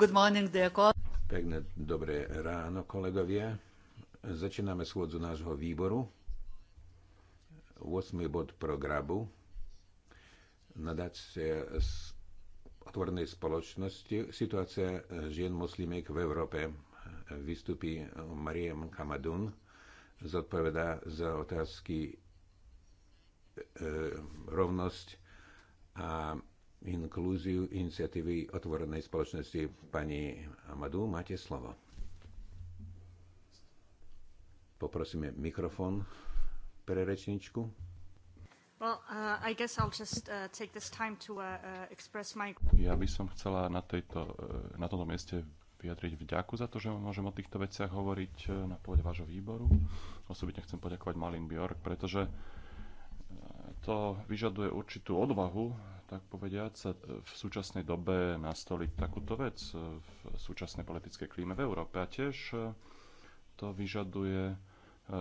Good morning, dear Pekné dobré ráno, kolegovia. Začíname schôdzu nášho výboru. 8. bod programu. z otvornej spoločnosti. Situácia žien moslimiek v Európe. Vystupí Mariem Kamadun. Zodpovedá za otázky e, rovnosť a inklúziu iniciatívy otvorenej spoločnosti. Pani Amadu, máte slovo. Poprosíme mikrofón pre rečničku. Well, uh, I guess I'll just uh, take this time to uh, uh express my... Ja by som chcela na, tejto, uh, na tomto mieste vyjadriť vďaku za to, že môžem o týchto veciach hovoriť uh, na pôde vášho výboru. Osobitne chcem poďakovať Malin Bjork, pretože to vyžaduje určitú odvahu tak povediať, sa e, v súčasnej dobe nastoliť takúto vec e, v súčasnej politickej klíme v Európe. A tiež e, to vyžaduje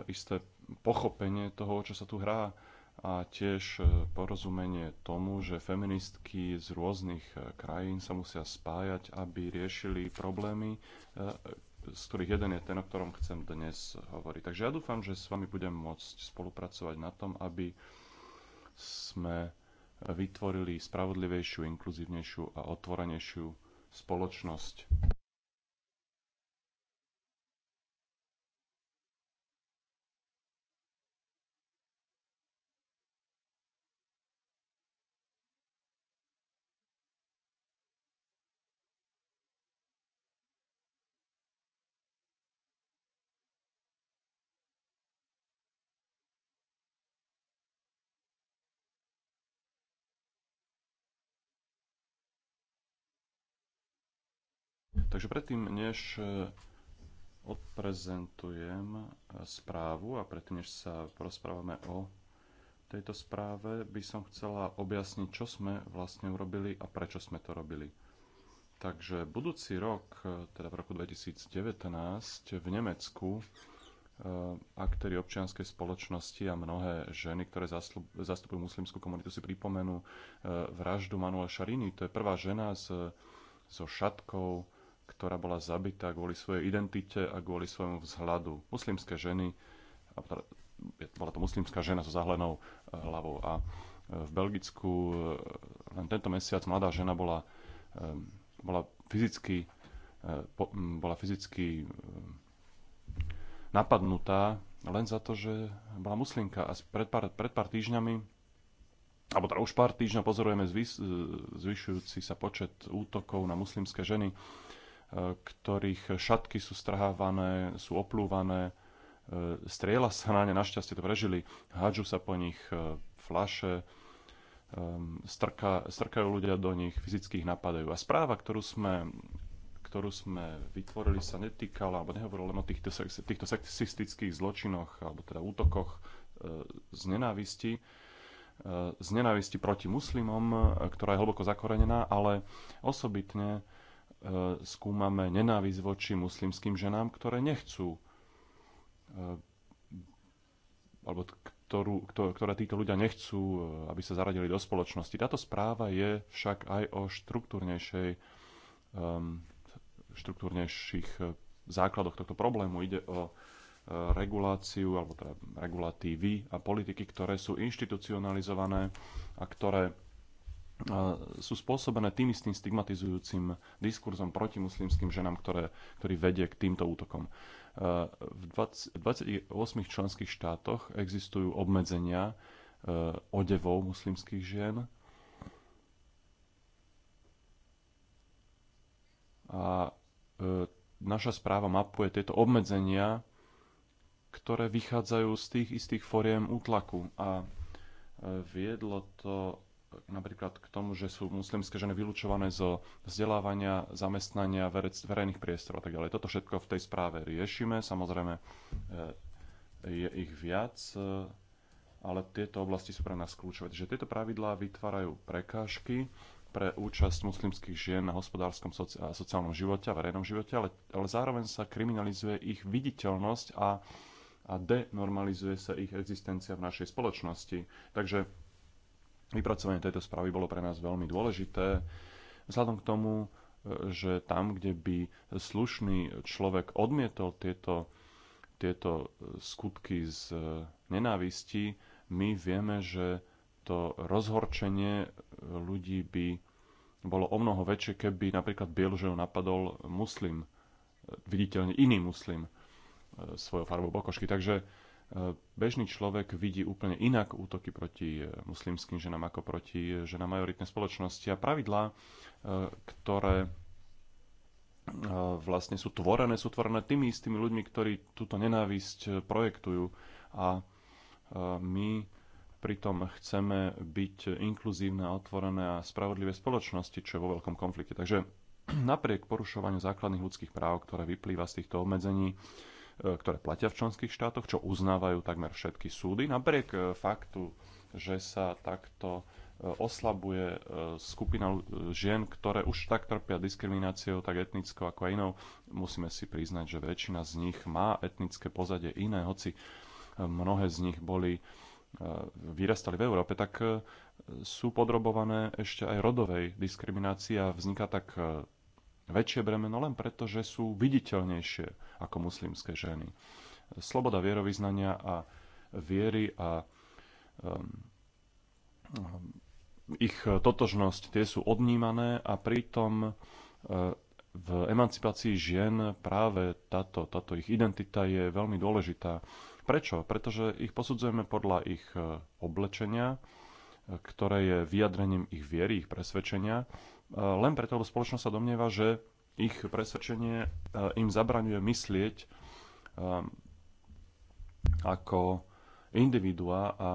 isté pochopenie toho, čo sa tu hrá a tiež porozumenie tomu, že feministky z rôznych krajín sa musia spájať, aby riešili problémy, z ktorých jeden je ten, o ktorom chcem dnes hovoriť. Takže ja dúfam, že s vami budem môcť spolupracovať na tom, aby sme vytvorili spravodlivejšiu, inkluzívnejšiu a otvorenejšiu spoločnosť. Takže predtým, než e, odprezentujem e, správu a predtým, než sa porozprávame o tejto správe, by som chcela objasniť, čo sme vlastne urobili a prečo sme to robili. Takže budúci rok, e, teda v roku 2019, v Nemecku aktéry občianskej spoločnosti a mnohé ženy, ktoré zastupujú muslimskú komunitu, si pripomenú vraždu Manuela Šarini. To je prvá žena s, so šatkou, ktorá bola zabitá kvôli svojej identite a kvôli svojmu vzhľadu. Muslimské ženy, teda bola to muslimská žena so zahlenou eh, hlavou. A eh, v Belgicku eh, len tento mesiac mladá žena bola, bola fyzicky bola fyzicky napadnutá len za to, že bola muslimka a pred pár, pred pár týždňami alebo teda už pár týždňov pozorujeme zvyšujúci sa počet útokov na muslimské ženy ktorých šatky sú strhávané, sú oplúvané, e, strieľa sa na ne, našťastie to prežili, hádžu sa po nich e, flaše, e, strka, strkajú ľudia do nich, fyzicky ich napadajú. A správa, ktorú sme, ktorú sme vytvorili, sa netýkala, alebo nehovorila len o týchto, týchto sexistických zločinoch, alebo teda útokoch z nenávisti, z nenávisti proti muslimom, ktorá je hlboko zakorenená, ale osobitne E, skúmame nenávisť voči muslimským ženám, ktoré nechcú e, alebo ktorú, ktoré títo ľudia nechcú, e, aby sa zaradili do spoločnosti. Táto správa je však aj o štruktúrnejšej, štruktúrnejších základoch tohto problému. Ide o reguláciu, alebo teda regulatívy a politiky, ktoré sú inštitucionalizované a ktoré E, sú spôsobené tým istým stigmatizujúcim diskurzom proti muslimským ženám, ktoré, ktorý vedie k týmto útokom. E, v 20, 28 členských štátoch existujú obmedzenia e, odevov muslimských žien. A naša správa mapuje tieto obmedzenia, ktoré vychádzajú z tých istých foriem útlaku. A viedlo to napríklad k tomu, že sú muslimské ženy vylúčované zo vzdelávania, zamestnania, verejných priestorov a tak ďalej. Toto všetko v tej správe riešime. Samozrejme eh, je ich viac, eh, ale tieto oblasti sú pre nás kľúčové. Čiže tieto pravidlá vytvárajú prekážky pre účasť muslimských žien na hospodárskom a sociálnom živote a verejnom živote, ale, ale zároveň sa kriminalizuje ich viditeľnosť a a denormalizuje sa ich existencia v našej spoločnosti. Takže Vypracovanie tejto správy bolo pre nás veľmi dôležité, vzhľadom k tomu, e, že tam, kde by slušný človek odmietol tieto, tieto e, skutky z e, nenávisti, my vieme, že to rozhorčenie ľudí by bolo o mnoho väčšie, keby napríklad Bielužev napadol muslim, viditeľne iný muslim svojou farbou pokožky. Takže E, bežný človek vidí úplne inak útoky proti e, muslimským ženám ako proti e, ženám majoritnej spoločnosti a pravidlá, ktoré vlastne sú tvorené, sú tvorené tými istými ľuďmi, ktorí túto nenávisť projektujú a my pritom chceme byť inkluzívne a otvorené a spravodlivé spoločnosti, čo je vo veľkom konflikte. Takže napriek porušovaniu základných ľudských práv, ktoré vyplýva z týchto obmedzení, E, ktoré platia v členských štátoch, čo uznávajú takmer všetky súdy, napriek e, faktu, že sa takto e, oslabuje skupina žien, ktoré už tak trpia diskrimináciou, tak etnickou ako aj inou. Musíme si priznať, že väčšina z nich má etnické pozadie iné, hoci mnohé z nich boli vyrastali v Európe, tak sú podrobované ešte aj rodovej diskriminácii a vzniká tak väčšie bremeno len preto, že sú viditeľnejšie ako muslimské ženy. Sloboda vierovýznania a viery a um, um, ich totožnosť, tie sú odnímané a pritom uh, v emancipácii žien práve táto, táto ich identita je veľmi dôležitá. Prečo? Pretože ich posudzujeme podľa ich uh, oblečenia, uh, ktoré je vyjadrením ich viery, ich presvedčenia Eh, len preto, lebo spoločnosť sa domnieva, že ich presvedčenie eh, im zabraňuje myslieť eh, ako individuá a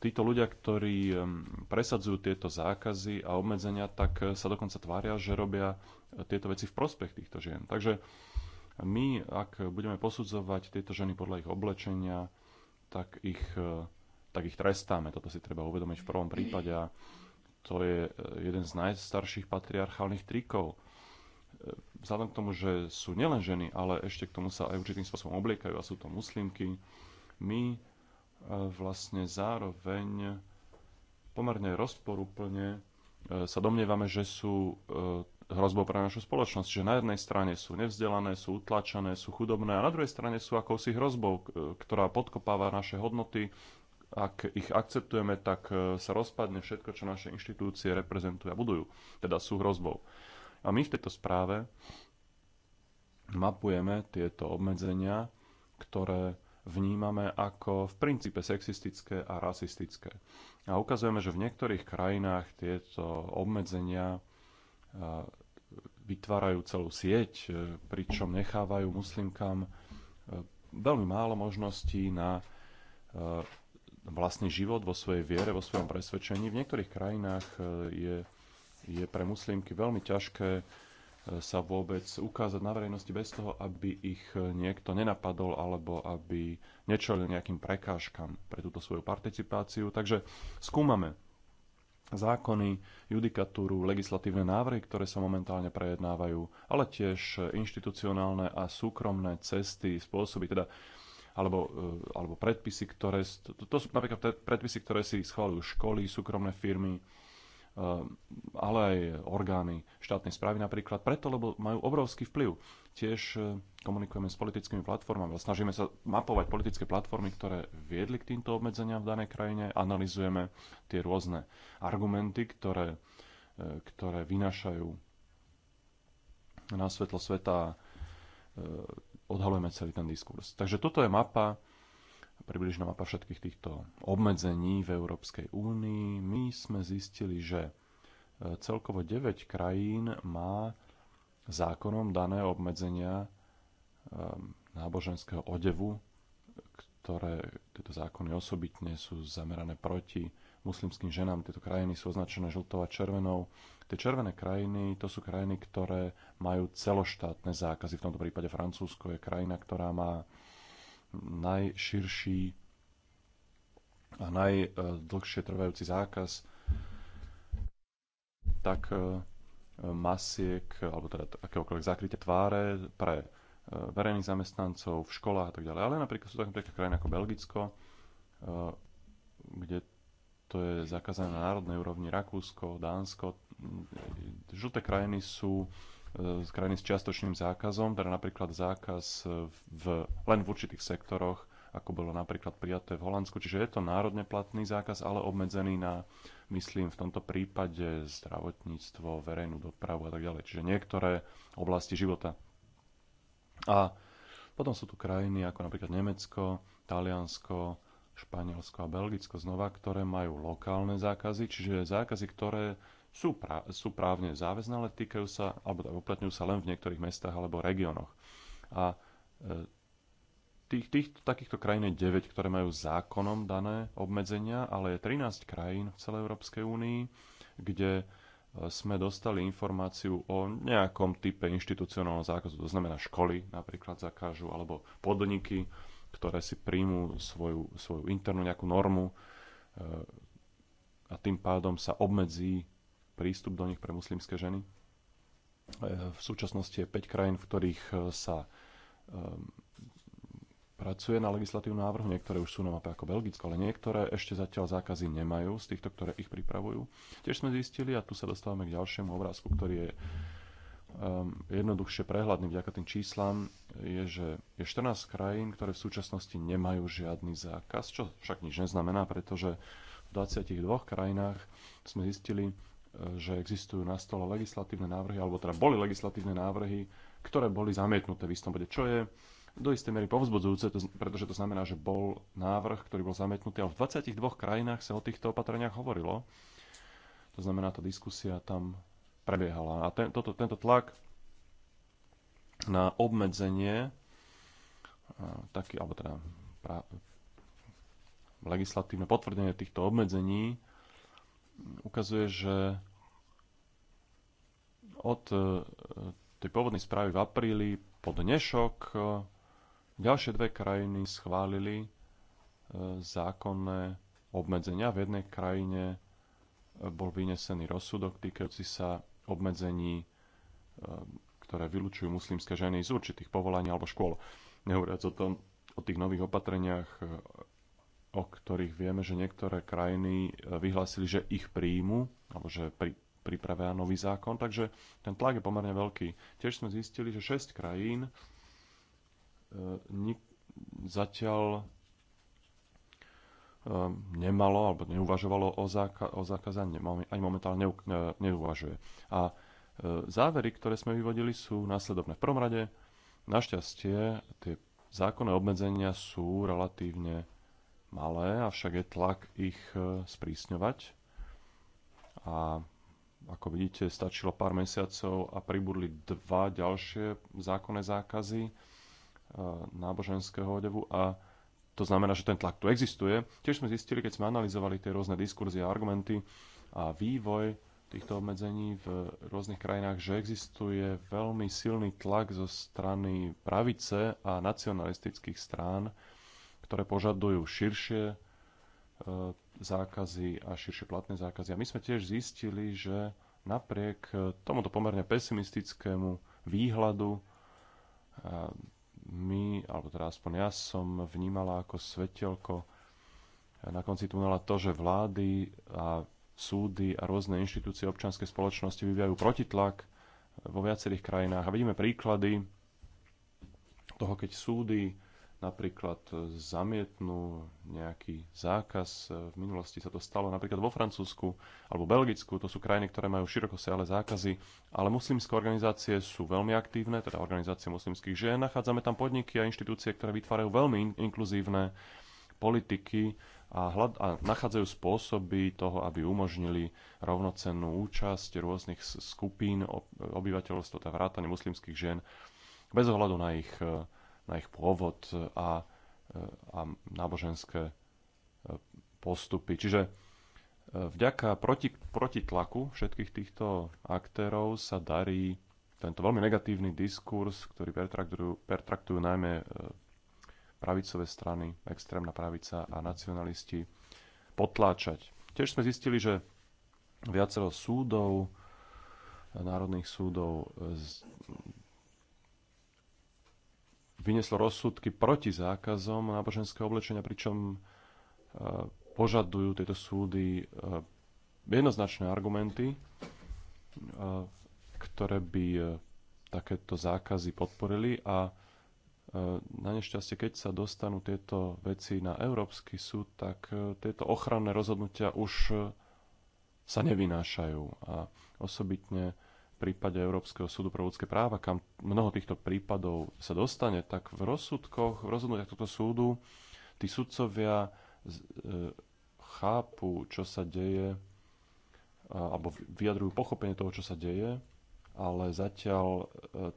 títo ľudia, ktorí presadzujú tieto zákazy a obmedzenia, tak sa dokonca tvária, že robia tieto veci v prospech týchto žien. Takže my, ak budeme posudzovať tieto ženy podľa ich oblečenia, tak ich, tak ich trestáme. Toto si treba uvedomiť v prvom prípade. A to je e, jeden z najstarších patriarchálnych trikov. E, vzhľadom k tomu, že sú nielen ženy, ale ešte k tomu sa aj určitým spôsobom obliekajú a sú to muslimky, my e, vlastne zároveň pomerne rozporúplne sa domnievame, že sú hrozbou pre našu spoločnosť. Že na jednej strane sú nevzdelané, sú utlačené, sú chudobné a na druhej strane sú akousi hrozbou, ktorá podkopáva naše hodnoty, ak ich akceptujeme, tak e, sa rozpadne všetko, čo naše inštitúcie reprezentujú a budujú, teda sú hrozbou. A my v tejto správe mapujeme tieto obmedzenia, ktoré vnímame ako v princípe sexistické a rasistické. A ukazujeme, že v niektorých krajinách tieto obmedzenia e, vytvárajú celú sieť, e, pričom nechávajú muslimkám veľmi málo možností na vlastný život vo svojej viere, vo svojom presvedčení. V niektorých krajinách e, je, je pre muslimky veľmi ťažké e, sa vôbec ukázať na verejnosti bez toho, aby ich e, niekto nenapadol alebo aby nečolil nejakým prekážkam pre túto svoju participáciu. Takže skúmame zákony, judikatúru, legislatívne návrhy, ktoré sa momentálne prejednávajú, ale tiež inštitucionálne a súkromné cesty, spôsoby, teda alebo, eh, alebo predpisy, ktoré, to, to sú napríklad predpisy, ktoré si schválujú školy, súkromné firmy, eh, ale aj orgány štátnej správy napríklad, preto, lebo majú obrovský vplyv. Tiež eh, komunikujeme s politickými platformami, snažíme sa mapovať politické platformy, ktoré viedli k týmto obmedzeniam v danej krajine, analizujeme tie rôzne argumenty, ktoré, ktoré vynášajú na svetlo sveta odhalujeme celý ten diskurs. Takže toto je mapa, približná mapa všetkých týchto obmedzení v Európskej únii. My sme zistili, že e, celkovo 9 krajín má zákonom dané obmedzenia e, náboženského odevu, ktoré tieto zákony osobitne sú zamerané proti muslimským ženám. Tieto krajiny sú označené žltou a červenou. Tie červené krajiny, to sú krajiny, ktoré majú celoštátne zákazy. V tomto prípade Francúzsko je krajina, ktorá má najširší a najdlhšie trvajúci zákaz tak e, masiek, alebo teda akéhokoľvek zakrytie tváre pre e, verejných zamestnancov v školách a tak ďalej. Ale napríklad sú také napríklad krajiny ako Belgicko, e, kde to je zakázané na národnej úrovni, Rakúsko, Dánsko, žlté krajiny sú e, krajiny s čiastočným zákazom, teda napríklad zákaz v, len v určitých sektoroch, ako bolo napríklad prijaté v Holandsku. Čiže je to národne platný zákaz, ale obmedzený na, myslím, v tomto prípade zdravotníctvo, verejnú dopravu a tak ďalej. Čiže niektoré oblasti života. A potom sú tu krajiny ako napríklad Nemecko, Taliansko, Španielsko a Belgicko znova, ktoré majú lokálne zákazy, čiže zákazy, ktoré sú, pra- sú právne záväzné, ale týkajú sa, alebo uplatňujú sa len v niektorých mestách alebo regiónoch. A e, tých, tých, takýchto krajín je 9, ktoré majú zákonom dané obmedzenia, ale je 13 krajín v celej Európskej únii, kde e, sme dostali informáciu o nejakom type inštitucionálneho zákazu, to znamená školy napríklad zakážu, alebo podniky, ktoré si príjmú svoju, svoju internú nejakú normu e, a tým pádom sa obmedzí prístup do nich pre muslimské ženy. E, v súčasnosti je 5 krajín, v ktorých e, sa e, pracuje na legislatívnu návrhu, niektoré už sú na mape ako Belgicko, ale niektoré ešte zatiaľ zákazy nemajú z týchto, ktoré ich pripravujú. Tiež sme zistili, a tu sa dostávame k ďalšiemu obrázku, ktorý je um, jednoduchšie prehľadný vďaka tým číslam, je, že je 14 krajín, ktoré v súčasnosti nemajú žiadny zákaz, čo však nič neznamená, pretože v 22 krajinách sme zistili, že existujú na stole legislatívne návrhy, alebo teda boli legislatívne návrhy, ktoré boli zamietnuté v istom bode, čo je do istej miery povzbudzujúce, pretože to znamená, že bol návrh, ktorý bol zamietnutý, ale v 22 krajinách sa o týchto opatreniach hovorilo. To znamená, tá diskusia tam prebiehala. A ten, toto, tento tlak na obmedzenie taký, alebo teda pra, legislatívne potvrdenie týchto obmedzení ukazuje, že od e, tej pôvodnej správy v apríli po dnešok e, ďalšie dve krajiny schválili e, zákonné obmedzenia. V jednej krajine bol vynesený rozsudok týkajúci sa obmedzení, ktoré vylúčujú muslimské ženy z určitých povolaní alebo škôl. Nehovoriac o tom, o tých nových opatreniach o ktorých vieme, že niektoré krajiny e, vyhlásili, že ich príjmu, alebo že pri, pripravia nový zákon, takže ten tlak je pomerne veľký. Tiež sme zistili, že 6 krajín e, nik, zatiaľ e, nemalo alebo neuvažovalo o, záka, o zákazaní, ani, momentálne momentálne ne, neuvažuje. A e, závery, ktoré sme vyvodili, sú následovné. V prvom rade, našťastie, tie zákonné obmedzenia sú relatívne malé, avšak je tlak ich e, sprísňovať. A ako vidíte, stačilo pár mesiacov a pribudli dva ďalšie zákonné zákazy e, náboženského odevu a to znamená, že ten tlak tu existuje. Tiež sme zistili, keď sme analyzovali tie rôzne diskurzy a argumenty a vývoj týchto obmedzení v rôznych krajinách, že existuje veľmi silný tlak zo strany pravice a nacionalistických strán, ktoré požadujú širšie e, zákazy a širšie platné zákazy. A my sme tiež zistili, že napriek e, tomuto pomerne pesimistickému výhľadu e, my, alebo teda aspoň ja som vnímala ako svetelko na konci tunela to, že vlády a súdy a rôzne inštitúcie občianskej spoločnosti vyvíjajú protitlak vo viacerých krajinách. A vidíme príklady toho, keď súdy napríklad e, zamietnú nejaký zákaz. E, v minulosti sa to stalo napríklad vo Francúzsku alebo Belgicku. To sú krajiny, ktoré majú široko ale zákazy. Ale muslimské organizácie sú veľmi aktívne, teda organizácie muslimských žien. Nachádzame tam podniky a inštitúcie, ktoré vytvárajú veľmi inkluzívne politiky a, a nachádzajú spôsoby toho, aby umožnili rovnocennú účasť rôznych skupín obyvateľstva, teda vrátane muslimských žien, bez ohľadu na ich e, na ich pôvod a, a náboženské e, postupy. Čiže e, vďaka proti, protitlaku všetkých týchto aktérov sa darí tento veľmi negatívny diskurs, ktorý pertraktujú, pertraktujú najmä e, pravicové strany, extrémna pravica a nacionalisti, potláčať. Tiež sme zistili, že viacero súdov, národných súdov vynieslo rozsudky proti zákazom náboženského oblečenia, pričom e, požadujú tieto súdy e, jednoznačné argumenty, e, ktoré by takéto zákazy podporili a na nešťastie, keď sa dostanú tieto veci na Európsky súd, tak tieto ochranné rozhodnutia už sa nevynášajú. A osobitne prípade Európskeho súdu pro ľudské práva, kam mnoho týchto prípadov sa dostane, tak v rozsudkoch, v rozhodnutiach tohto súdu, tí sudcovia e, chápu, čo sa deje, alebo vyjadrujú pochopenie toho, čo sa deje, ale zatiaľ e,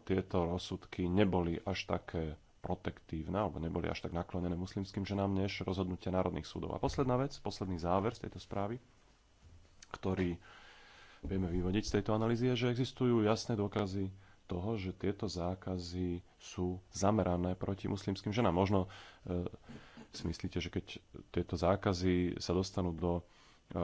tieto rozsudky neboli až také protektívne, alebo neboli až tak naklonené muslimským ženám, než rozhodnutia národných súdov. A posledná vec, posledný záver z tejto správy, ktorý vieme vyvodiť z tejto analýzy, je, že existujú jasné dôkazy toho, že tieto zákazy sú zamerané proti muslimským ženám. Možno e, si myslíte, že keď tieto zákazy sa dostanú do, e,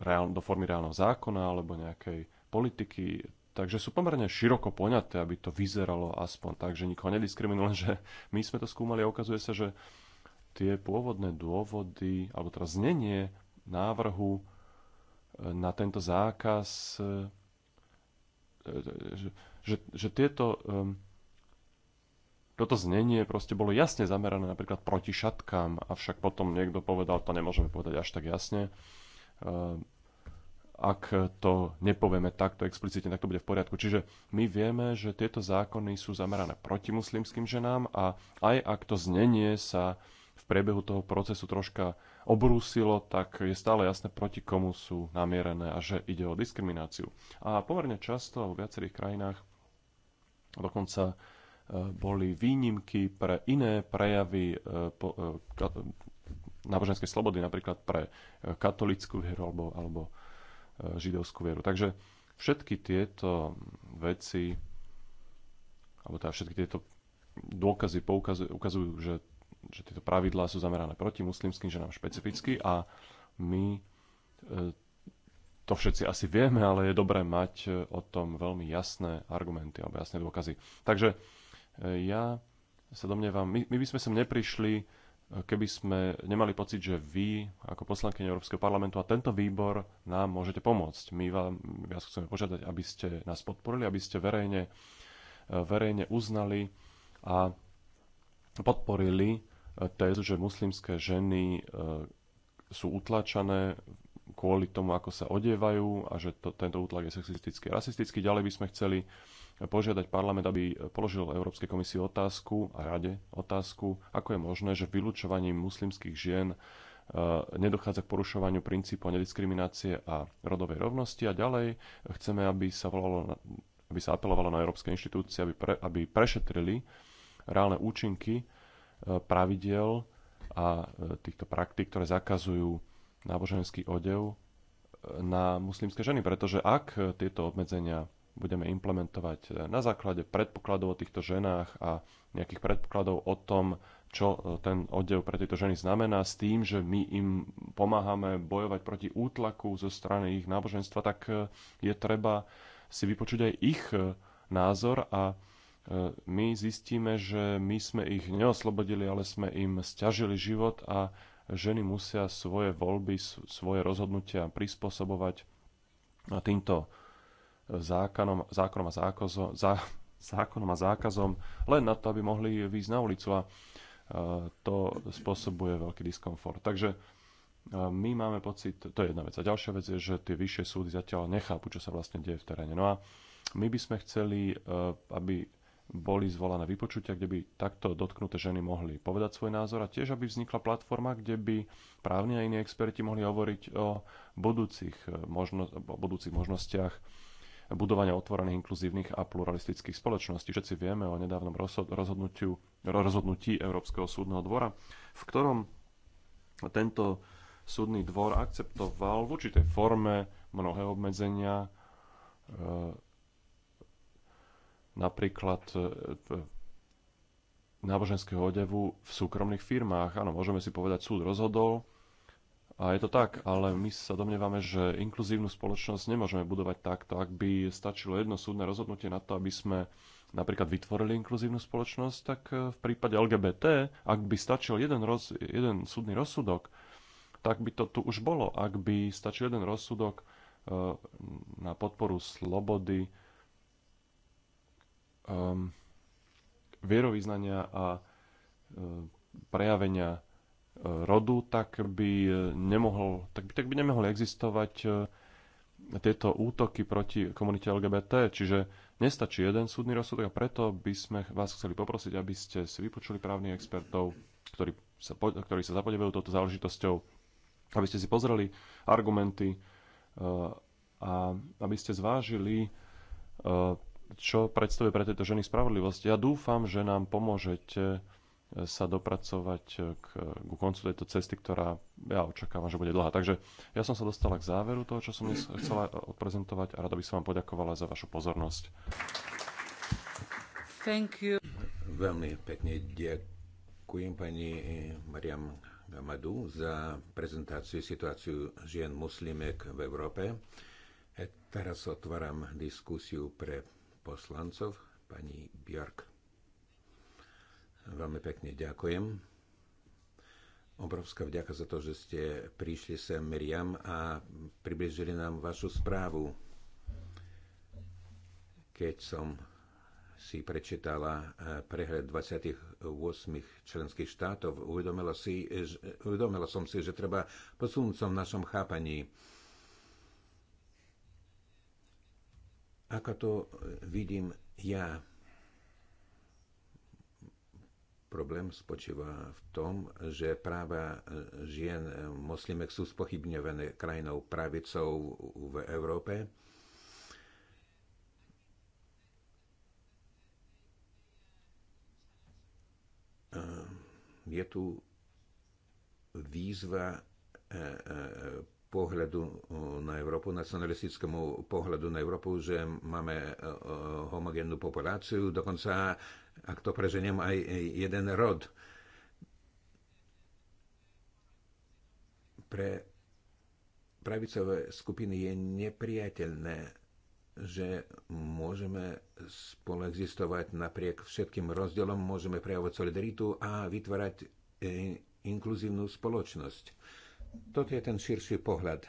reál, do formy reálneho zákona alebo nejakej politiky, takže sú pomerne široko poňaté, aby to vyzeralo aspoň tak, že nikoho nediskriminujú, že my sme to skúmali a ukazuje sa, že tie pôvodné dôvody, alebo teraz znenie návrhu na tento zákaz, e, e, že, že tieto, toto znenie proste bolo jasne zamerané napríklad proti šatkám, avšak potom niekto povedal, to nemôžeme povedať až tak jasne, ak to nepovieme takto explicitne, tak to bude v poriadku. Čiže my vieme, že tieto zákony sú zamerané proti muslimským ženám a aj ak to znenie sa priebehu toho procesu troška obrúsilo, tak je stále jasné, proti komu sú namierené a že ide o diskrimináciu. A pomerne často v viacerých krajinách dokonca e, boli výnimky pre iné prejavy e, e, náboženskej slobody, napríklad pre katolickú vieru alebo, alebo židovskú vieru. Takže všetky tieto veci, alebo teda všetky tieto dôkazy poukazujú, ukazujú, že že tieto pravidlá sú zamerané proti muslimským ženám špecificky a my e, to všetci asi vieme, ale je dobré mať e, o tom veľmi jasné argumenty alebo jasné dôkazy. Takže e, ja sa domnievam, my, my by sme sem neprišli, keby sme nemali pocit, že vy ako poslankyňa Európskeho parlamentu a tento výbor nám môžete pomôcť. My, vám, vás chceme požiadať, aby ste nás podporili, aby ste verejne, verejne uznali a podporili e, tézu, že muslimské ženy e, sú utlačané kvôli tomu, ako sa odievajú a že to, tento útlak je sexistický a rasistický. Ďalej by sme chceli požiadať parlament, aby položil Európskej komisii otázku a rade otázku, ako je možné, že vylúčovaním muslimských žien e, nedochádza k porušovaniu princípu nediskriminácie a rodovej rovnosti a ďalej chceme, aby sa, volalo, aby sa apelovalo na európske inštitúcie, aby, pre, aby prešetrili reálne účinky e, pravidel a e, týchto praktík, ktoré zakazujú náboženský odev e, na muslimské ženy. Pretože ak tieto obmedzenia budeme implementovať na základe predpokladov o týchto ženách a nejakých predpokladov o tom, čo ten oddev pre tieto ženy znamená s tým, že my im pomáhame bojovať proti útlaku zo strany ich náboženstva, tak je treba si vypočuť aj ich názor a E, my zistíme, že my sme ich neoslobodili, ale sme im stiažili život a ženy musia svoje voľby, svoje rozhodnutia prispôsobovať týmto e, zákonom, zákonom, a, zákozo, zá, zákonom a zákazom len na to, aby mohli výjsť na ulicu a e, to spôsobuje veľký diskomfort. Takže my máme pocit, to je jedna vec. A ďalšia vec je, že tie vyššie súdy zatiaľ nechápu, čo sa vlastne deje v teréne. No a my by sme chceli, aby boli zvolané vypočutia, kde by takto dotknuté ženy mohli povedať svoj názor a tiež, aby vznikla platforma, kde by právni a iní experti mohli hovoriť o budúcich, e, možno, o budúcich možnostiach budovania otvorených, inkluzívnych a pluralistických spoločností. Všetci vieme o nedávnom rozhodnutiu, rozhodnutí Európskeho súdneho dvora, v ktorom tento súdny dvor akceptoval v určitej forme mnohé obmedzenia e, napríklad e, náboženského odevu v súkromných firmách. Áno, môžeme si povedať, súd rozhodol a je to tak, ale my sa domnievame, že inkluzívnu spoločnosť nemôžeme budovať takto. Ak by stačilo jedno súdne rozhodnutie na to, aby sme napríklad vytvorili inkluzívnu spoločnosť, tak e, v prípade LGBT, ak by stačil jeden, roz, jeden súdny rozsudok, tak by to tu už bolo. Ak by stačil jeden rozsudok e, na podporu slobody, um, vierovýznania a um, prejavenia e, rodu, tak by, e, nemohol, tak by, tak by nemohli existovať tieto útoky proti komunite LGBT. Čiže nestačí jeden súdny rozsudok a preto by sme vás chceli poprosiť, aby ste si vypočuli právnych expertov, ktorí sa, ktorí sa zapodevajú touto záležitosťou, aby ste si pozreli argumenty a aby ste zvážili čo predstavuje pre tieto ženy spravodlivosť. Ja dúfam, že nám pomôžete eh, sa dopracovať eh, k, k koncu tejto cesty, ktorá ja očakávam, že bude dlhá. Takže ja som sa dostala k záveru toho, čo som dnes chcela eh, odprezentovať a rada by som vám poďakovala za vašu pozornosť. Thank you. Veľmi pekne ďakujem pani Mariam Gamadu za prezentáciu situáciu žien muslimek v Európe. Teraz otváram diskusiu pre poslancov, pani Björk. Veľmi pekne ďakujem. Obrovská vďaka za to, že ste prišli sem, Miriam, a približili nám vašu správu. Keď som si prečítala eh, prehľad 28 členských štátov, uvedomila, si, uvedomila som si, že treba posunúť sa v našom chápaní Ako to vidím ja, problém spočíva v tom, že práva žien eh, moslimek sú spochybňované krajinou pravicou v Európe. Eh, je tu výzva eh, pohľadu uh, na Európu, nacionalistickému pohľadu na Európu, že máme uh, uh, homogénnu populáciu, dokonca, ak to preženiem, aj jeden rod. Pre pravicové skupiny je nepriateľné, že môžeme spolu existovať napriek všetkým rozdielom, môžeme prejavovať solidaritu a vytvárať eh, inkluzívnu spoločnosť toto je ten širší pohľad.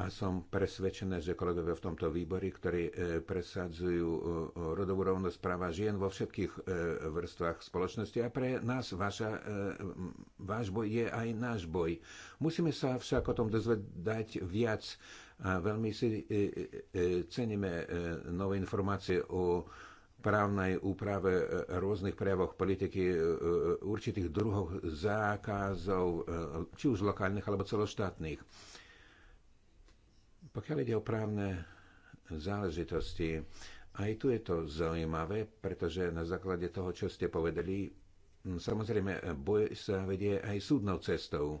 A som presvedčený, že kolegovia v tomto výbore, ktorí e, presadzujú e, rodovú rovnosť práva žien vo všetkých e, vrstvách spoločnosti a pre nás vaša, váš boj je aj náš boj. Musíme sa však o tom dozvedať viac a veľmi si ceníme nové informácie o právnej úprave e, rôznych prejavoch politiky, e, e, určitých druhov zákazov, či už lokálnych alebo celoštátnych. Pokiaľ ide o právne záležitosti, aj tu je to zaujímavé, pretože na základe toho, čo ste povedali, samozrejme boj sa vedie aj súdnou cestou,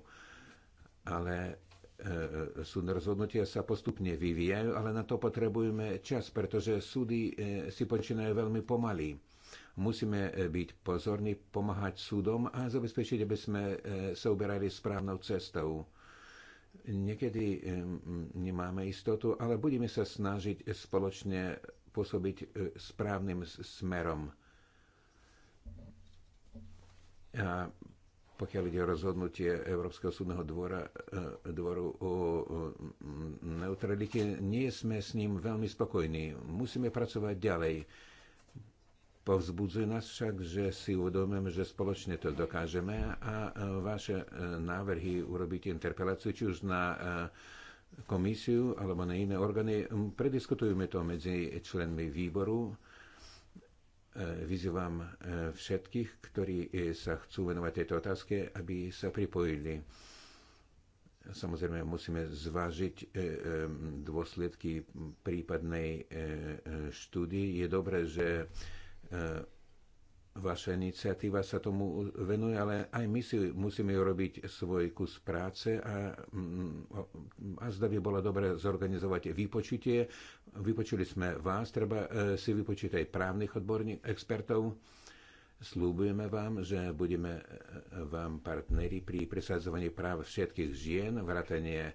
ale E, súdne rozhodnutia sa postupne vyvíjajú, ale na to potrebujeme čas, pretože súdy e, si počínajú veľmi pomaly. Musíme e, byť pozorní, pomáhať súdom a zabezpečiť, aby sme sa uberali správnou cestou. Niekedy nemáme istotu, ale budeme sa snažiť spoločne pôsobiť správnym smerom. A pokiaľ ide o rozhodnutie Európskeho súdneho dvora, e, dvoru o neutralite, nie sme s ním veľmi spokojní. Musíme pracovať ďalej. Povzbudzuje nás však, že si uvedomujeme, že spoločne to dokážeme a e, vaše e, návrhy urobiť interpeláciu, či už na komisiu alebo na iné orgány. Prediskutujeme to medzi členmi výboru E, vyzývam e, všetkých, ktorí e, sa chcú venovať tejto otázke, aby sa pripojili. Samozrejme, musíme zvážiť dôsledky prípadnej štúdie. Je dobré, že Vaša iniciatíva sa tomu venuje, ale aj my si musíme urobiť svoj kus práce a, mm, a zda by bolo dobre zorganizovať vypočutie. Vypočuli sme vás, treba e, si vypočuť aj právnych odborník, expertov. Slúbujeme vám, že budeme e, vám partneri pri presadzovaní práv všetkých žien, vrátanie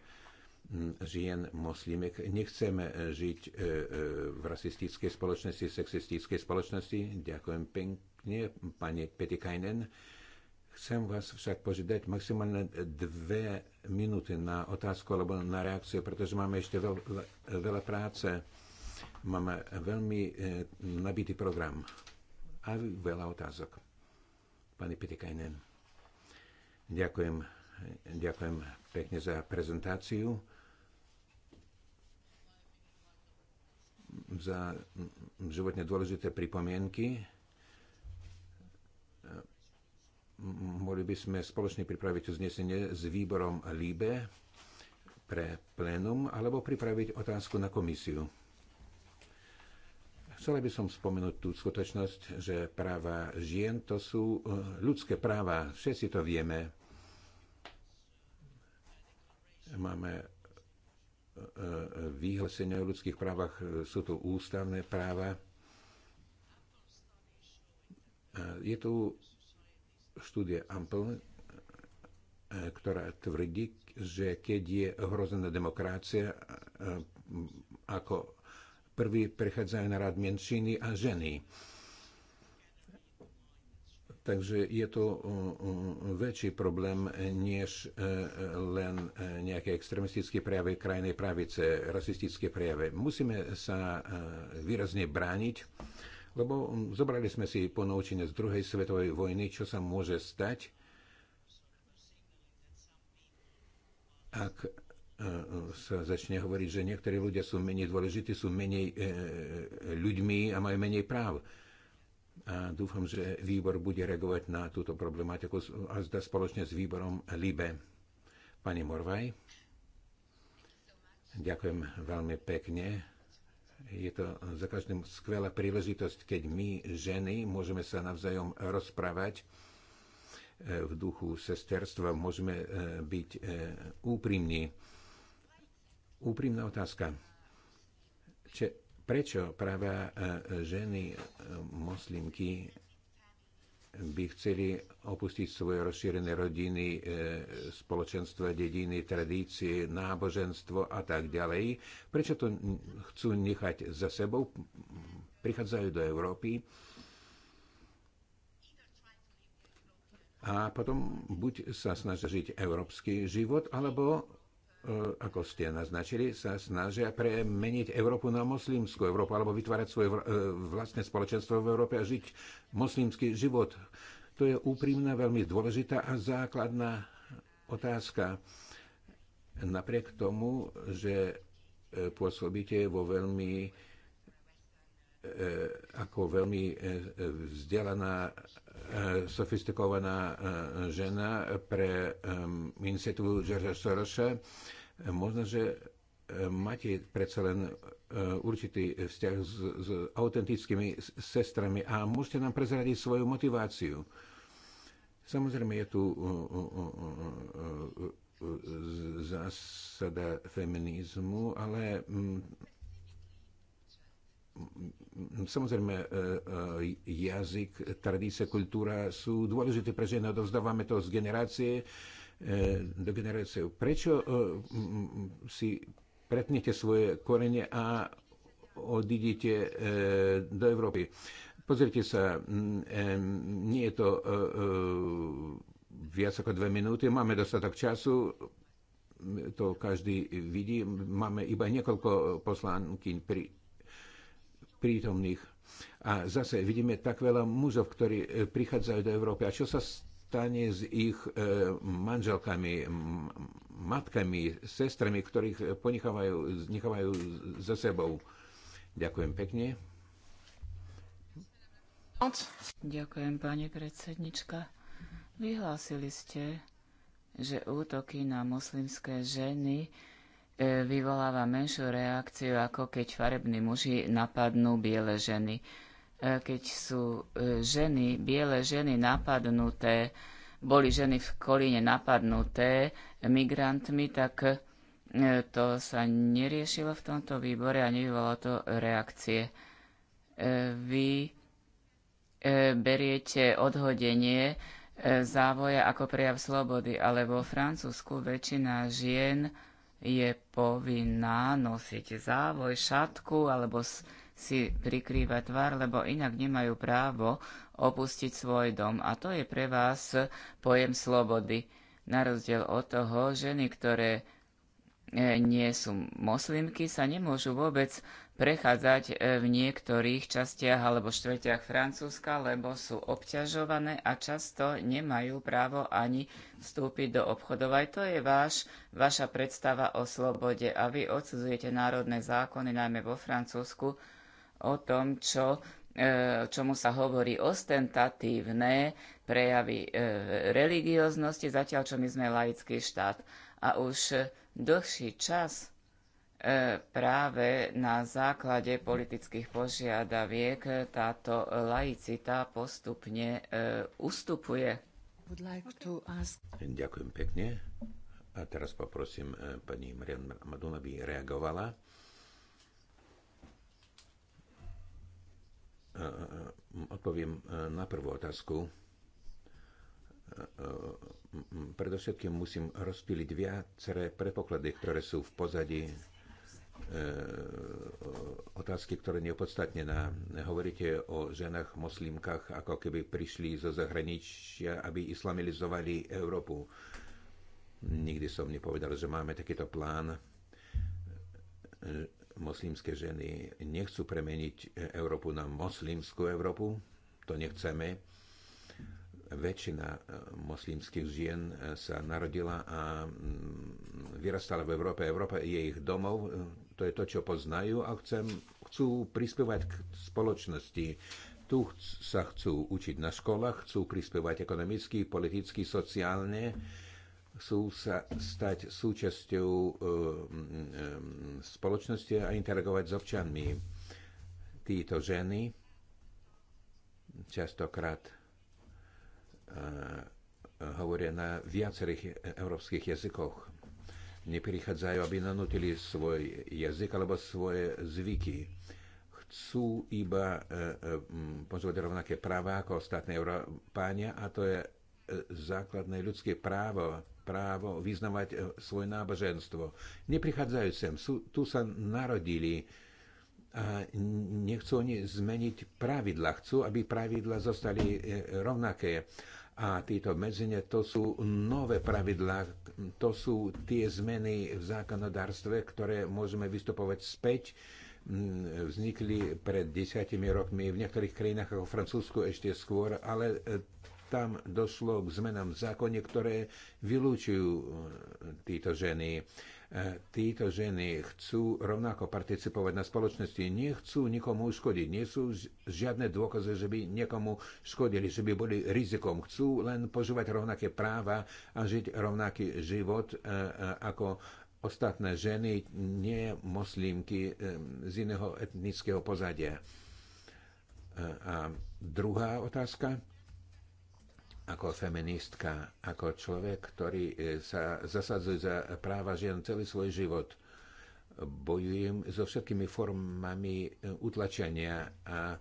žien moslimek. Nechceme e, žiť v rasistickej spoločnosti, sexistickej spoločnosti. Ďakujem pekne pekne, pani Petikajnen. Chcem vás však požiadať maximálne dve minúty na otázku alebo na reakciu, pretože máme ešte veľ, veľa práce. Máme veľmi e, nabitý program a veľa otázok. Pani Petikajnen. Ďakujem, ďakujem pekne za prezentáciu. za životne dôležité pripomienky mohli by sme spoločne pripraviť uznesenie s výborom LIBE pre plénum alebo pripraviť otázku na komisiu. Chcela by som spomenúť tú skutočnosť, že práva žien to sú e, ľudské práva, všetci to vieme. Máme e, e, výhlasenie o ľudských právach, sú to ústavné práva. Je tu štúdie Ampel, e, ktorá tvrdí, že keď je ohrozená demokracia, e, ako prvý prechádzajú na rad menšiny a ženy. Takže je to e, väčší problém, než len nejaké extremistické prejavy krajnej pravice, rasistické prejavy. Musíme sa výrazne brániť lebo mm, zobrali sme si ponaučenie z druhej svetovej vojny, čo sa môže stať, ak e, sa začne hovoriť, že niektorí ľudia sú menej dôležití, sú menej e, e, ľuďmi a majú menej práv. A dúfam, že výbor bude reagovať na túto problematiku a zda spoločne s výborom LIBE. Pani Morvaj, ďakujem veľmi pekne je to za každým skvelá príležitosť, keď my, ženy, môžeme sa navzájom rozprávať e, v duchu sesterstva, môžeme e, byť e, úprimní. Úprimná otázka. prečo práve ženy moslimky by chceli opustiť svoje rozšírené rodiny, e, spoločenstva, dediny, tradície, náboženstvo a tak ďalej. Prečo to chcú nechať za sebou? Prichádzajú do Európy a potom buď sa snažia žiť európsky život, alebo E, ako ste naznačili, sa snažia premeniť Európu na moslimskú Európu alebo vytvárať svoje e, vlastné spoločenstvo v Európe a žiť moslimský život. To je úprimná, veľmi dôležitá a základná otázka. Napriek tomu, že e, pôsobíte vo veľmi ako veľmi vzdelaná, sofistikovaná žena pre iniciatívu George Sorosa. Možno, že e, máte predsa len e, určitý vzťah s, s autentickými sestrami a môžete nám prezradiť svoju motiváciu. Samozrejme je tu zásada feminizmu, ale mm, mm, samozrejme e, jazyk, tradícia, kultúra sú dôležité pre ženy. Odovzdávame to z generácie E, do generácie. Prečo e, si pretnete svoje korene a odídete e, do Európy? Pozrite sa, nie je to viac ako dve minúty, máme dostatok času, to každý vidí, máme iba niekoľko poslankyň pri, prítomných. A zase vidíme tak veľa mužov, ktorí prichádzajú do Európy. A čo sa stane s ich e, manželkami, matkami, sestrami, ktorých e, ponechávajú nechávajú za sebou. Ďakujem pekne. Ďakujem, pani predsednička. Vyhlásili ste, že útoky na moslimské ženy e, vyvoláva menšiu reakciu, ako keď farební muži napadnú biele ženy. E, keď sú e, ženy, biele ženy napadnuté, boli ženy v Kolíne napadnuté migrantmi, tak e, to sa neriešilo v tomto výbore a nevyvolalo to reakcie. Vy beriete odhodenie závoja ako prejav slobody, ale vo Francúzsku väčšina žien je povinná nosiť závoj, šatku alebo si prikrýva tvár, lebo inak nemajú právo opustiť svoj dom. A to je pre vás pojem slobody. Na rozdiel od toho, ženy, ktoré e, nie sú moslimky, sa nemôžu vôbec prechádzať e, v niektorých častiach alebo štvrtiach Francúzska, lebo sú obťažované a často nemajú právo ani vstúpiť do obchodov. Aj to je váš, vaša predstava o slobode a vy odsudzujete národné zákony, najmä vo Francúzsku, o tom, čo, e, čomu sa hovorí ostentatívne prejavy e, religióznosti, zatiaľ čo my sme laický štát. A už dlhší čas e, práve na základe politických požiadaviek táto laicita postupne ustupuje. Ďakujem pekne. A teraz poprosím pani Marian Madun, aby reagovala. odpoviem e, na prvú otázku. E, e, predovšetkým musím rozpíliť viaceré predpoklady, ktoré sú v pozadí otázky, ktoré neopodstatnená. Hovoríte o ženách moslimkách, ako keby prišli zo zahraničia, aby islamilizovali Európu. Nikdy som nepovedal, že máme takýto plán moslimské ženy nechcú premeniť Európu na moslimskú Európu. To nechceme. Väčšina e, moslimských žien e, sa narodila a mm, vyrastala v Európe. Európa je ich domov. E, to je to, čo poznajú a chcem, chcú prispievať k spoločnosti. Tu sa chcú učiť na školách, chcú prispievať ekonomicky, politicky, sociálne chcú sa stať súčasťou spoločnosti a interagovať s občanmi. Títo ženy častokrát e, hovoria na viacerých európskych jazykoch. Neprichádzajú, aby nanútili svoj jazyk alebo svoje zvyky. Chcú iba e, e, požívať rovnaké práva ako ostatné Európania a to je základné ľudské právo právo vyznavať e, svoje náboženstvo. Neprichádzajú sem, sú, tu sa narodili a nechcú oni zmeniť pravidla. Chcú, aby pravidla zostali e, rovnaké. A títo medzine to sú nové pravidlá, to sú tie zmeny v zákonodárstve, ktoré môžeme vystupovať späť mm, vznikli pred desiatimi rokmi v niektorých krajinách ako Francúzsku ešte skôr, ale e, tam došlo k zmenám v zákone, ktoré vylúčujú e, títo ženy. E, títo ženy chcú rovnako participovať na spoločnosti, nechcú nikomu uškodiť, nie sú žiadne dôkazy, že by niekomu škodili, že by boli rizikom. Chcú len požívať rovnaké práva a žiť rovnaký život e, ako ostatné ženy, nie moslimky z iného etnického pozadia. A druhá otázka ako feministka, ako človek, ktorý e, sa zasadzuje za práva žien celý svoj život. Bojujem so všetkými formami e, utlačenia a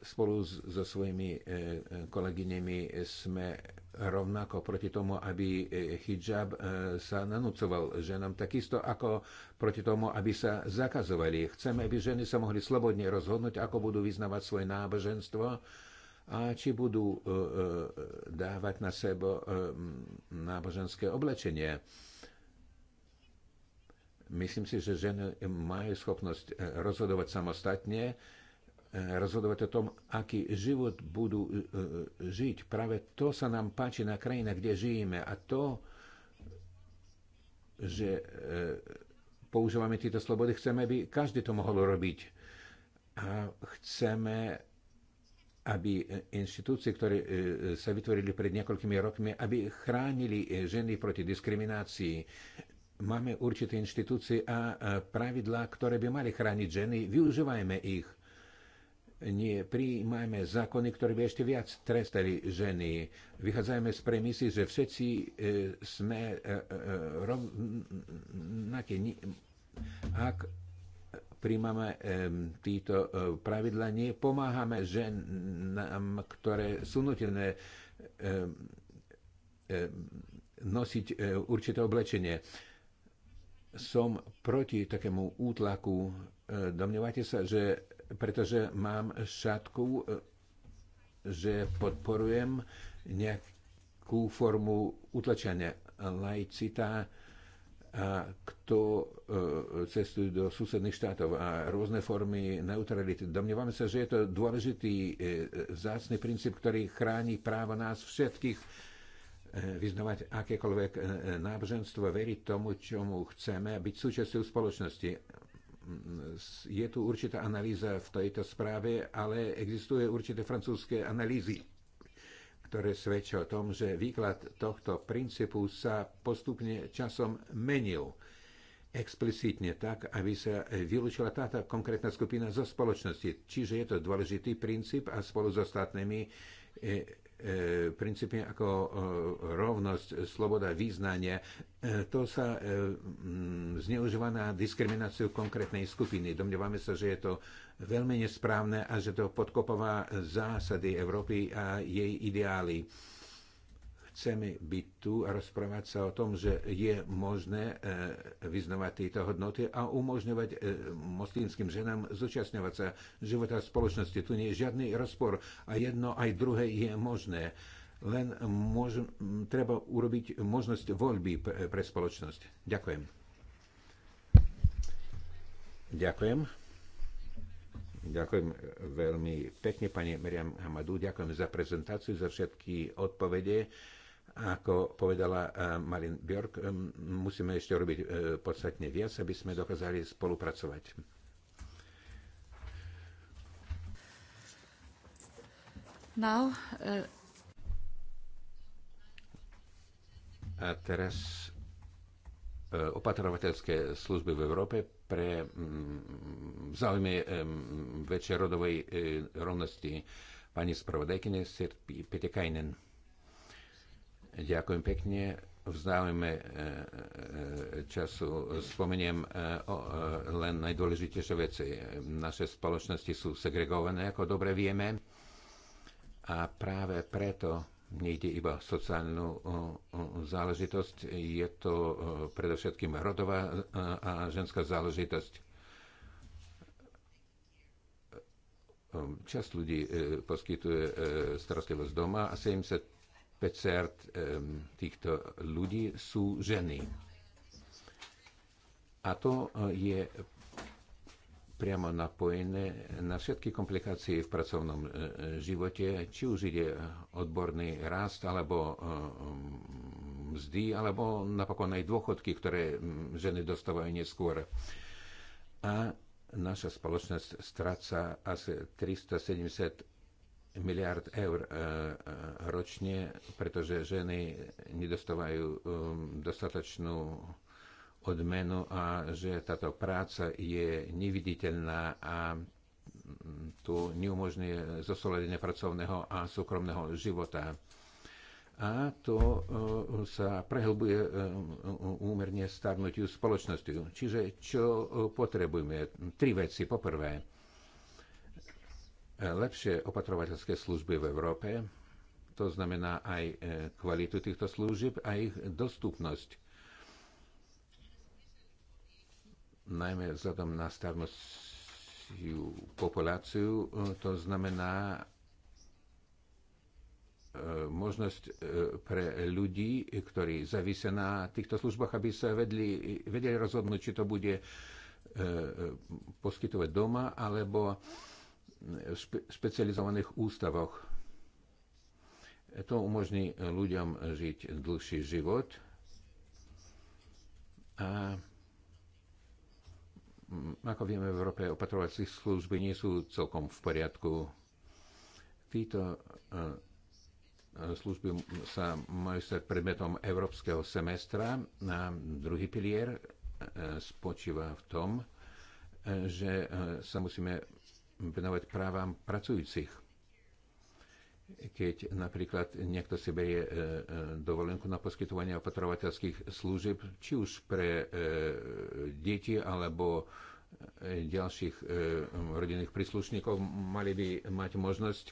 spolu so svojimi e, kolegyňami sme rovnako proti tomu, aby hijab sa nanúcoval ženám, takisto ako proti tomu, aby sa zakazovali. Chceme, aby ženy sa mohli slobodne rozhodnúť, ako budú vyznavať svoje náboženstvo, a či budú e, e, dávať na sebo e, náboženské oblečenie. Myslím si, že ženy majú schopnosť rozhodovať samostatne, rozhodovať o tom, aký život budú žiť. Práve to sa nám páči na krajinách, kde žijeme a to, že používame tieto slobody, chceme, aby každý to mohol robiť. A chceme aby inštitúcie, ktoré sa vytvorili pred niekoľkými rokmi, aby chránili ženy proti diskriminácii. Máme určité inštitúcie a pravidlá, ktoré by mali chrániť ženy, využívajme ich. Nie, prijímajme zákony, ktoré by ešte viac trestali ženy. Vychádzajme z premisy, že všetci sme rovnakí. Ak príjmame títo e, pravidla, nie pomáhame ženám, ktoré sú nutené nosiť e, určité oblečenie. Som proti takému útlaku. E, domnievate sa, že pretože mám šatku, že podporujem nejakú formu utlačania laicita, a kto e, cestujú do susedných štátov a rôzne formy neutrality. Domnievame sa, že je to dôležitý e, zácný princíp, ktorý chráni právo nás všetkých e, vyznovať akékoľvek náboženstvo, veriť tomu, čomu chceme, byť súčasťou spoločnosti. Je tu určitá analýza v tejto správe, ale existuje určité francúzske analýzy ktoré svedčia o tom, že výklad tohto princípu sa postupne časom menil explicitne tak, aby sa vylúčila táto konkrétna skupina zo spoločnosti. Čiže je to dôležitý princíp a spolu s so ostatnými e, E, princípy ako e, rovnosť, sloboda význania, e, to sa zneužíva na diskrimináciu konkrétnej skupiny. Domnievame sa, že je to veľmi nesprávne a že to podkopová zásady Európy a jej ideály chceme byť tu a rozprávať sa o tom, že je možné e, vyznovať tieto hodnoty a umožňovať e, moslínským ženám zúčastňovať sa života spoločnosti. Tu nie je žiadny rozpor a jedno aj druhé je možné. Len môžem, treba urobiť možnosť voľby pre spoločnosť. Ďakujem. Ďakujem. Ďakujem veľmi pekne, pani Meriam Hamadu. Ďakujem za prezentáciu, za všetky odpovede. Ako povedala eh, Marin Björk, eh, musíme ešte robiť eh, podstatne viac, aby sme dokázali spolupracovať. Now, uh... A teraz opatrovateľské služby v Európe pre v mm, záujme väčšej rodovej rovnosti pani spravodajkyne Sir Petekajnen. Ďakujem pekne. V záujme e, e, času spomeniem e, len najdôležitejšie veci. Naše spoločnosti sú segregované, ako dobre vieme. A práve preto nejde iba sociálnu záležitosť, je to predovšetkým rodová a ženská záležitosť. Časť ľudí poskytuje starostlivosť doma a 70 um, týchto ľudí sú ženy. A to e, je priamo napojené na všetky komplikácie v pracovnom e, živote, či už ide odborný rast, alebo e, mzdy, alebo napokon aj dôchodky, ktoré ženy dostávajú neskôr. A naša spoločnosť stráca asi 370 miliard eur e, e, ročne, pretože ženy nedostávajú e, dostatočnú odmenu a že táto práca je neviditeľná a tu neumožňuje zosledenie pracovného a súkromného života. A to sa prehlbuje úmerne starnutiu spoločnosti. Čiže čo potrebujeme? Tri veci. Poprvé, lepšie opatrovateľské služby v Európe, to znamená aj e, kvalitu týchto služieb a ich dostupnosť. Najmä vzhľadom na starnúciu populáciu, e, to znamená e, možnosť pre ľudí, ktorí zavise na týchto službách, aby sa vedli, vedeli rozhodnúť, či to bude poskytovať doma alebo špe- špecializovaných ústavoch. To umožní ľuďom žiť dlhší život a mm, ako vieme, v Európe opatrovací služby nie sú celkom v poriadku. Títo e, e, služby sa majú stať predmetom európskeho semestra a druhý pilier e, spočíva v tom, že sa musíme venovať právam pracujúcich. Keď napríklad niekto si berie e, e, dovolenku na poskytovanie opatrovateľských služieb, či už pre e, deti alebo ďalších rodinných príslušníkov, mali by mať možnosť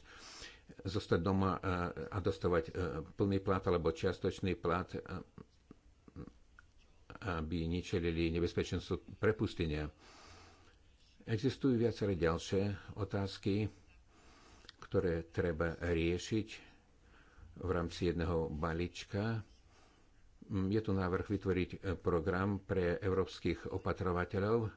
zostať doma a dostávať plný plat alebo čiastočný plat, aby ničelili nebezpečenstvo prepustenia Existujú viaceré ďalšie otázky, ktoré treba riešiť v rámci jedného balíčka. Je tu návrh vytvoriť program pre európskych opatrovateľov,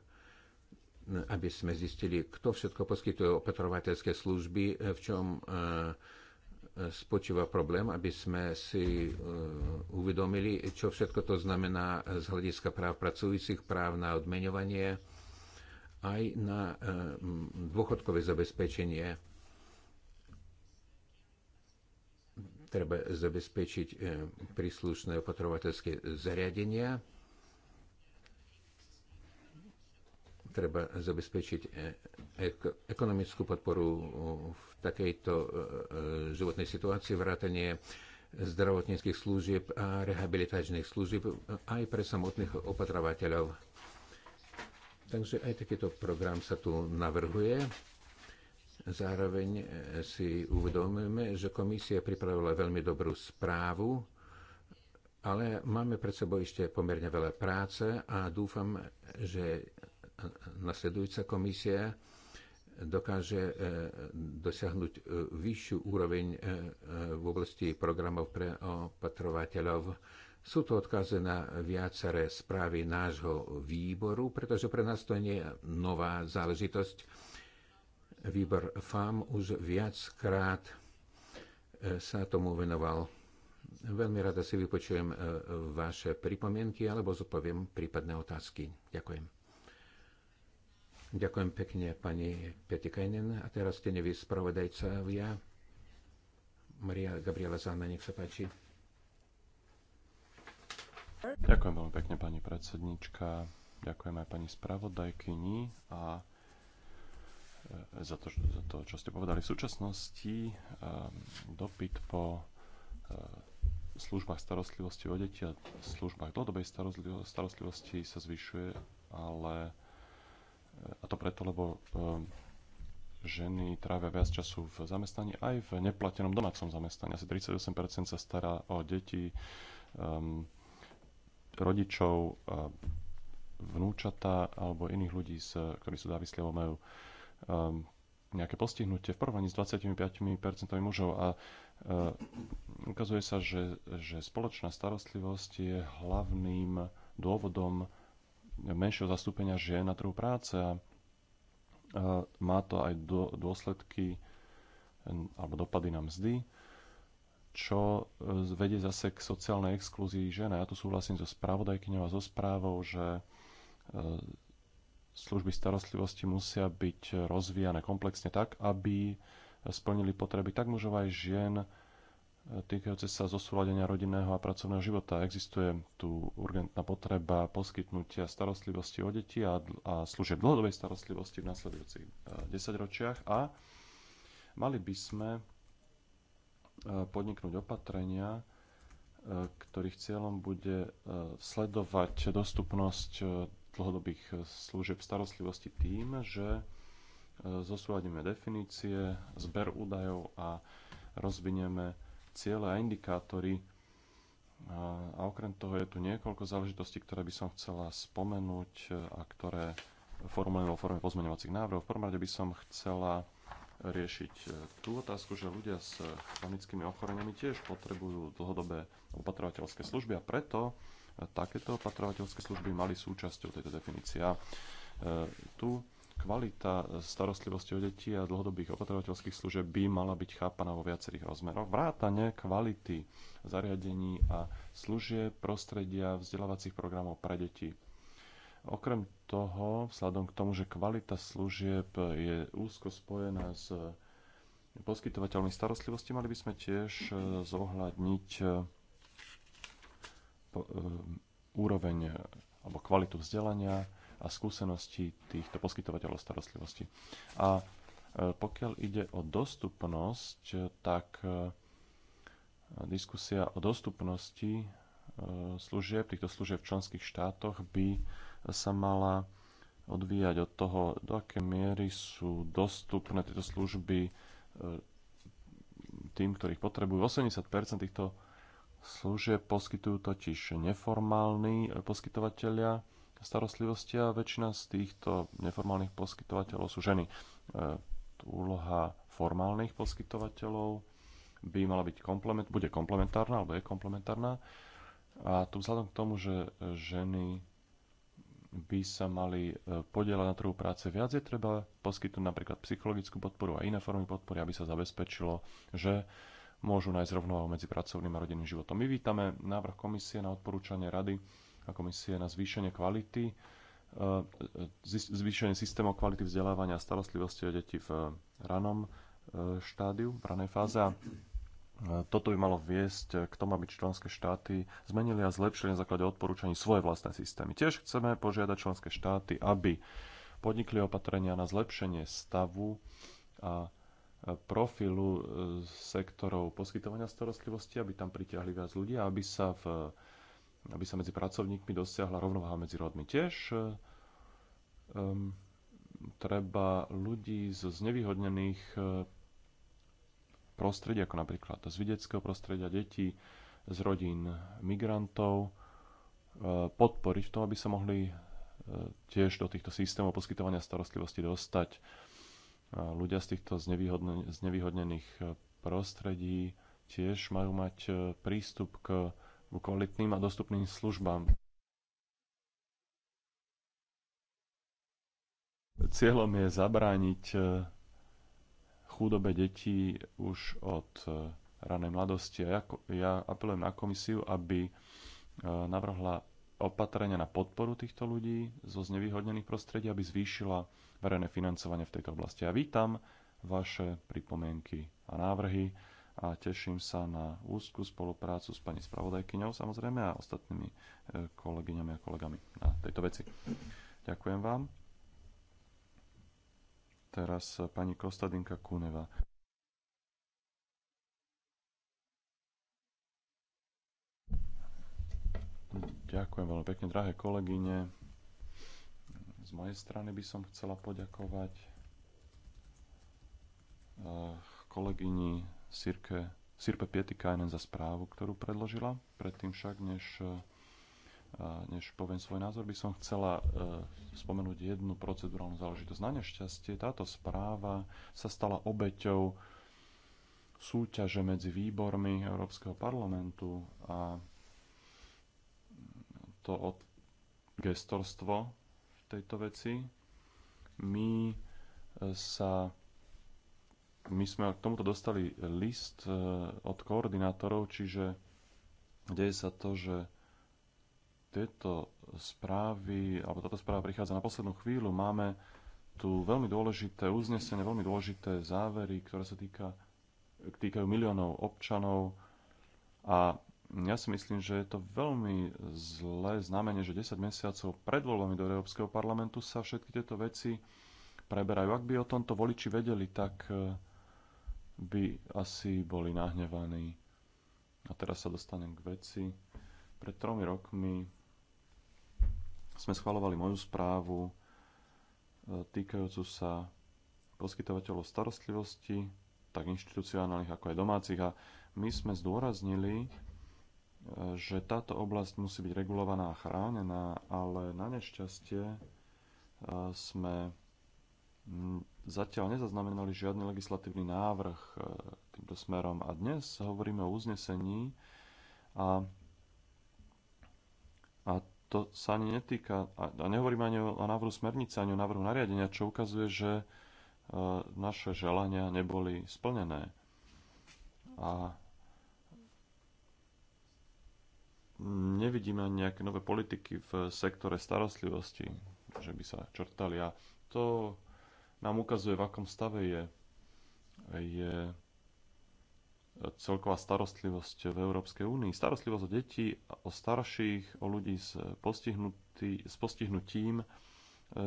aby sme zistili, kto všetko poskytuje opatrovateľské služby, v čom e, spočíva problém, aby sme si e, uvedomili, čo všetko to znamená z hľadiska práv pracujúcich, práv na odmeňovanie, aj na e, dôchodkové zabezpečenie. Treba zabezpečiť e, príslušné opatrovateľské zariadenia. Treba zabezpečiť e, ekonomickú podporu v takejto životnej situácii, vrátanie zdravotníckých služieb a rehabilitačných služieb aj pre samotných opatrovateľov Takže aj takýto program sa tu navrhuje. Zároveň si uvedomujeme, že komisia pripravila veľmi dobrú správu, ale máme pred sebou ešte pomerne veľa práce a dúfam, že nasledujúca komisia dokáže e, dosiahnuť e, vyššiu úroveň e, v oblasti programov pre opatrovateľov sú to odkazy na viaceré správy nášho výboru, pretože pre nás to nie je nová záležitosť. Výbor FAM už viackrát eh, sa tomu venoval. Veľmi rada si vypočujem eh, vaše pripomienky alebo zodpoviem prípadné otázky. Ďakujem. Ďakujem pekne pani Petikajnen a teraz ste nevy spravodajcovia. Maria Gabriela Zána, nech sa páči. Ďakujem veľmi pekne, pani predsednička. Ďakujem aj pani spravodajkyni a e, za to, za to čo ste povedali. V súčasnosti e, dopyt po e, službách starostlivosti o deti a službách dlhodobej starostlivosti sa zvyšuje, ale a to preto, lebo ženy trávia viac času v zamestnaní aj v neplatenom domácom zamestnaní. Asi 38% sa stará o deti, ehm, rodičov, vnúčata alebo iných ľudí, ktorí sú závislí alebo majú um, nejaké postihnutie v porovnaní s 25% mužov a e, ukazuje sa, že, že spoločná starostlivosť je hlavným dôvodom menšieho zastúpenia žien na trhu práce a e, má to aj dôsledky alebo dopady na mzdy čo e, vedie zase k sociálnej exklúzii žena. Ja tu súhlasím so spravodajkyňou a so správou, že e, služby starostlivosti musia byť rozvíjane komplexne tak, aby splnili potreby tak mužov aj žien e, týkajúce sa zosúladenia rodinného a pracovného života. Existuje tu urgentná potreba poskytnutia starostlivosti o deti a, a služieb dlhodobej starostlivosti v nasledujúcich desaťročiach a mali by sme E, podniknúť opatrenia, e, ktorých cieľom bude e, sledovať dostupnosť dlhodobých služieb starostlivosti tým, že zosúladíme definície, zber údajov a rozvinieme ciele a indikátory. A okrem toho je tu niekoľko záležitostí, ktoré by som chcela spomenúť a ktoré formulujem vo forme pozmeňovacích návrhov. V prvom rade by som chcela riešiť e, tú otázku, že ľudia s e, chronickými ochoreniami tiež potrebujú dlhodobé opatrovateľské služby a preto e, takéto opatrovateľské služby mali súčasťou tejto definície. A tu kvalita starostlivosti o deti a dlhodobých opatrovateľských služieb by mala byť chápaná vo viacerých rozmeroch. Vrátane kvality zariadení a služieb, prostredia, vzdelávacích programov pre deti Okrem toho, vzhľadom k tomu, že kvalita služieb je úzko spojená s poskytovateľmi starostlivosti, mali by sme tiež e, zohľadniť e, e, úroveň alebo kvalitu vzdelania a skúsenosti týchto poskytovateľov starostlivosti. A pokiaľ ide o dostupnosť, tak diskusia o dostupnosti E, služieb, týchto služieb v členských štátoch by sa mala odvíjať od toho, do aké miery sú dostupné tieto služby e, tým, ktorých potrebujú. 80 týchto služieb poskytujú totiž neformálni e, poskytovateľia starostlivosti a väčšina z týchto neformálnych poskytovateľov sú ženy. Úloha formálnych poskytovateľov by mala byť komplement, bude komplementárna alebo je komplementárna a tu vzhľadom k tomu, že e, ženy by sa mali e, podielať na trhu práce viac, je treba poskytnúť napríklad psychologickú podporu a iné formy podpory, aby sa zabezpečilo, že môžu nájsť rovnováhu medzi pracovným a rodinným životom. My vítame návrh komisie na odporúčanie rady a komisie na zvýšenie kvality, e, zvýšenie systémov kvality vzdelávania a starostlivosti o deti v ranom štádiu, v ranej fáze. Toto by malo viesť k tomu, aby členské štáty zmenili a zlepšili na základe odporúčaní svoje vlastné systémy. Tiež chceme požiadať členské štáty, aby podnikli opatrenia na zlepšenie stavu a profilu e, sektorov poskytovania starostlivosti, aby tam pritiahli viac ľudí a aby sa, v, aby sa medzi pracovníkmi dosiahla rovnováha medzi rodmi. Tiež um, treba ľudí z znevýhodnených e, prostredia, ako napríklad z vedeckého prostredia detí, z rodín migrantov, e, podporiť v tom, aby sa mohli e, tiež do týchto systémov poskytovania starostlivosti dostať e, ľudia z týchto znevýhodnených prostredí tiež majú mať prístup k kvalitným a dostupným službám. Cieľom je zabrániť chudobe detí už od eh, ranej mladosti. A ja, ja apelujem na komisiu, aby eh, navrhla opatrenia na podporu týchto ľudí zo znevýhodnených prostredí, aby zvýšila verejné financovanie v tejto oblasti. Ja vítam vaše pripomienky a návrhy a teším sa na úzkú spoluprácu s pani spravodajkyňou samozrejme a ostatnými eh, kolegyňami a kolegami na tejto veci. Ďakujem vám. Teraz eh, pani Kostadinka Kuneva. Ďakujem veľmi pekne, drahé kolegyne. Z mojej strany by som chcela poďakovať eh, kolegyni Sirke, Sirpe Pietikainen za správu, ktorú predložila. Predtým však, než eh, než poviem svoj názor, by som chcela e, spomenúť jednu procedurálnu záležitosť. Na nešťastie táto správa sa stala obeťou súťaže medzi výbormi Európskeho parlamentu a to od gestorstvo v tejto veci. My e, sa my sme k tomuto dostali list e, od koordinátorov, čiže deje sa to, že tieto správy, alebo táto správa prichádza na poslednú chvíľu. Máme tu veľmi dôležité uznesenie, veľmi dôležité závery, ktoré sa týka, týkajú miliónov občanov. A ja si myslím, že je to veľmi zlé znamenie, že 10 mesiacov pred voľbami do Európskeho parlamentu sa všetky tieto veci preberajú. Ak by o tomto voliči vedeli, tak e, by asi boli nahnevaní. A teraz sa dostanem k veci. Pred tromi rokmi sme schvalovali moju správu e, týkajúcu sa poskytovateľov starostlivosti, tak inštitucionálnych ako aj domácich. A my sme zdôraznili, e, že táto oblasť musí byť regulovaná a chránená, ale na nešťastie e, sme zatiaľ nezaznamenali žiadny legislatívny návrh týmto smerom. A dnes hovoríme o uznesení a, a to sa ani netýka, a nehovorím ani o návrhu smernice, ani o návrhu nariadenia, čo ukazuje, že e, naše želania neboli splnené. A nevidíme ani nejaké nové politiky v sektore starostlivosti, že by sa črtali. A to nám ukazuje, v akom stave je, je celková starostlivosť v Európskej únii. Starostlivosť o deti, o starších, o ľudí s, s postihnutím e,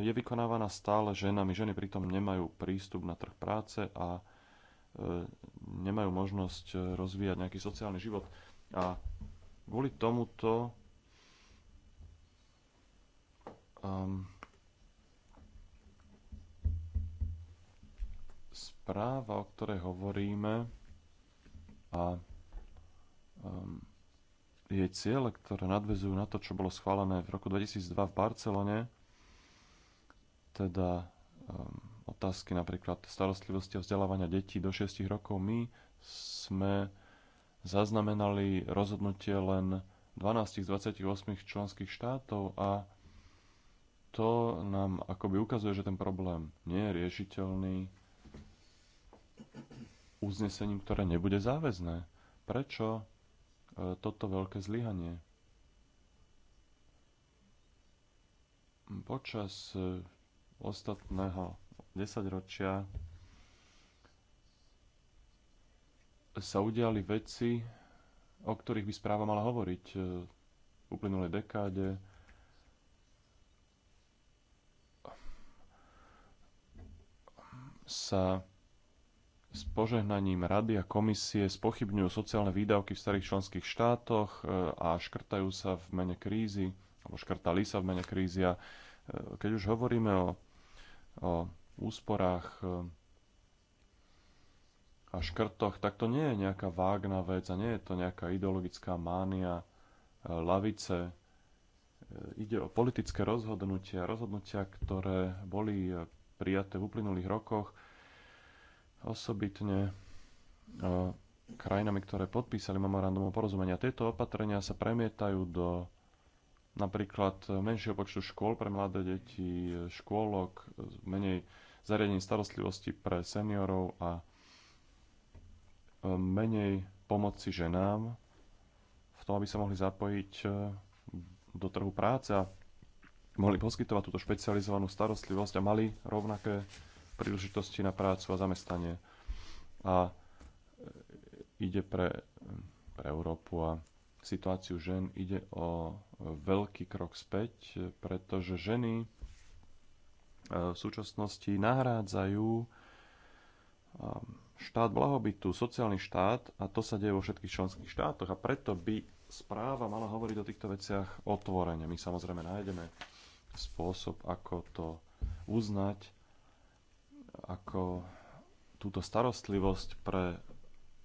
je vykonávaná stále ženami. Ženy pritom nemajú prístup na trh práce a e, nemajú možnosť rozvíjať nejaký sociálny život. A kvôli tomuto um, správa, o ktorej hovoríme, a um, jej ciele, ktoré nadvezujú na to, čo bolo schválené v roku 2002 v Barcelone, teda um, otázky napríklad starostlivosti a vzdelávania detí do 6 rokov, my sme zaznamenali rozhodnutie len 12 z 28 členských štátov a to nám akoby ukazuje, že ten problém nie je riešiteľný uznesením, ktoré nebude záväzné. Prečo e, toto veľké zlyhanie? Počas e, ostatného desaťročia sa udiali veci, o ktorých by správa mala hovoriť e, v uplynulej dekáde. sa s požehnaním rady a komisie spochybňujú sociálne výdavky v starých členských štátoch e, a škrtajú sa v mene krízy, alebo škrtali sa v mene krízy. A e, keď už hovoríme o, o úsporách e, a škrtoch, tak to nie je nejaká vágna vec a nie je to nejaká ideologická mánia lavice. Ide o politické rozhodnutia, rozhodnutia, ktoré boli prijaté v uplynulých rokoch osobitne krajinami, ktoré podpísali memorandum o porozumenia. Tieto opatrenia sa premietajú do napríklad menšieho počtu škôl pre mladé deti, škôlok, menej zariadení starostlivosti pre seniorov a menej pomoci ženám v tom, aby sa mohli zapojiť do trhu práce a mohli poskytovať túto špecializovanú starostlivosť a mali rovnaké príležitosti na prácu a zamestnanie. A e, ide pre, pre Európu a situáciu žen ide o veľký krok späť, pretože ženy e, v súčasnosti nahrádzajú e, štát blahobytu, sociálny štát a to sa deje vo všetkých členských štátoch a preto by správa mala hovoriť o týchto veciach otvorene. My samozrejme nájdeme spôsob, ako to uznať ako túto starostlivosť pre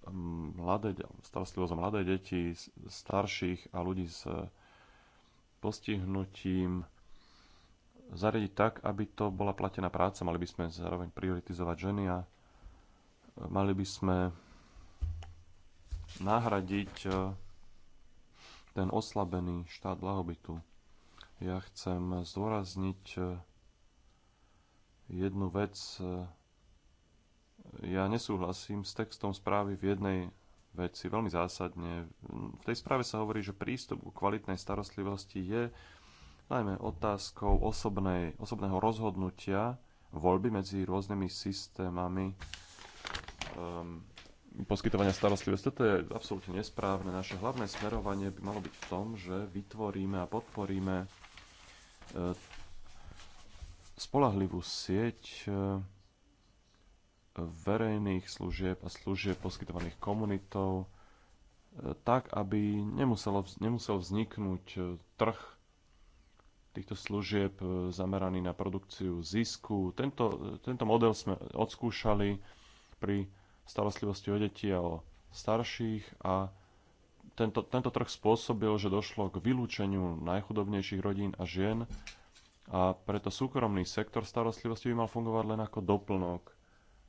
mm, mladé, starostlivosť o mladé deti, starších a ľudí s postihnutím zariadiť tak, aby to bola platená práca. Mali by sme zároveň prioritizovať ženy a mali by sme nahradiť e, ten oslabený štát blahobytu. Ja chcem zdôrazniť e, jednu vec. E, ja nesúhlasím s textom správy v jednej veci veľmi zásadne. V tej správe sa hovorí, že prístup ku kvalitnej starostlivosti je najmä otázkou osobnej, osobného rozhodnutia voľby medzi rôznymi systémami um, poskytovania starostlivosti. Toto je absolútne nesprávne. Naše hlavné smerovanie by malo byť v tom, že vytvoríme a podporíme e, spolahlivú sieť eh, verejných služieb a služieb poskytovaných komunitou eh, tak, aby nemuselo, nemusel vzniknúť eh, trh týchto služieb zameraný na produkciu zisku. Tento, tento model sme odskúšali pri starostlivosti o deti a o starších a tento, tento trh spôsobil, že došlo k vylúčeniu najchudobnejších rodín a žien a preto súkromný sektor starostlivosti by mal fungovať len ako doplnok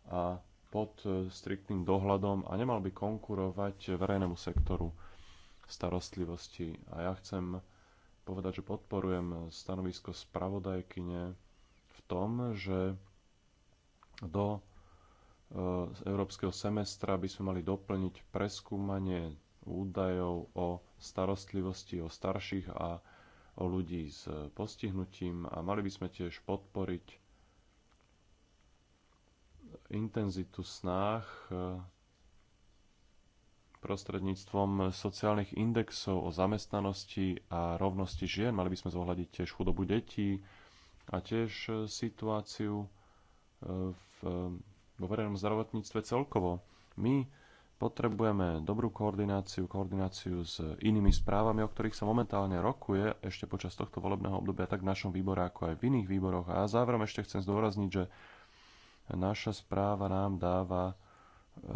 a pod e, striktným dohľadom a nemal by konkurovať verejnému sektoru starostlivosti. A ja chcem povedať, že podporujem stanovisko spravodajkyne v tom, že do e, európskeho semestra by sme mali doplniť preskúmanie údajov o starostlivosti o starších a o ľudí s postihnutím a mali by sme tiež podporiť intenzitu snách eh, prostredníctvom sociálnych indexov o zamestnanosti a rovnosti žien. Mali by sme zohľadiť tiež chudobu detí a tiež eh, situáciu eh, v, vo verejnom zdravotníctve celkovo. My Potrebujeme dobrú koordináciu, koordináciu s inými správami, o ktorých sa momentálne rokuje ešte počas tohto volebného obdobia, tak v našom výbore, ako aj v iných výboroch. A záverom ešte chcem zdôrazniť, že naša správa nám dáva e,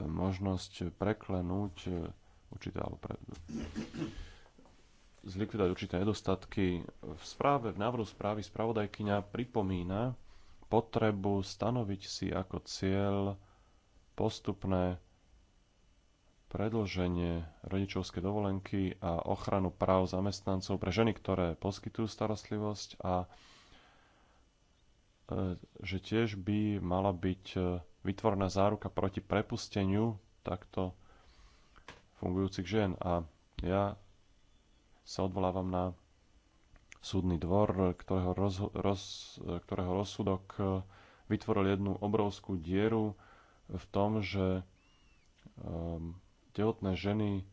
možnosť preklenúť e, určité, alebo pre, zlikvidovať určité nedostatky. V správe, v návrhu správy spravodajkyňa pripomína potrebu stanoviť si ako cieľ postupné predlženie rodičovskej dovolenky a ochranu práv zamestnancov pre ženy, ktoré poskytujú starostlivosť a e, že tiež by mala byť e, vytvorená záruka proti prepusteniu takto fungujúcich žien. A ja sa odvolávam na súdny dvor, ktorého, roz, roz, ktorého rozsudok e, vytvoril jednu obrovskú dieru v tom, že um, tehotné ženy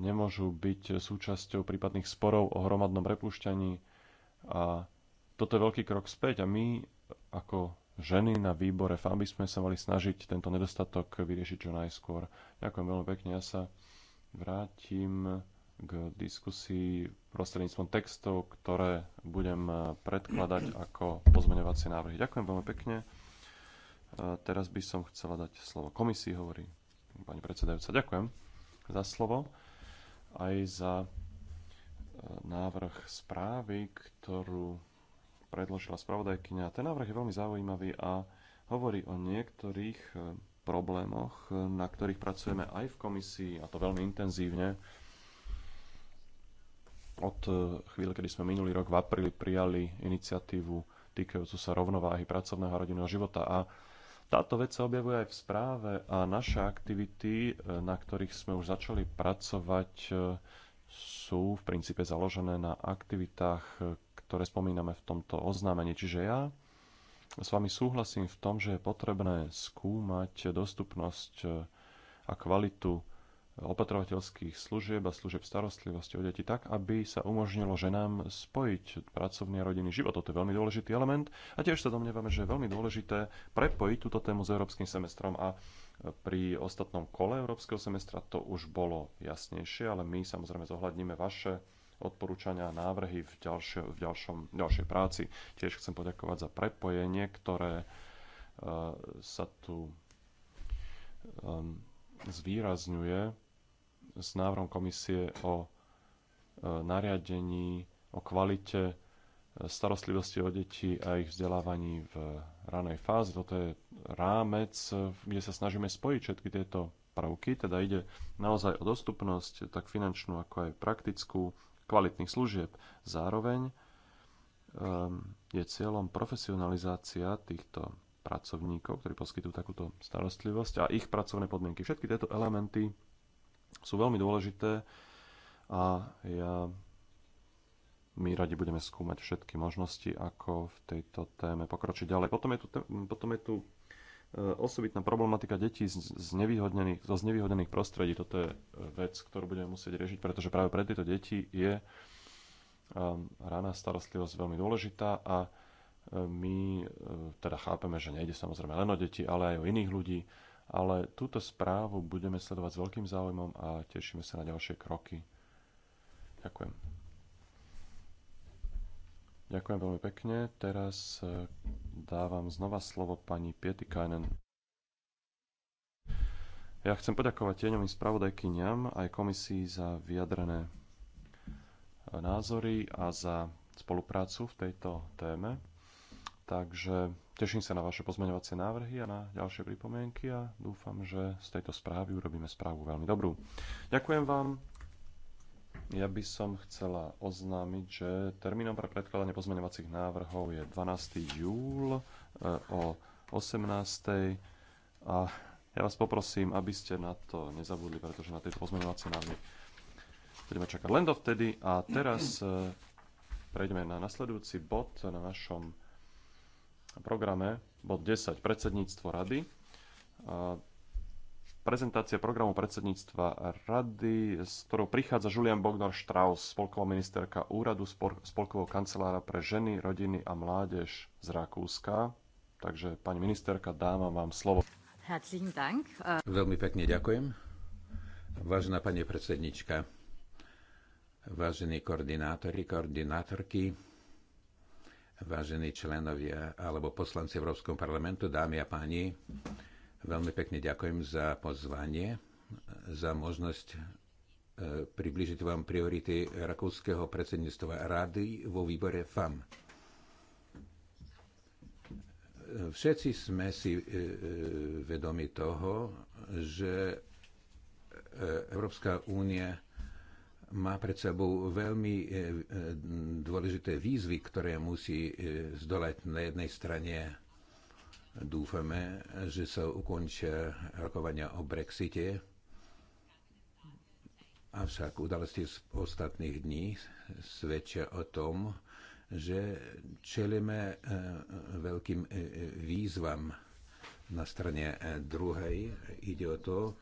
nemôžu byť súčasťou prípadných sporov o hromadnom prepušťaní. A toto je veľký krok späť a my ako ženy na výbore FAM by sme sa mali snažiť tento nedostatok vyriešiť čo najskôr. Ďakujem veľmi pekne, ja sa vrátim k diskusii prostredníctvom textov, ktoré budem predkladať ako pozmeňovacie návrhy. Ďakujem veľmi pekne. Teraz by som chcela dať slovo komisii, hovorí pani predsedajúca. Ďakujem za slovo aj za e, návrh správy, ktorú predložila spravodajkyňa. Ten návrh je veľmi zaujímavý a hovorí o niektorých e, problémoch, e, na ktorých pracujeme aj v komisii, a to veľmi intenzívne. Od chvíle, kedy sme minulý rok v apríli prijali iniciatívu týkajúcu sa rovnováhy pracovného a rodinného života a táto vec sa objavuje aj v správe a naše aktivity, e, na ktorých sme už začali pracovať, e, sú v princípe založené na aktivitách, e, ktoré spomíname v tomto oznámení. Čiže ja s vami súhlasím v tom, že je potrebné skúmať dostupnosť a kvalitu opatrovateľských služieb a služieb starostlivosti o deti tak, aby sa umožnilo ženám spojiť pracovný a rodinný život. Toto je veľmi dôležitý element a tiež sa domnievame, že je veľmi dôležité prepojiť túto tému s európskym semestrom a pri ostatnom kole európskeho semestra to už bolo jasnejšie, ale my samozrejme zohľadníme vaše odporúčania a návrhy v, ďalšie, v ďalšom, ďalšej práci. Tiež chcem poďakovať za prepojenie, ktoré uh, sa tu um, zvýrazňuje s návrhom komisie o e, nariadení o kvalite e, starostlivosti o deti a ich vzdelávaní v ranej fáze. Toto je rámec, e, kde sa snažíme spojiť všetky tieto prvky, teda ide naozaj o dostupnosť, tak finančnú, ako aj praktickú, kvalitných služieb. Zároveň je cieľom profesionalizácia týchto pracovníkov, ktorí poskytujú takúto starostlivosť a ich pracovné podmienky. Všetky tieto elementy sú veľmi dôležité a ja my radi budeme skúmať všetky možnosti, ako v tejto téme pokročiť ďalej. Potom je tu, potom je tu e, osobitná problematika detí z, nevýhodnených, zo znevýhodnených prostredí. Toto je e, vec, ktorú budeme musieť riešiť, pretože práve pre tieto deti je e, raná starostlivosť veľmi dôležitá a my teda chápeme, že nejde samozrejme len o deti, ale aj o iných ľudí ale túto správu budeme sledovať s veľkým záujmom a tešíme sa na ďalšie kroky. Ďakujem. Ďakujem veľmi pekne. Teraz e, dávam znova slovo pani Piety Kajnen. Ja chcem poďakovať tieňovým spravodajkyniam aj komisii za vyjadrené e, názory a za spoluprácu v tejto téme. Takže teším sa na vaše pozmeňovacie návrhy a na ďalšie pripomienky a dúfam, že z tejto správy urobíme správu veľmi dobrú. Ďakujem vám. Ja by som chcela oznámiť, že termínom pre predkladanie pozmeňovacích návrhov je 12. júl e, o 18. A ja vás poprosím, aby ste na to nezabudli, pretože na tieto pozmeňovacie návrhy budeme čakať len dovtedy. A teraz e, prejdeme na nasledujúci bod na našom programe bod 10 predsedníctvo rady. Prezentácia programu predsedníctva rady, s ktorou prichádza Julian Bognar Strauss, spolková ministerka úradu spolkového kancelára pre ženy, rodiny a mládež z Rakúska. Takže, pani ministerka, dáma vám slovo. Veľmi pekne ďakujem. Vážená pani predsednička, vážení koordinátori, koordinátorky, vážení členovia alebo poslanci Európskom parlamentu, dámy a páni, veľmi pekne ďakujem za pozvanie, za možnosť e, približiť vám priority rakúskeho predsedníctva rady vo výbore FAM. Všetci sme si e, e, vedomi toho, že Európska únia má pred sebou veľmi e, e, dôležité výzvy, ktoré musí e, zdolať na jednej strane. Dúfame, že sa ukončia rokovania o Brexite, avšak udalosti z ostatných dní svedčia o tom, že čelíme veľkým výzvam na strane druhej. Ide o to,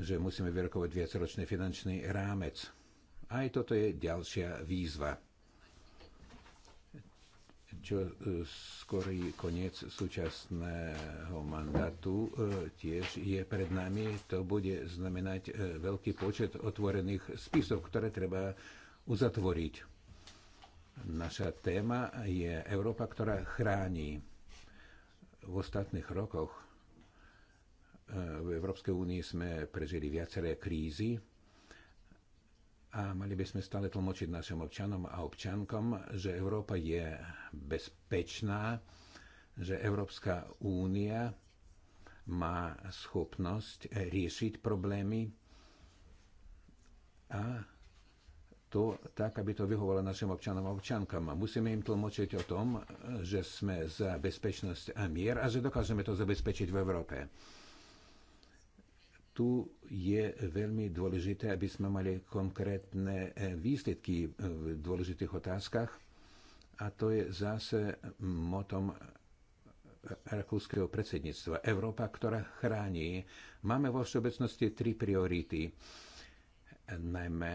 že musíme vyrokovať viacročný finančný rámec aj toto je ďalšia výzva. Čo e, skorý koniec súčasného mandátu e, tiež je pred nami. To bude znamenať e, veľký počet otvorených spisov, ktoré treba uzatvoriť. Naša téma je Európa, ktorá chráni. V ostatných rokoch v Európskej únii sme prežili viaceré krízy, a mali by sme stále tlmočiť našim občanom a občankom, že Európa je bezpečná, že Európska únia má schopnosť riešiť problémy a to tak, aby to vyhovalo našim občanom a občankám. Musíme im tlmočiť o tom, že sme za bezpečnosť a mier a že dokážeme to zabezpečiť v Európe tu je veľmi dôležité, aby sme mali konkrétne eh, výsledky eh, v dôležitých otázkach. A to je zase motom eh, rakúskeho predsedníctva. Európa, ktorá chráni. Máme vo všeobecnosti tri priority. Najmä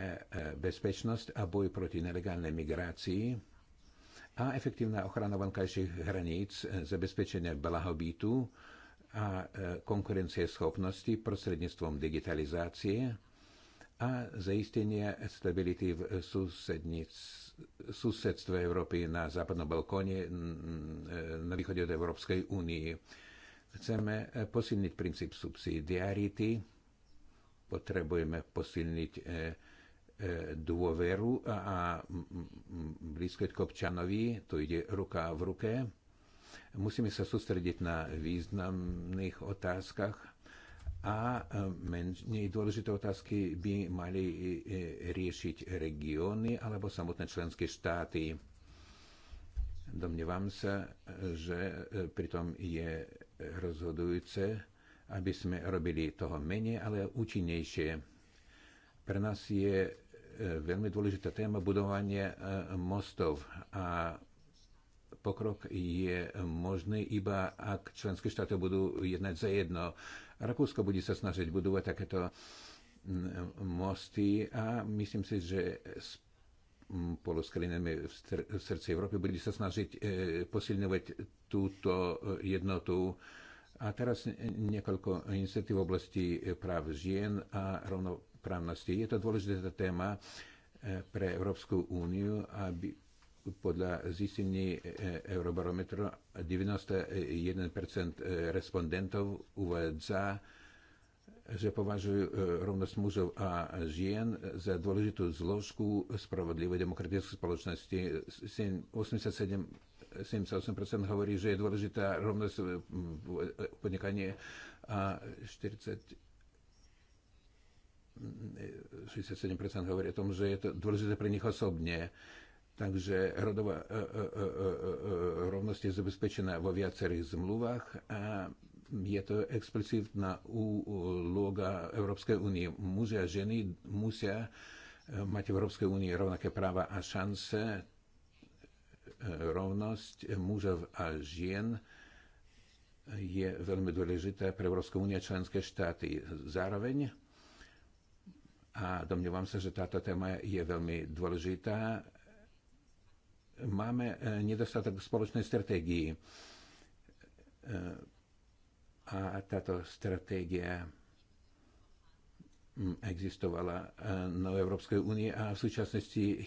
bezpečnosť a boj proti nelegálnej migrácii a efektívna ochrana vonkajších hraníc, zabezpečenie blahobytu, a e, konkurencieschopnosti prostredníctvom digitalizácie a zaistenia stability v susedstve Európy na západnom balkóne na východe od Európskej únie. Chceme e, posilniť princíp subsidiarity, potrebujeme posilniť e, dôveru a blízkoť k občanovi, to ide ruka v ruke Musíme sa sústrediť na významných otázkach a e, menej dôležité otázky by mali e, e, riešiť regióny alebo samotné členské štáty. Domnievam sa, že pritom je rozhodujúce, aby sme robili toho menej, ale účinnejšie. Pre nás je veľmi dôležitá téma budovanie mostov a pokrok je možný iba ak členské štáty budú jednať za jedno. Rakúsko bude sa snažiť budovať takéto mosty a myslím si, že spolu s krajinami v srdci Európy bude sa snažiť e, posilňovať túto jednotu. A teraz niekoľko iniciatív v oblasti práv žien a rovnoprávnosti. Je to dôležitá téma e, pre Európsku úniu, aby podľa zistení e, e, Eurobarometru 91% e, respondentov uvádza, že považujú rovnosť mužov a žien za dôležitú zložku spravodlivej demokratickej spoločnosti. 87, hovorí, že je dôležitá rovnosť podnikanie a 40 67% hovorí o tom, že je to dôležité pre nich osobne. Takže rodová e, e, e, rovnosť je zabezpečená vo viacerých zmluvách a je to explicitná úloga Európskej únie. Muži a ženy musia mať v Európskej únie rovnaké práva a šance, rovnosť mužov a žien je veľmi dôležitá pre Európsku úniu a členské štáty. Zároveň a domnievam sa, že táto téma je veľmi dôležitá máme e, nedostatok spoločnej stratégii. E, a táto stratégia existovala e, na Európskej únie a v súčasnosti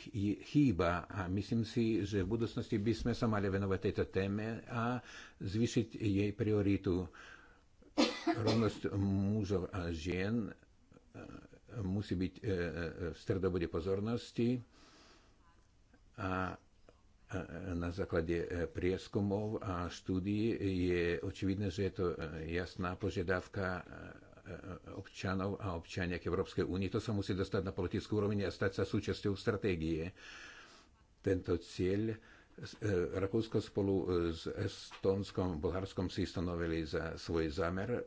chýba. A myslím si, že v budúcnosti by sme sa mali venovať tejto téme a zvýšiť jej prioritu. Rovnosť mužov a žien musí byť v stredobode pozornosti a na základe e, prieskumov a štúdií je očividné, že je to e, jasná požiadavka e, občanov a občaniek Európskej únie. To sa musí dostať na politickú úroveň a stať sa súčasťou stratégie. Tento cieľ Rakúsko spolu s Estonskom, Bulharskom si stanovili za svoj zámer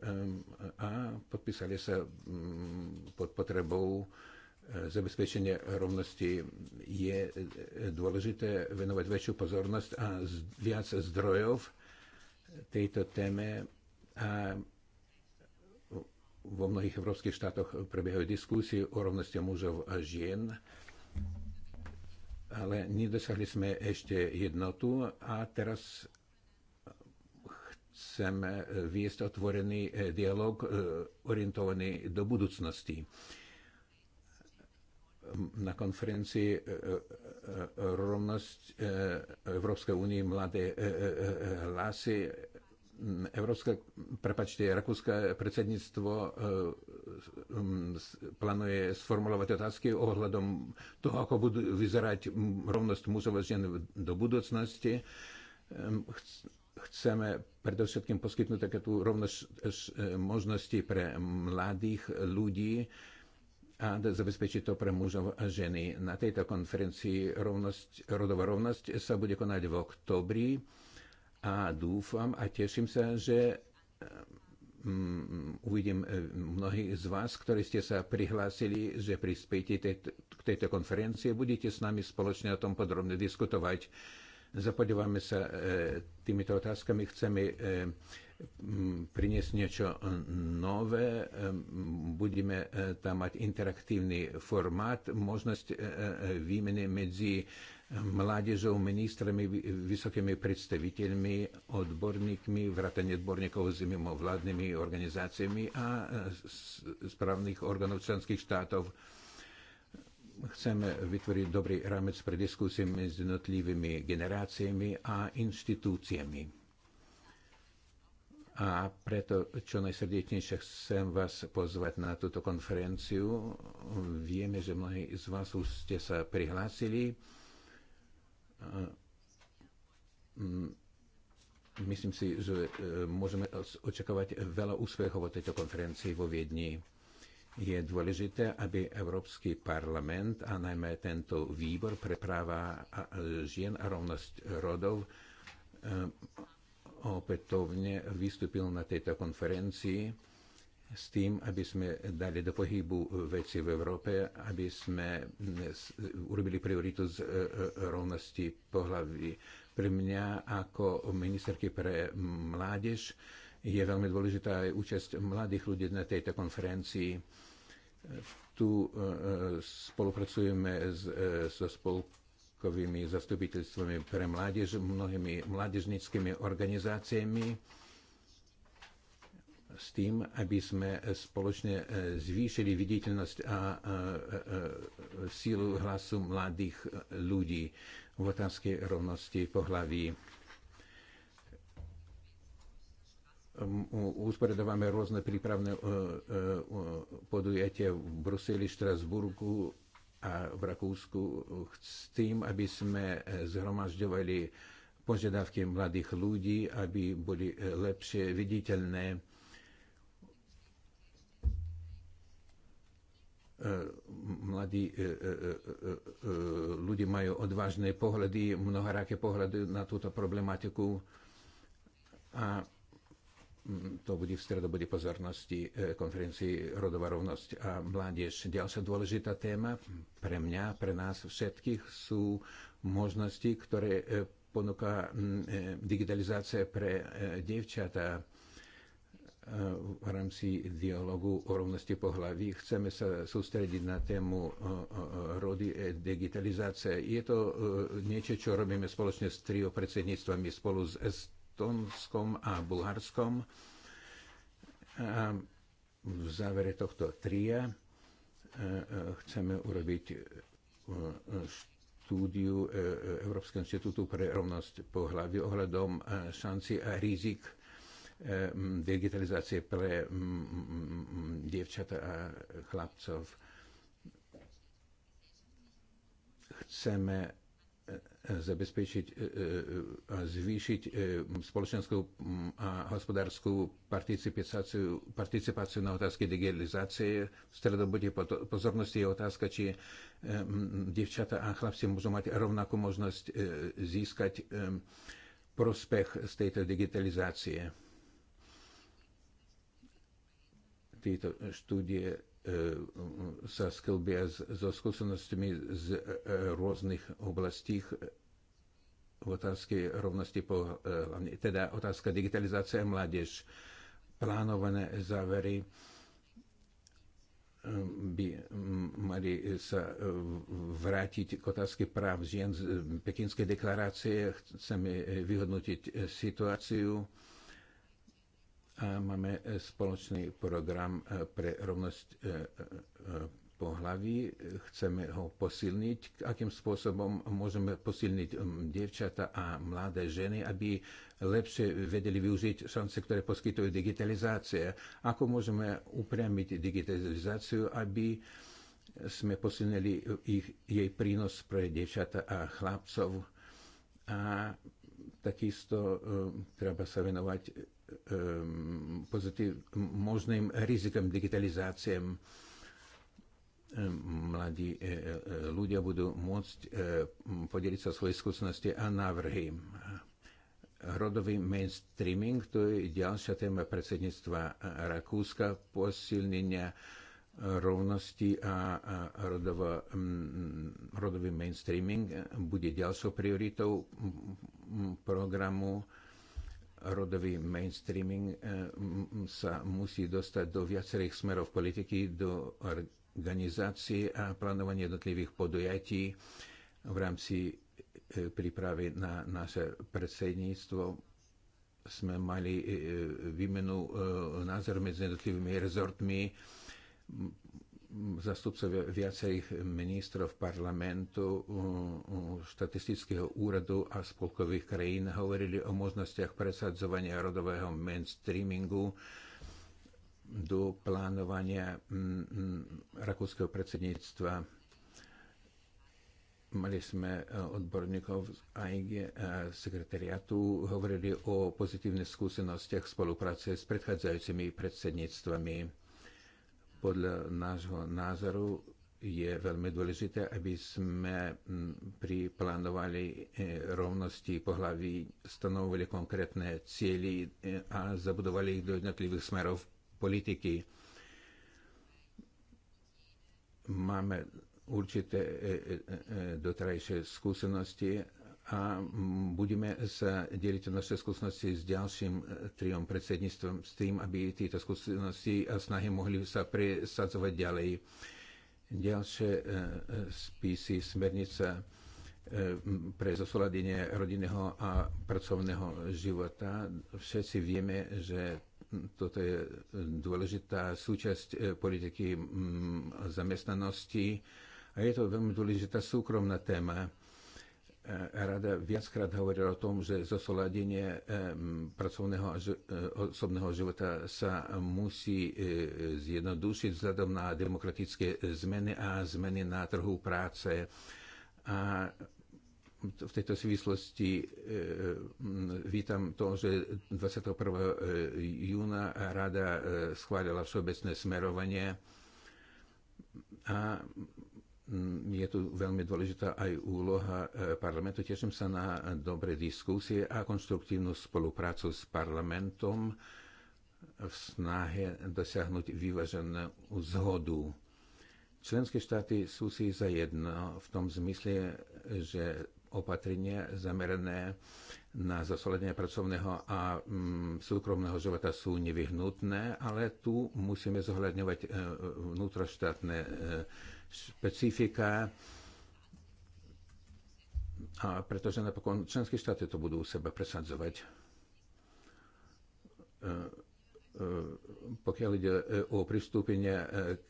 a podpísali sa pod potrebou zabezpečenie rovnosti je dôležité venovať väčšiu pozornosť a viac zdrojov tejto téme a vo mnohých európskych štátoch prebiehajú diskusie o rovnosti mužov a žien, ale nedosahli sme ešte jednotu a teraz chceme viesť otvorený dialog e, orientovaný do budúcnosti na konferencii e, e, e, rovnosť Európskej únie mladé hlasy. Európske, prepačte, Rakúske predsedníctvo plánuje sformulovať otázky ohľadom toho, ako budú vyzerať rovnosť mužov a žien do budúcnosti chceme predovšetkým poskytnúť takú rovnosť možnosti pre mladých ľudí a zabezpečiť to pre mužov a ženy. Na tejto konferencii rovnosť, rodová rovnosť sa bude konať v oktobri a dúfam a teším sa, že eh, mm, uvidím eh, mnohých z vás, ktorí ste sa prihlásili, že prispiejte k tejto konferencii. Budete s nami spoločne o tom podrobne diskutovať. Zapodívame sa eh, týmito otázkami. Chceme Mm, priniesť niečo nové, budeme e, tam mať interaktívny formát, možnosť e, e, výmeny medzi mládežou, ministrami, vysokými predstaviteľmi, odborníkmi, vrátane odborníkov s mimovládnymi organizáciami a správnych orgánov členských štátov. Chceme vytvoriť dobrý rámec pre diskusie medzi jednotlivými generáciami a inštitúciami. A preto čo najsrdečnejšie chcem vás pozvať na túto konferenciu. Vieme, že mnohí z vás už ste sa prihlásili. Mm, myslím si, že e, môžeme očakávať veľa úspechov od tejto konferencii vo Viedni. Je dôležité, aby Európsky parlament a najmä tento výbor pre práva žien a rovnosť rodov e, opätovne vystúpil na tejto konferencii s tým, aby sme dali do pohybu veci v Európe, aby sme urobili prioritu z e, e, rovnosti pohľavy. Pre mňa ako ministerky pre mládež je veľmi dôležitá aj účasť mladých ľudí na tejto konferencii. Tu e, spolupracujeme so spolkom spolkovými zastupiteľstvami pre mládež, mnohými mládežnickými organizáciami s tým, aby sme spoločne e, zvýšili viditeľnosť a, a, a, a sílu hlasu mladých e, ľudí v otázke rovnosti pohlaví. Usporedováme rôzne prípravné e, podujete v Bruseli, Štrasburgu, a v Rakúsku s tým, aby sme e, zhromažďovali požiadavky mladých ľudí, aby boli e, lepšie viditeľné. E, mladí ľudia majú odvážne pohľady, mnohoraké pohľady na túto problematiku a to bude v stredu, bude pozornosti e, konferencii Rodová rovnosť a mládež. Ďalšia dôležitá téma pre mňa, pre nás všetkých sú možnosti, ktoré e, ponúka e, digitalizácia pre devčatá v rámci dialogu o rovnosti pohlaví. Chceme sa sústrediť na tému rody digitalizácie. Je to niečo, čo robíme spoločne s trio predsedníctvami, spolu s Estonskom a Bulharskom. A v závere tohto tria e, e, chceme urobiť e, štúdiu Európskeho institútu pre rovnosť pohľavy ohľadom šanci a rizik digitalizácie pre dievčata a chlapcov. Chceme zabezpečiť e, e, a zvýšiť e, spoločenskú a hospodárskú participáciu, participáciu na otázky digitalizácie. V stredu bude pozornosti je otázka, či devčata a chlapci môžu mať rovnakú možnosť získať prospech z tejto digitalizácie. Tieto štúdie E, sa sklbia so skúsenostmi z e, e, rôznych oblastí v otázke rovnosti po, teda otázka digitalizácia a mládež, plánované závery by mali sa vrátiť k otázke práv žien z Pekinskej deklarácie. Chceme vyhodnotiť situáciu a máme e, spoločný program e, pre rovnosť e, pohlaví. Chceme ho posilniť. Akým spôsobom môžeme posilniť dievčata a mladé ženy, aby lepšie vedeli využiť šance, ktoré poskytuje digitalizácia. Ako môžeme upriamiť digitalizáciu, aby sme posilnili ich, jej prínos pre dievčata a chlapcov. A takisto treba sa venovať Ehm, pozitív, možným rizikom digitalizácie ehm, mladí e, e, ľudia budú môcť e, podeliť sa svoje skúsenosti a návrhy. Rodový mainstreaming to je ďalšia téma predsedníctva Rakúska, posilnenia rovnosti a rodovo, rodový mainstreaming bude ďalšou prioritou programu rodový mainstreaming eh, sa musí dostať do viacerých smerov politiky, do organizácie a plánovania jednotlivých podujatí v rámci eh, prípravy na naše predsedníctvo sme mali eh, výmenu názor medzi jednotlivými rezortmi zastupcovia viacerých ministrov parlamentu, štatistického úradu a spolkových krajín hovorili o možnostiach presadzovania rodového mainstreamingu do plánovania rakúskeho predsedníctva. Mali sme e, odborníkov z AIG e, sekretariatu, hovorili o pozitívnych skúsenostiach spolupráce s predchádzajúcimi predsedníctvami podľa nášho názoru je veľmi dôležité, aby sme pri plánovali e, rovnosti pohlaví stanovili konkrétne cieľy e, a zabudovali ich do jednotlivých smerov politiky. Máme určité e, doterajšie skúsenosti a budeme sa deliť naše skúsenosti s ďalším e, triom predsedníctvom, s tým, aby tieto skúsenosti a snahy mohli sa presadzovať ďalej. Ďalšie e, e, spisy, smernice pre zosúladenie rodinného a pracovného života. Všetci vieme, že toto je dôležitá súčasť politiky zamestnanosti a je to veľmi dôležitá súkromná téma Rada viackrát hovorila o tom, že zosoladenie eh, pracovného a eh, osobného života sa musí eh, zjednodušiť vzhľadom na demokratické zmeny a zmeny na trhu práce. A v tejto súvislosti vítam to, že 21. júna Rada schválila všeobecné smerovanie a Mm, je tu veľmi dôležitá aj úloha e, parlamentu. Teším sa na dobré diskusie a konstruktívnu spoluprácu s parlamentom v snahe dosiahnuť vyváženú zhodu. Členské štáty sú si za jedno v tom zmysle, že opatrenia zamerané na zasolenie pracovného a mm, súkromného života sú nevyhnutné, ale tu musíme zohľadňovať e, vnútroštátne e, špecifika, a pretože napokon členské štáty to budú u seba presadzovať. E, pokiaľ ide o pristúpenie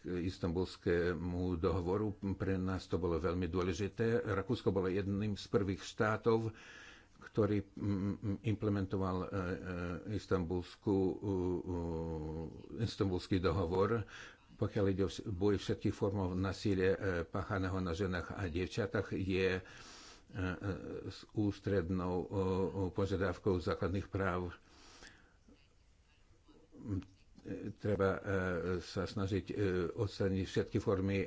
k istambulskému dohovoru, pre nás to bolo veľmi dôležité. Rakúsko bolo jedným z prvých štátov, ktorý mm, mm, implementoval e, e, istambulský dohovor, pokiaľ ide o boj všetkých formov nasilia e, páchaného na ženách a dievčatách, je s ústrednou požiadavkou základných práv. Treba sa snažiť odstrániť všetky formy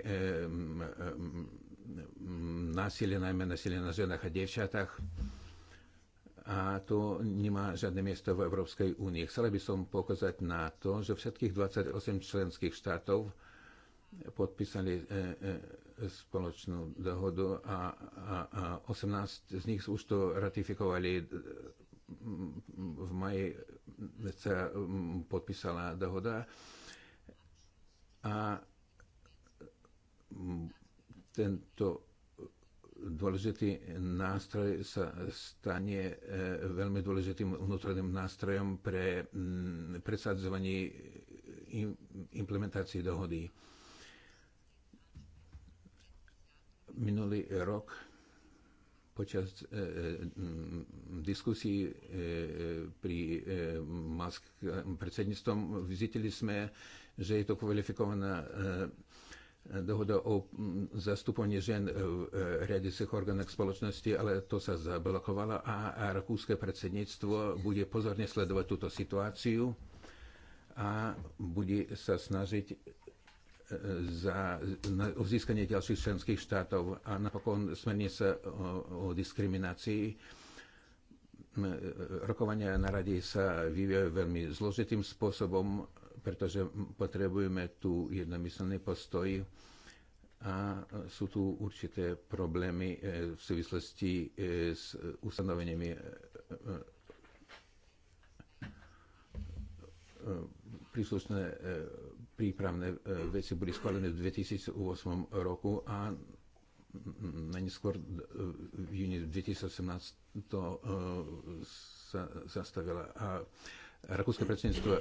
násilia, najmä násilia na ženách a dievčatách a to nemá žiadne miesto v Európskej únii. Chcela by som pokazať na to, že všetkých 28 členských štátov podpísali e, e, spoločnú dohodu a, a, a 18 z nich už to ratifikovali. V maji sa podpísala dohoda a tento dôležitý nástroj sa stane e, veľmi dôležitým vnútorným nástrojom pre mm, presadzovanie implementácie dohody. Minulý rok počas e, e, diskusí pri malským predsedníctvom vizitili sme, že je to kvalifikovaná dohoda o mm, zastupovaní žen v e, riadiacich orgánoch spoločnosti, ale to sa zablokovalo a, rakúske predsedníctvo bude pozorne sledovať túto situáciu a bude sa snažiť e, za, na, ďalších členských štátov a napokon smernica o, o diskriminácii e, rokovania na rade sa vyvíjajú veľmi zložitým spôsobom pretože potrebujeme tu jednomyslný postoj a sú tu určité problémy e, v súvislosti e, s ustanoveniami e, príslušné prípravné veci boli schválené v 2008 roku a najneskôr v júni 2018 to sa zastavila. A Rakúske predsedníctvo e,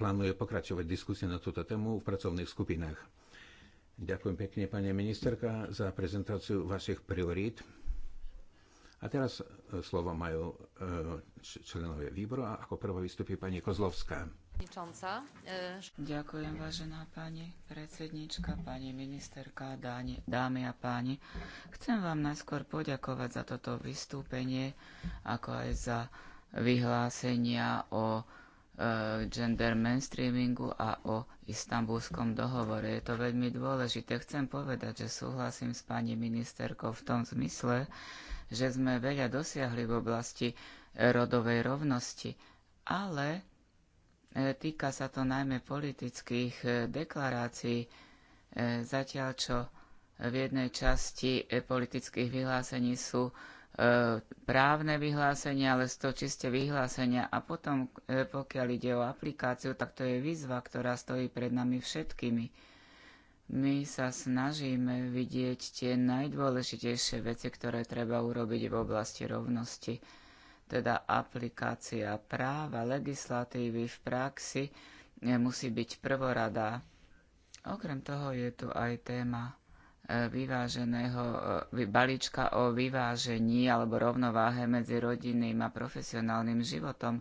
plánuje pokračovať diskusie na túto tému v pracovných skupinách. Ďakujem pekne, pani ministerka, za prezentáciu vašich priorít. A teraz e, slovo majú e, členovia výboru a ako prvá vystupí pani Kozlovská. Ďakujem, vážená pani predsednička, pani ministerka, dáne, dámy a páni. Chcem vám najskôr poďakovať za toto vystúpenie, ako aj za vyhlásenia o E, gender mainstreamingu a o istambulskom dohovore. Je to veľmi dôležité. Chcem povedať, že súhlasím s pani ministerkou v tom zmysle, že sme veľa dosiahli v oblasti e, rodovej rovnosti, ale e, týka sa to najmä politických deklarácií, zatiaľ čo v jednej časti politických vyhlásení sú E, právne vyhlásenia, ale sú to čiste vyhlásenia. A potom, e, pokiaľ ide o aplikáciu, tak to je výzva, ktorá stojí pred nami všetkými. My sa snažíme vidieť tie najdôležitejšie veci, ktoré treba urobiť v oblasti rovnosti, teda aplikácia práva, legislatívy v praxi e, musí byť prvoradá. Okrem toho je tu aj téma E, vyváženého e, balíčka o vyvážení alebo rovnováhe medzi rodinným a profesionálnym životom.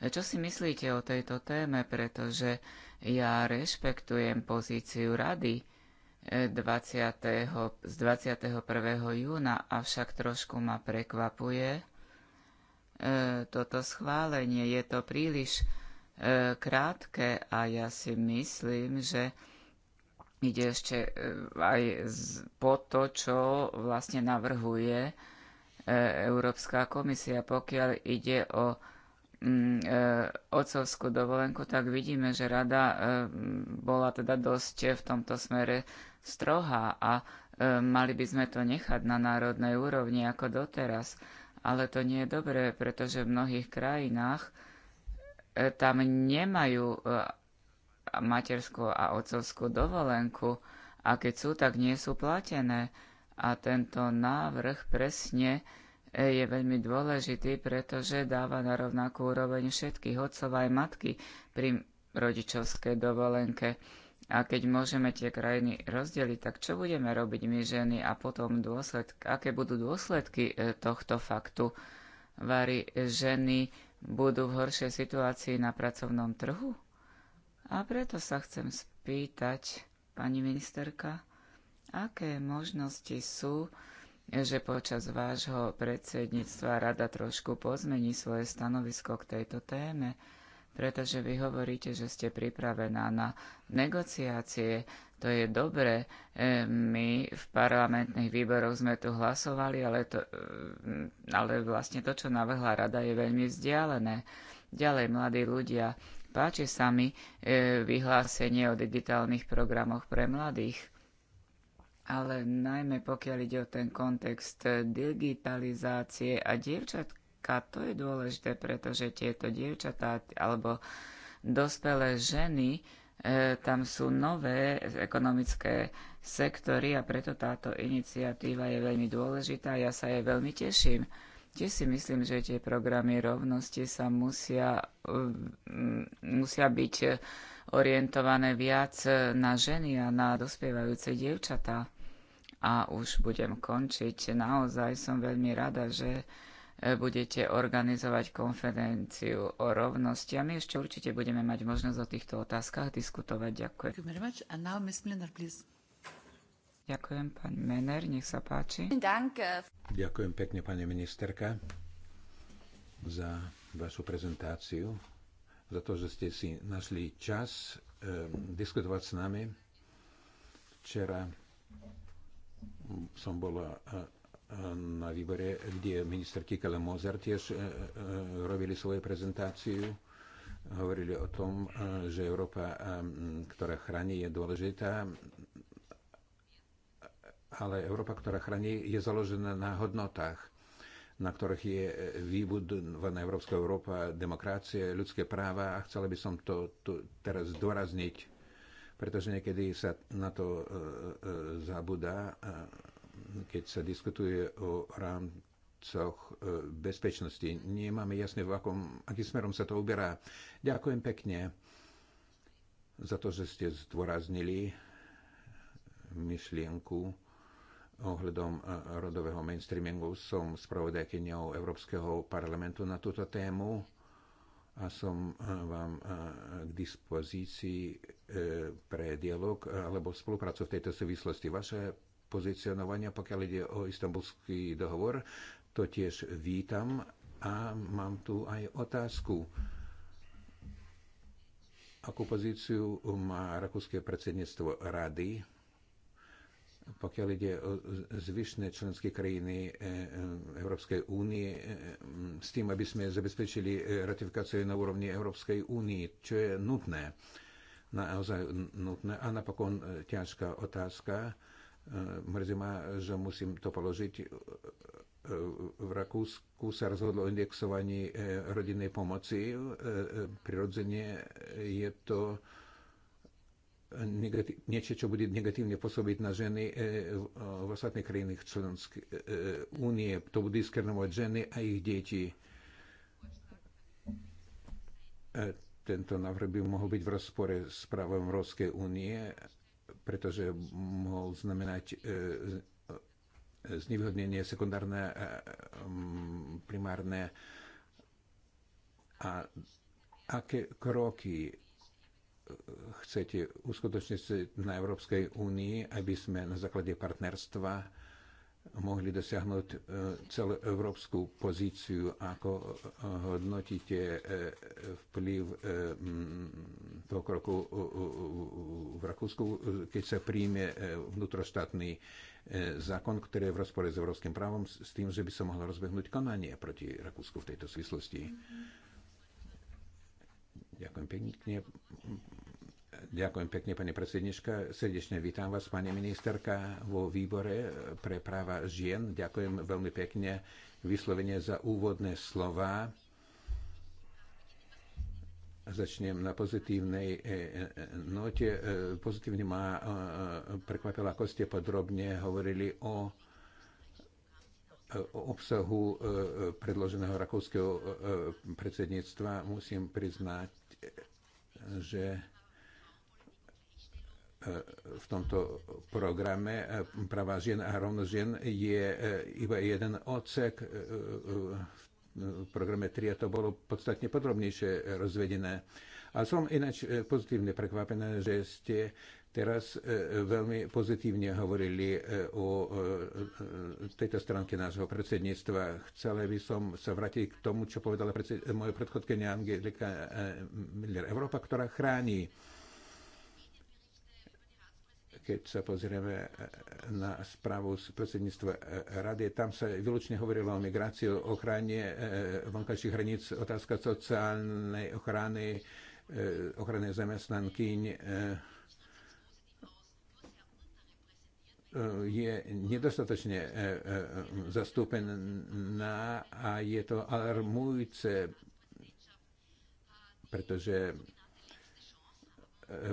E, čo si myslíte o tejto téme, pretože ja rešpektujem pozíciu rady 20. z 21. júna, avšak trošku ma prekvapuje toto schválenie. Je to príliš krátke a ja si myslím, že ide ešte e, aj po to, čo vlastne navrhuje e, Európska komisia. Pokiaľ ide o mm, e, otcovskú dovolenku, tak vidíme, že rada bola teda dosť v tomto smere strohá a mali by sme to nechať na národnej úrovni ako doteraz. Ale to nie je dobré, pretože v mnohých krajinách tam nemajú materskú a otcovskú dovolenku a keď sú, tak nie sú platené. A tento návrh presne e, je veľmi dôležitý, pretože dáva na rovnakú úroveň všetkých otcov aj matky pri rodičovskej dovolenke. A keď môžeme tie krajiny rozdeliť, tak čo budeme robiť my ženy a potom dôsledky, aké budú dôsledky e, tohto faktu? Vary ženy budú v horšej situácii na pracovnom trhu? A preto sa chcem spýtať, pani ministerka, aké možnosti sú, že počas vášho predsedníctva rada trošku pozmení svoje stanovisko k tejto téme, pretože vy hovoríte, že ste pripravená na negociácie. To je dobre. E, my v parlamentných výboroch sme tu hlasovali, ale, to, e, ale vlastne to, čo navrhla rada, je veľmi vzdialené. Ďalej, mladí ľudia, Páči sa mi e, vyhlásenie o digitálnych programoch pre mladých, ale najmä pokiaľ ide o ten kontext e, digitalizácie a dievčatka, to je dôležité, pretože tieto dievčatá alebo dospelé ženy, e, tam sú nové ekonomické sektory a preto táto iniciatíva je veľmi dôležitá. Ja sa jej veľmi teším. Tiež si myslím, že tie programy rovnosti sa musia, mm, musia byť orientované viac na ženy a na dospievajúce dievčatá. A už budem končiť. Naozaj som veľmi rada, že e, budete organizovať konferenciu o rovnosti a my ešte určite budeme mať možnosť o týchto otázkach diskutovať. Ďakujem. Ďakujem, pán Mener, nech sa páči. Ďakujem pekne, pani ministerka, za vašu prezentáciu, za to, že ste si našli čas eh, diskutovať s nami. Včera som bola eh, eh, na výbore, kde minister Kikele Mozer tiež eh, robili svoju prezentáciu. Hovorili o tom, že Európa, ehm, ktorá chráni, je dôležitá ale Európa, ktorá chráni, je založená na hodnotách, na ktorých je vybudovaná Európska Európa, demokracie, ľudské práva a chcela by som to, tu teraz zdôrazniť, pretože niekedy sa na to e, e, zabudá, e, keď sa diskutuje o rámcoch e, bezpečnosti. Nemáme jasne, v akom, akým smerom sa to uberá. Ďakujem pekne za to, že ste zdôraznili myšlienku ohľadom e, rodového mainstreamingu. Som spravodajkyňou Európskeho parlamentu na túto tému a som e, vám e, k dispozícii pre dialog alebo spoluprácu v tejto súvislosti. Vaše pozicionovania, pokiaľ ide o istambulský dohovor, to tiež vítam a mám tu aj otázku. Akú pozíciu má rakúske predsedníctvo rady pokiaľ ide o zvyšné členské krajiny e, e, Európskej únie, e, s tým, aby sme zabezpečili ratifikáciu na úrovni Európskej únie, čo je nutné, naozaj nutné. A napokon ťažká otázka. Mrzí ma, že musím to položiť. V Rakúsku sa rozhodlo o indexovaní rodinnej pomoci. Prirodzene je to negatív, niečo, čo bude negatívne pôsobiť na ženy e, e, v ostatných krajinách členskej e, únie. To bude diskriminovať ženy a ich deti. Tento návrh by mohol byť v rozpore s právom Európskej únie, pretože mohol znamenať znevýhodnenie sekundárne, primárne a aké kroky chcete uskutočniť na Európskej únii, aby sme na základe partnerstva mohli dosiahnuť e, celú európsku pozíciu, ako e, hodnotíte e, vplyv toho kroku v Rakúsku, keď sa príjme vnútroštátny zákon, ktorý je v rozpore s európskym právom, s tým, že by sa mohlo rozbehnúť konanie proti Rakúsku v tejto súvislosti. Mm-hmm. Ďakujem pekne. Ďakujem pekne, pani predsednička. Srdečne vítam vás, pani ministerka, vo výbore pre práva žien. Ďakujem veľmi pekne vyslovene za úvodné slova. Začnem na pozitívnej e, e, note. E, Pozitívne ma prekvapilo, ako ste podrobne hovorili o obsahu predloženého rakovského predsedníctva. Musím priznať, že e, v tomto programe e, práva žien a rovnosť žien je e, iba jeden odsek v programe 3 a to bolo podstatne podrobnejšie rozvedené. A som ináč e, pozitívne prekvapená, že ste teraz e, veľmi pozitívne hovorili e, o tejto stránke nášho predsedníctva. Chcela by som sa vrátiť k tomu, čo povedala predsed- moja predchodkynia Angelika Miller. Európa, ktorá chráni keď sa pozrieme na správu z predsedníctva rady, tam sa výlučne hovorilo o migrácii, o ochrane vonkajších hraníc, otázka sociálnej ochrany, Eh, ochrany zamestnankyň eh, eh, je nedostatočne zastúpená a je to alarmujúce, pretože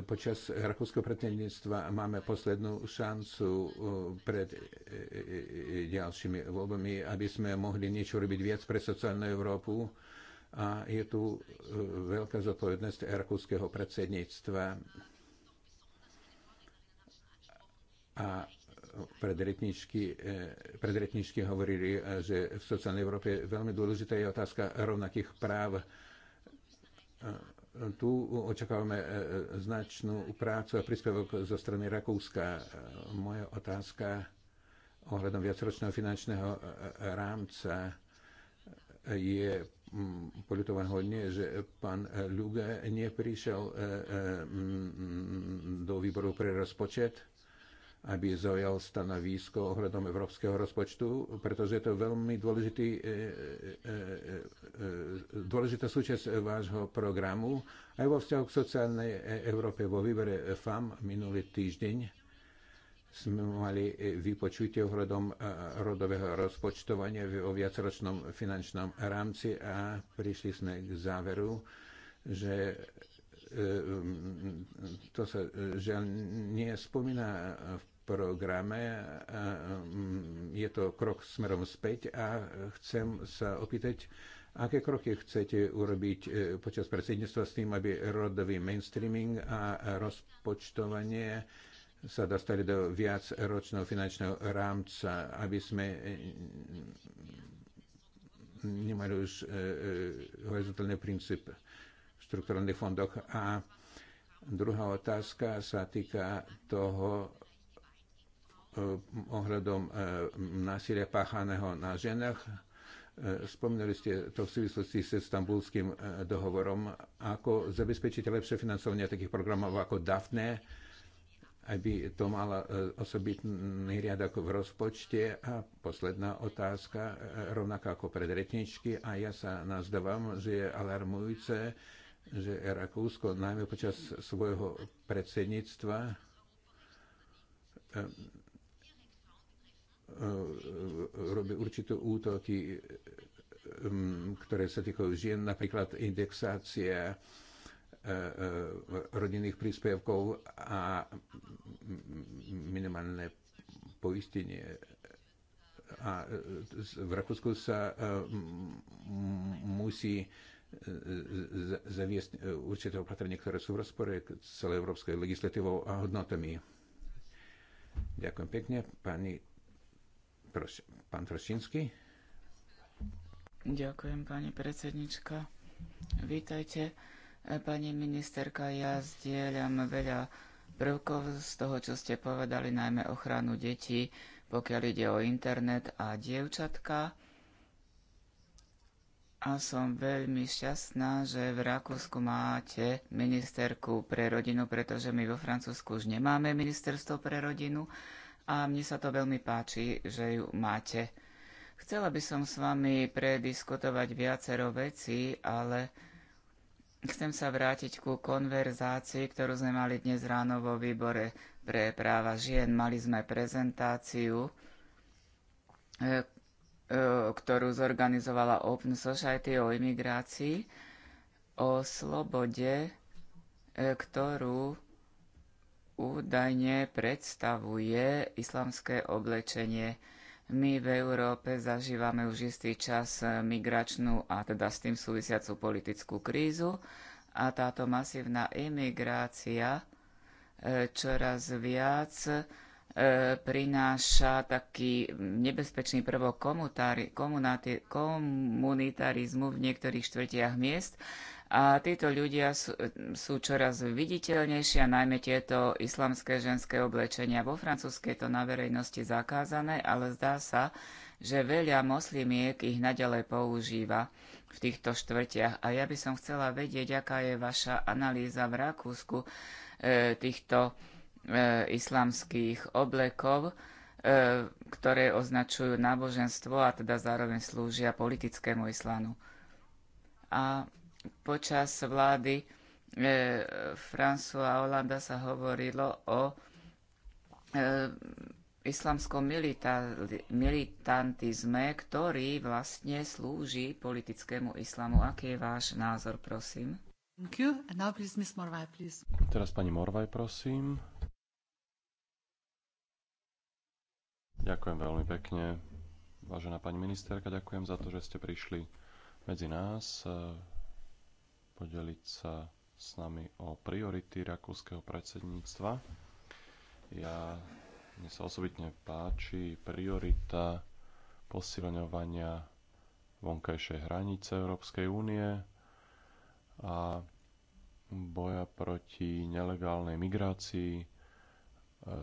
počas rakúskeho predsedníctva máme poslednú šancu pred ďalšími voľbami, aby sme mohli niečo robiť viac pre sociálnu Európu a je tu e, veľká zodpovednosť rakúskeho predsedníctva a predretničky, e, hovorili, e, že v sociálnej Európe veľmi dôležitá je otázka rovnakých práv. Tu očakávame značnú prácu a príspevok zo strany Rakúska. Moja otázka ohľadom viacročného finančného rámca je mm, politovanhodne, že pán Ľuge neprišiel e, e, mm, do výboru pre rozpočet, aby zaujal stanovisko ohľadom európskeho rozpočtu, pretože je to veľmi dôležitý, e, dôležitá súčasť vášho programu aj vo vzťahu k sociálnej Európe vo výbere FAM minulý týždeň sme mali e, vypočutie ohľadom e, rodového rozpočtovania o viacročnom finančnom rámci a prišli sme k záveru, že e, mm, to sa žiaľ nespomína v programe. Mm, je to krok smerom späť a chcem sa opýtať, aké kroky chcete urobiť počas predsedníctva s tým, aby rodový mainstreaming a rozpočtovanie sa dostali do ročného finančného rámca, aby sme eh, nemali už eh, eh, horizontálny princíp v štruktúrnych fondoch. A druhá otázka sa týka toho ohľadom násilia páchaného na ženách. Spomínali ste to v súvislosti s istambulským dohovorom, ako zabezpečiť lepšie financovanie takých programov ako DAFNE, aby to malo e, osobitný riadok v rozpočte. A posledná otázka, e, rovnako ako predretničky, a ja sa nazdávam, že je alarmujúce, že Rakúsko najmä počas svojho predsedníctva e, robí určité útoky, ktoré sa týkajú žien, napríklad indexácia E, e, rodinných príspevkov a minimálne poistenie. A v Rakúsku sa e, musí zaviesť určité opatrenie, ktoré sú v rozpore k celé európskej legislatívou a hodnotami. Ďakujem pekne. Pani, pros, pán Trošinský. Ďakujem, pani predsednička. Vítajte. Pani ministerka, ja zdieľam veľa prvkov z toho, čo ste povedali, najmä ochranu detí, pokiaľ ide o internet a dievčatka. A som veľmi šťastná, že v Rakúsku máte ministerku pre rodinu, pretože my vo Francúzsku už nemáme ministerstvo pre rodinu a mne sa to veľmi páči, že ju máte. Chcela by som s vami prediskutovať viacero vecí, ale Chcem sa vrátiť ku konverzácii, ktorú sme mali dnes ráno vo výbore pre práva žien. Mali sme prezentáciu, e, e, ktorú zorganizovala Open Society o imigrácii, o slobode, e, ktorú údajne predstavuje islamské oblečenie. My v Európe zažívame už istý čas eh, migračnú a teda s tým súvisiacú politickú krízu a táto masívna imigrácia eh, čoraz viac eh, prináša taký nebezpečný prvok komunitarizmu v niektorých štvrtiach miest a títo ľudia sú, sú čoraz viditeľnejšie, najmä tieto islamské ženské oblečenia. Vo Francúzsku je to na verejnosti zakázané, ale zdá sa, že veľa moslimiek ich naďalej používa v týchto štvrtiach. A ja by som chcela vedieť, aká je vaša analýza v Rakúsku e, týchto e, islamských oblekov, e, ktoré označujú náboženstvo a teda zároveň slúžia politickému islánu. A počas vlády e, François Hollanda sa hovorilo o e, islamskom milita- militantizme, ktorý vlastne slúži politickému islamu. Aký je váš názor, prosím? Now, please, Morvaj, Teraz pani Morvaj, prosím. Ďakujem veľmi pekne. Vážená pani ministerka, ďakujem za to, že ste prišli medzi nás podeliť sa s nami o priority rakúskeho predsedníctva. Ja, mne sa osobitne páči priorita posilňovania vonkajšej hranice Európskej únie a boja proti nelegálnej migrácii. E,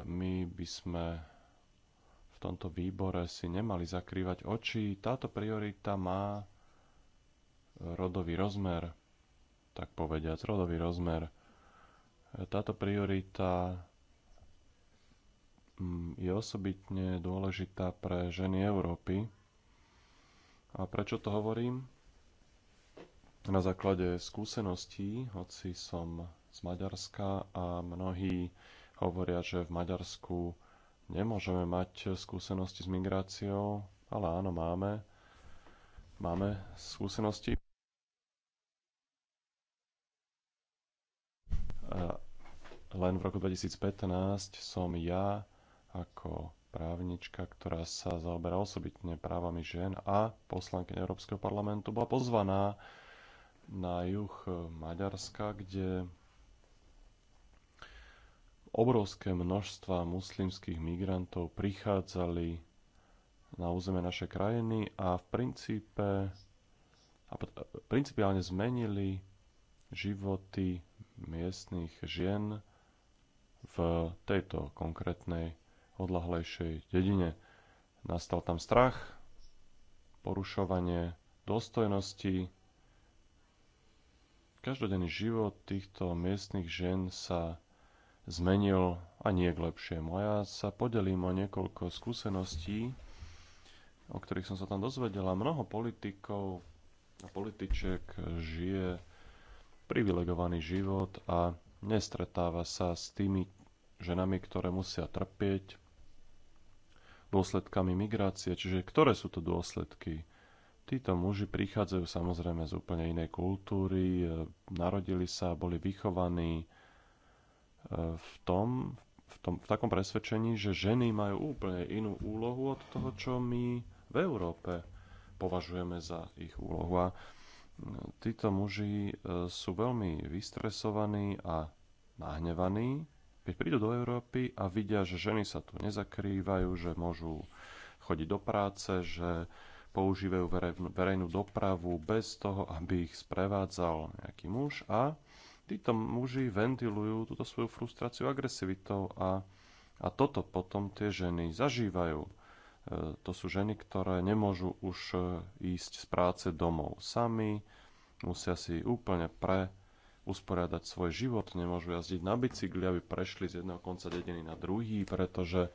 my by sme v tomto výbore si nemali zakrývať oči. Táto priorita má rodový rozmer tak povediať, rodový rozmer. E, táto priorita mm, je osobitne dôležitá pre ženy Európy. A prečo to hovorím? Na základe skúseností, hoci som z Maďarska a mnohí hovoria, že v Maďarsku nemôžeme mať skúsenosti s migráciou, ale áno, máme. Máme skúsenosti. Len v roku 2015 som ja ako právnička, ktorá sa zaoberá osobitne právami žien a poslankyňa Európskeho parlamentu, bola pozvaná na juh Maďarska, kde obrovské množstva muslimských migrantov prichádzali na územie našej krajiny a v princípe a e, principiálne zmenili životy miestnych žien v tejto konkrétnej odlahlejšej dedine. Nastal tam strach, porušovanie dôstojnosti. Každodenný život týchto miestnych žien sa zmenil a nie k lepšiemu. A ja sa podelím o niekoľko skúseností, o ktorých som sa tam dozvedela. Mnoho politikov a političiek žije privilegovaný život a nestretáva sa s tými ženami, ktoré musia trpieť dôsledkami migrácie. Čiže ktoré sú to dôsledky? Títo muži prichádzajú samozrejme z úplne inej kultúry, e, narodili sa, boli vychovaní e, v tom, v, tom, v takom presvedčení, že ženy majú úplne inú úlohu od toho, čo my v Európe považujeme za ich úlohu. A títo muži e, sú veľmi vystresovaní a nahnevaní, keď prídu do Európy a vidia, že ženy sa tu nezakrývajú, že môžu chodiť do práce, že používajú verejnú dopravu bez toho, aby ich sprevádzal nejaký muž a títo muži ventilujú túto svoju frustráciu agresivitou a, a toto potom tie ženy zažívajú. E, to sú ženy, ktoré nemôžu už e, ísť z práce domov sami, musia si úplne pre usporiadať svoj život, nemôžu jazdiť na bicykli, aby prešli z jedného konca dediny na druhý, pretože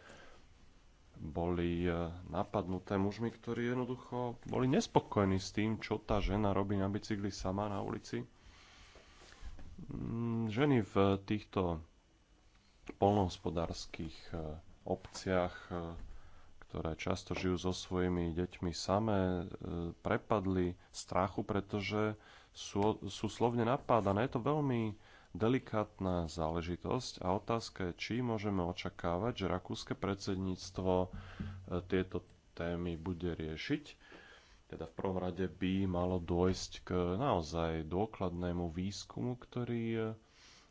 boli e, napadnuté mužmi, ktorí jednoducho boli nespokojní s tým, čo tá žena robí na bicykli sama na ulici. Mm, ženy v týchto polnohospodárských obciach ktoré často žijú so svojimi deťmi samé, e, prepadli strachu, pretože sú, sú slovne napádané. Je to veľmi delikátna záležitosť a otázka je, či môžeme očakávať, že rakúske predsedníctvo e, tieto témy bude riešiť. Teda v prvom rade by malo dôjsť k naozaj dôkladnému výskumu, ktorý e,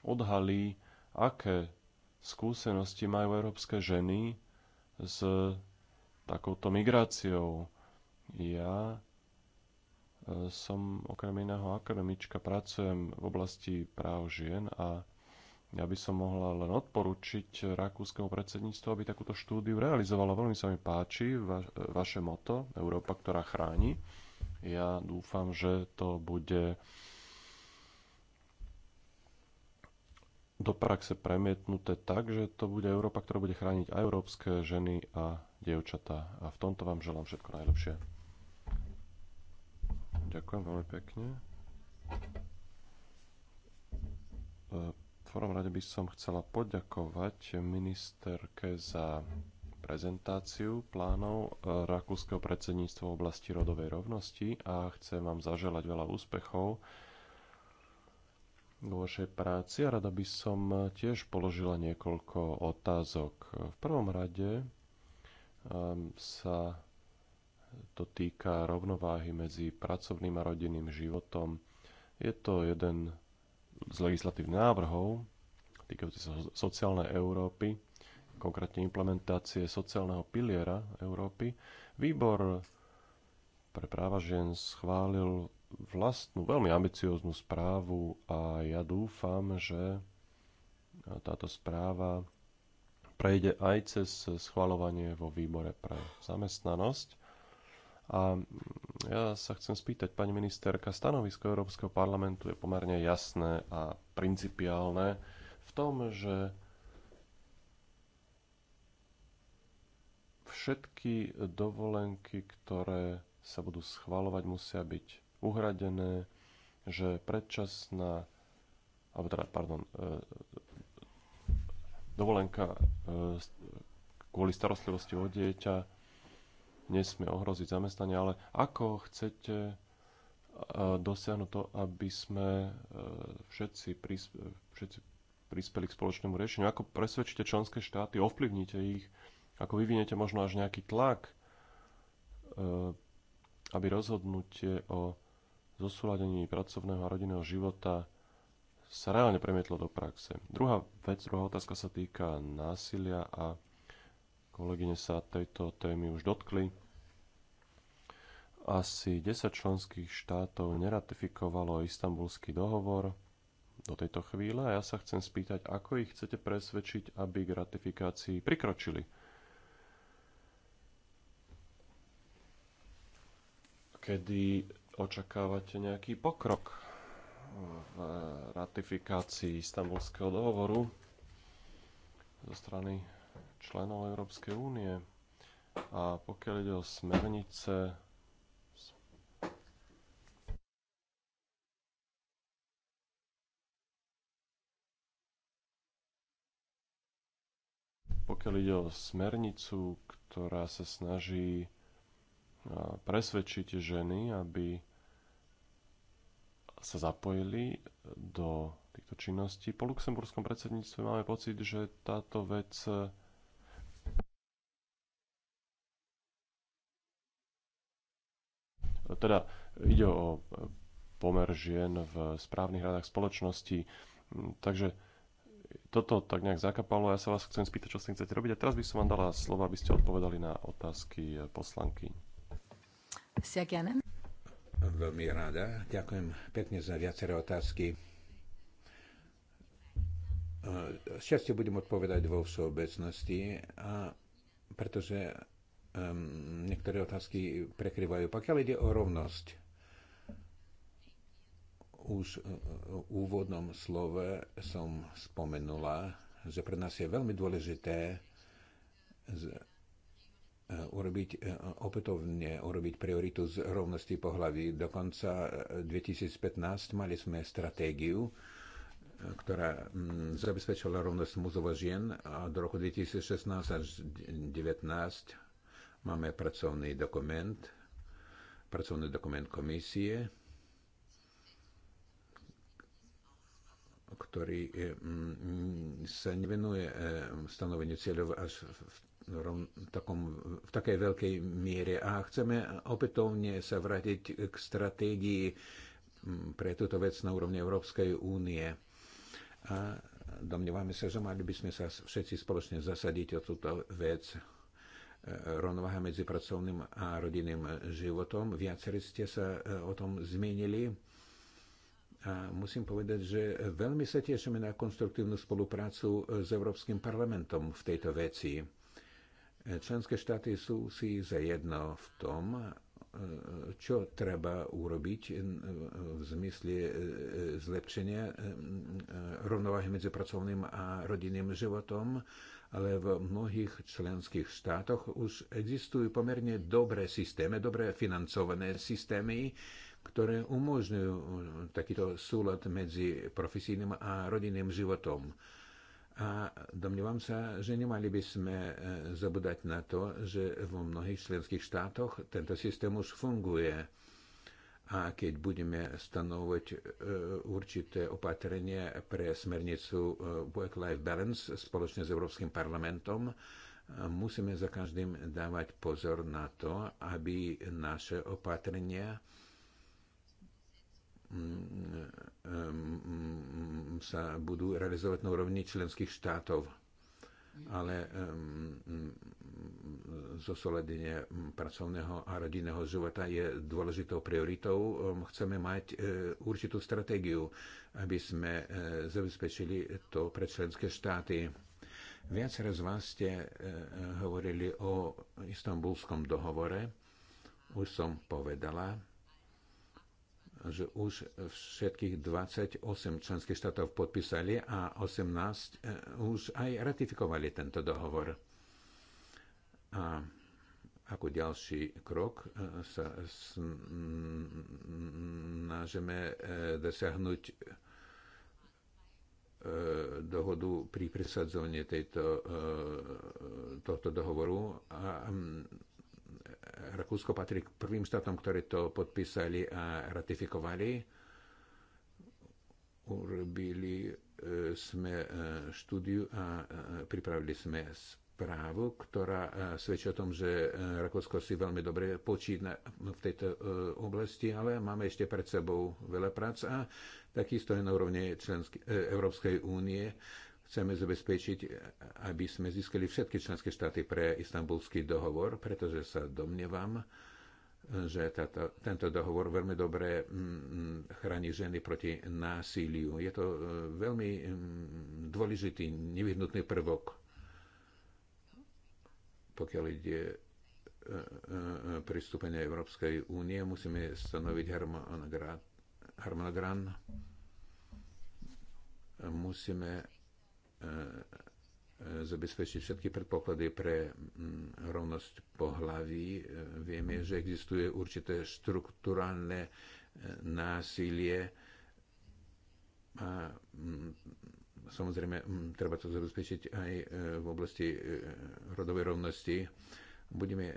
odhalí, aké skúsenosti majú európske ženy s takouto migráciou. Ja e, som okrem iného akademička, pracujem v oblasti práv žien a ja by som mohla len odporučiť rakúskemu predsedníctvu, aby takúto štúdiu realizovalo. Veľmi sa mi páči va- vaše moto Európa, ktorá chráni. Ja dúfam, že to bude do praxe premietnuté tak, že to bude Európa, ktorá bude chrániť aj európske ženy a dievčatá. A v tomto vám želám všetko najlepšie. Ďakujem veľmi pekne. E, v prvom rade by som chcela poďakovať ministerke za prezentáciu plánov e, rakúskeho predsedníctva v oblasti rodovej rovnosti a chcem vám zaželať veľa úspechov vo vašej práci a rada by som tiež položila niekoľko otázok. V prvom rade Ehm, sa to týka rovnováhy medzi pracovným a rodinným životom. Je to jeden z legislatívnych návrhov týkajúci sa sociálnej Európy, konkrétne implementácie sociálneho piliera Európy. Výbor pre práva žien schválil vlastnú veľmi ambicióznu správu a ja dúfam, že táto správa prejde aj cez schvalovanie vo výbore pre zamestnanosť. A ja sa chcem spýtať, pani ministerka, stanovisko Európskeho parlamentu je pomerne jasné a principiálne v tom, že všetky dovolenky, ktoré sa budú schvalovať, musia byť uhradené, že predčasná, alebo teda, pardon, e, dovolenka e, kvôli starostlivosti o dieťa nesmie ohroziť zamestnanie, ale ako chcete e, dosiahnuť to, aby sme e, všetci, prisp- všetci prispeli k spoločnému riešeniu? Ako presvedčíte členské štáty, ovplyvnite ich, ako vyvinete možno až nejaký tlak, aby rozhodnutie o zosúladení pracovného a rodinného života sa reálne premietlo do praxe. Druhá vec, druhá otázka sa týka násilia a kolegyne sa tejto témy už dotkli. Asi 10 členských štátov neratifikovalo istambulský dohovor do tejto chvíle a ja sa chcem spýtať, ako ich chcete presvedčiť, aby k ratifikácii prikročili. Kedy očakávate nejaký pokrok v ratifikácii Istanbulského dohovoru zo strany členov Európskej únie. A pokiaľ ide o smernice pokiaľ ide o smernicu, ktorá sa snaží presvedčiť ženy, aby sa zapojili do týchto činností. Po luxemburskom predsedníctve máme pocit, že táto vec teda ide o pomer žien v správnych radách spoločnosti. Takže toto tak nejak zakapalo. Ja sa vás chcem spýtať, čo s tým chcete robiť. A teraz by som vám dala slovo, aby ste odpovedali na otázky poslanky. gerne. Veľmi ráda. Ďakujem pekne za viaceré otázky. Šťastie e, budem odpovedať vo všeobecnosti, a pretože um, niektoré otázky prekryvajú. Pokiaľ ide o rovnosť, už e, v úvodnom slove som spomenula, že pre nás je veľmi dôležité Eh, urobiť eh, opätovne, urobiť prioritu z rovnosti pohľavy. Do konca 2015 mali sme stratégiu, eh, ktorá mm, zabezpečila rovnosť mužov a žien a do roku 2016 až 2019 máme pracovný dokument, pracovný dokument komisie, ktorý e, sa nevenuje e, stanoveniu cieľov až v, rovn, takom, v takej veľkej miere. A chceme opätovne sa vrátiť k stratégii pre túto vec na úrovni Európskej únie. A domnievame sa, že mali by sme sa všetci spoločne zasadiť o túto vec e, rovnováha medzi pracovným a rodinným životom. Viacerí ste sa o tom zmienili a musím povedať, že veľmi sa tešíme na konstruktívnu spoluprácu s Európskym parlamentom v tejto veci. Členské štáty sú si zajedno v tom, e, čo treba urobiť e, v zmysle e, zlepšenia rovnováhy medzi pracovným a rodinným životom, ale v mnohých členských štátoch už existujú pomerne dobré systémy, dobre financované systémy, ktoré umožňujú uh, takýto súlad medzi profesijným a rodinným životom. A domnívam sa, že nemali by sme uh, zabúdať na to, že vo mnohých členských štátoch tento systém už funguje. A keď budeme stanovať uh, určité opatrenie pre smernicu Work-Life Balance spoločne s Európskym parlamentom, musíme za každým dávať pozor na to, aby naše opatrenia Mm, sa budú realizovať na úrovni členských štátov, ale mm, zosledenie pracovného a rodinného života je dôležitou prioritou. Chceme mať e, určitú stratégiu, aby sme e, zabezpečili to pre členské štáty. Viacero z vás ste e, hovorili o istambulskom dohovore. Už som povedala, že už všetkých 28 členských štátov podpísali a 18 e, už aj ratifikovali tento dohovor. A ako ďalší krok e, sa snažíme e, dosiahnuť dohodu pri presadzovaní tejto, tohto dohovoru a Rakúsko patrí k prvým štátom, ktoré to podpísali a ratifikovali. Urobili e, sme e, štúdiu a e, pripravili sme správu, ktorá svedčí o tom, že Rakúsko si veľmi dobre počína v tejto oblasti, ale máme ešte pred sebou veľa prác a takisto je na úrovni Európskej únie Chceme zabezpečiť, aby sme získali všetky členské štáty pre istambulský dohovor, pretože sa domnievam, že táto, tento dohovor veľmi dobre mm, chráni ženy proti násiliu. Je to e, veľmi mm, dôležitý, nevyhnutný prvok, pokiaľ ide e, e, pristúpenie Európskej únie. Musíme stanoviť harmonogram. Musíme E, e, zabezpečiť všetky predpoklady pre mm, rovnosť pohlaví. E, vieme, že existuje určité štruktúralne násilie a mm, samozrejme mm, treba to zabezpečiť aj v oblasti rodovej rovnosti. Budeme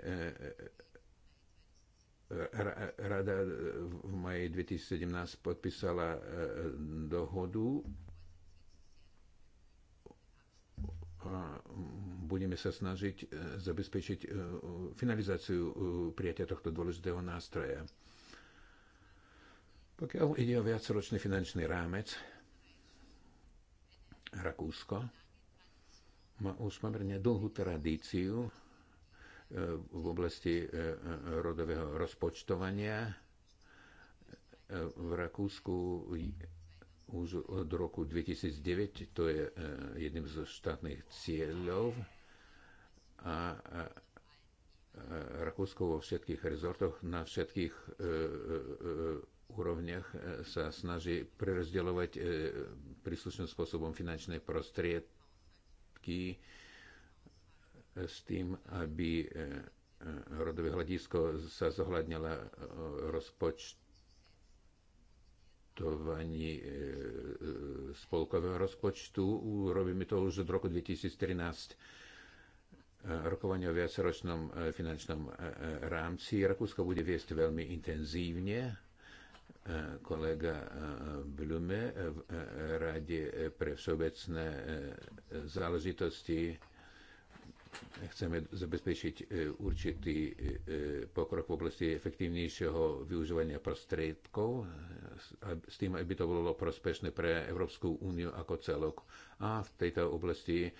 Rada v maji 2017 podpísala dohodu a budeme sa snažiť e, zabezpečiť e, finalizáciu e, prijatia tohto dôležitého nástroja. Pokiaľ ide o viacročný finančný rámec, Rakúsko má už pomerne dlhú tradíciu v oblasti rodového rozpočtovania. V Rakúsku už od roku 2009, to je eh, jedným zo štátnych cieľov a Rakúsko vo všetkých rezortoch, na všetkých eh, eh, úrovniach sa snaží prerozdeľovať príslušným spôsobom finančné prostriedky s tým, aby rodové hľadisko sa zohľadnila rozpočt implementovaní e, e, spolkového rozpočtu. Robíme to už od roku 2013 e, rokovanie o viacročnom finančnom rámci. Rakúsko bude viesť veľmi intenzívne. Kolega Blume v Rade pre všeobecné záležitosti chceme zabezpečiť e, určitý e, e, pokrok v oblasti efektívnejšieho využívania prostriedkov s tým, aby to bolo prospešné pre Európsku úniu ako celok. A v tejto oblasti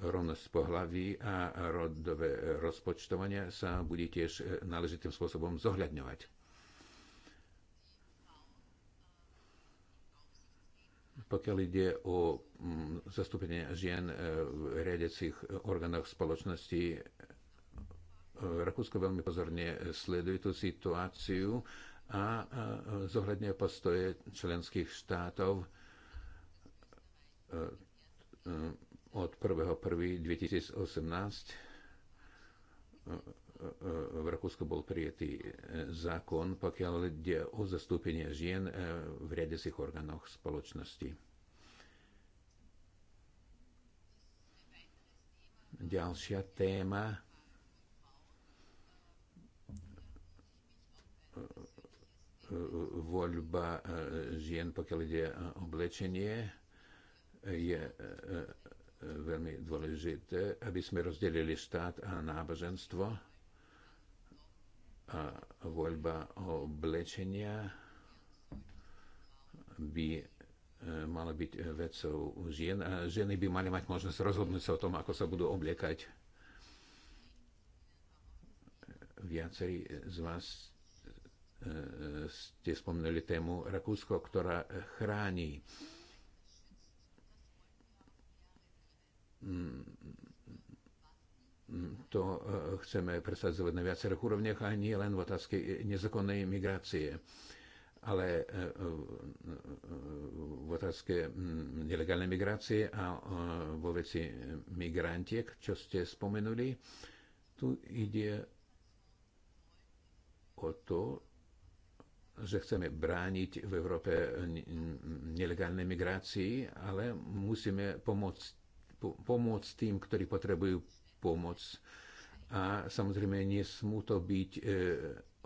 rovnosť pohlaví a rodové rozpočtovania sa bude tiež náležitým spôsobom zohľadňovať. pokiaľ ide o mm, zastúpenie žien e, v riadiacich orgánoch spoločnosti. E, Rakúsko veľmi pozorne sleduje tú situáciu a zohľadňuje postoje členských štátov e, od 1.1.2018 v Rakúsku bol prijetý e, zákon, pokiaľ ide o zastúpenie žien e, v riadecích orgánoch spoločnosti. Ďalšia téma voľba e, žien, pokiaľ ide o oblečenie, je veľmi dôležité, aby sme rozdelili štát a náboženstvo a voľba oblečenia by e, mala byť e, vecou žien a ženy by mali mať možnosť rozhodnúť sa o tom, ako sa budú obliekať. Viacerí z vás e, ste spomenuli tému Rakúsko, ktorá chráni mm, to e, chceme presadzovať na viacerých úrovniach a nie len v otázke nezakonnej migrácie ale e, e, v otázke nelegálnej migrácie a vo veci migrantiek, čo ste spomenuli, tu ide o to, že chceme brániť v Európe nelegálnej migrácii, ale musíme pomôcť, pomôcť tým, ktorí potrebujú pomoc. A samozrejme nesmú to byť e,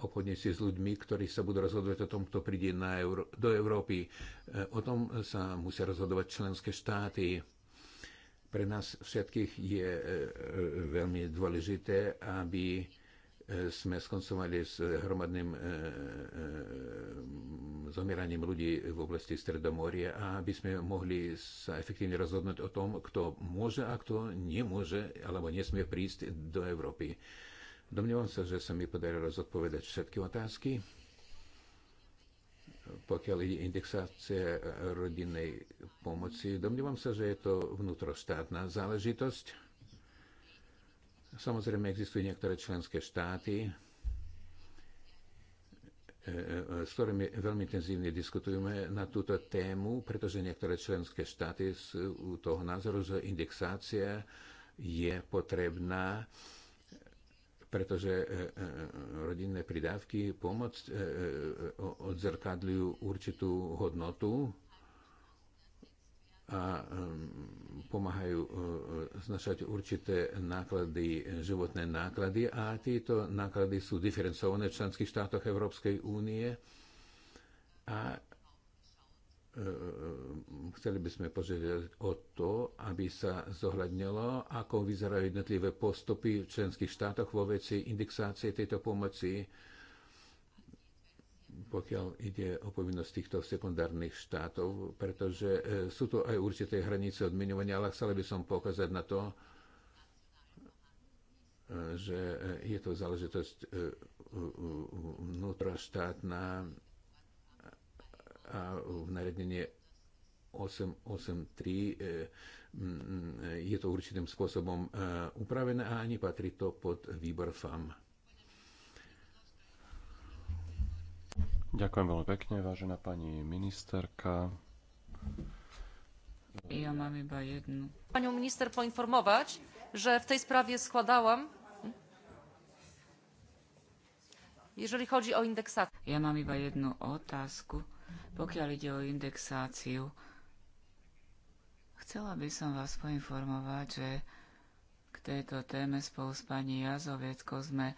obchodníci s ľuďmi, ktorí sa budú rozhodovať o tom, kto príde na Euró- do Európy. E, o tom sa musia rozhodovať členské štáty. Pre nás všetkých je e, e, veľmi dôležité, aby e, sme skoncovali s hromadným e, e, zomieraním ľudí v oblasti Stredomoria a aby sme mohli sa efektívne rozhodnúť o tom, kto môže a kto nemôže alebo nesmie prísť do Európy. Domnievam sa, že sa mi podarilo zodpovedať všetky otázky. Pokiaľ ide indexácia rodinnej pomoci, domnievam sa, že je to vnútroštátna záležitosť Samozrejme, existujú niektoré členské štáty, e, e, s ktorými veľmi intenzívne diskutujeme na túto tému, pretože niektoré členské štáty sú toho názoru, že indexácia je potrebná, pretože e, rodinné pridávky, pomoc odzrkadľujú určitú hodnotu a um, pomáhajú uh, znašať určité náklady, životné náklady a tieto náklady sú diferencované v členských štátoch Európskej únie a uh, chceli by sme požiadať o to, aby sa zohľadnilo, ako vyzerajú jednotlivé postupy v členských štátoch vo veci indexácie tejto pomoci pokiaľ ide o povinnosť týchto sekundárnych štátov, pretože e, sú to aj určité hranice odmiňovania, ale chcel by som pokazať na to, e, že e, je to záležitosť vnútroštátna a v nariadenie 883 je to určitým spôsobom upravené a ani patrí to pod výbor FAM. Ďakujem veľmi pekne, vážená pani ministerka. Ja mám iba jednu. Panią minister poinformować, że w tej sprawie składałam jeżeli chodzi o indeksację. Ja mam iba jedną otázku. Pokiaľ idzie o indeksację. chcela by som vás poinformować, że k tejto téme spolu s pani Jazoveckou sme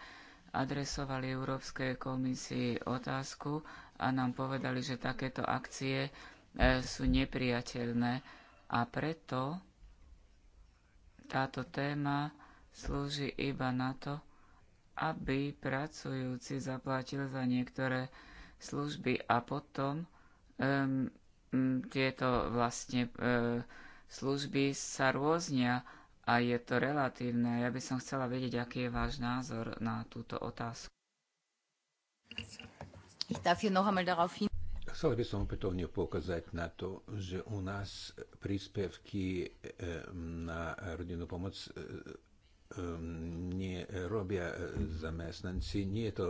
adresovali Európskej komisii otázku a nám povedali, že takéto akcie e, sú nepriateľné. A preto táto téma slúži iba na to, aby pracujúci zaplatil za niektoré služby a potom um, tieto vlastne um, služby sa rôznia a je to relatívne. Ja by som chcela vedieť, aký je váš názor na túto otázku. Chcel by som opätovne poukázať na to, že u nás príspevky eh, na rodinnú pomoc eh, eh, nie robia zamestnanci, nie je to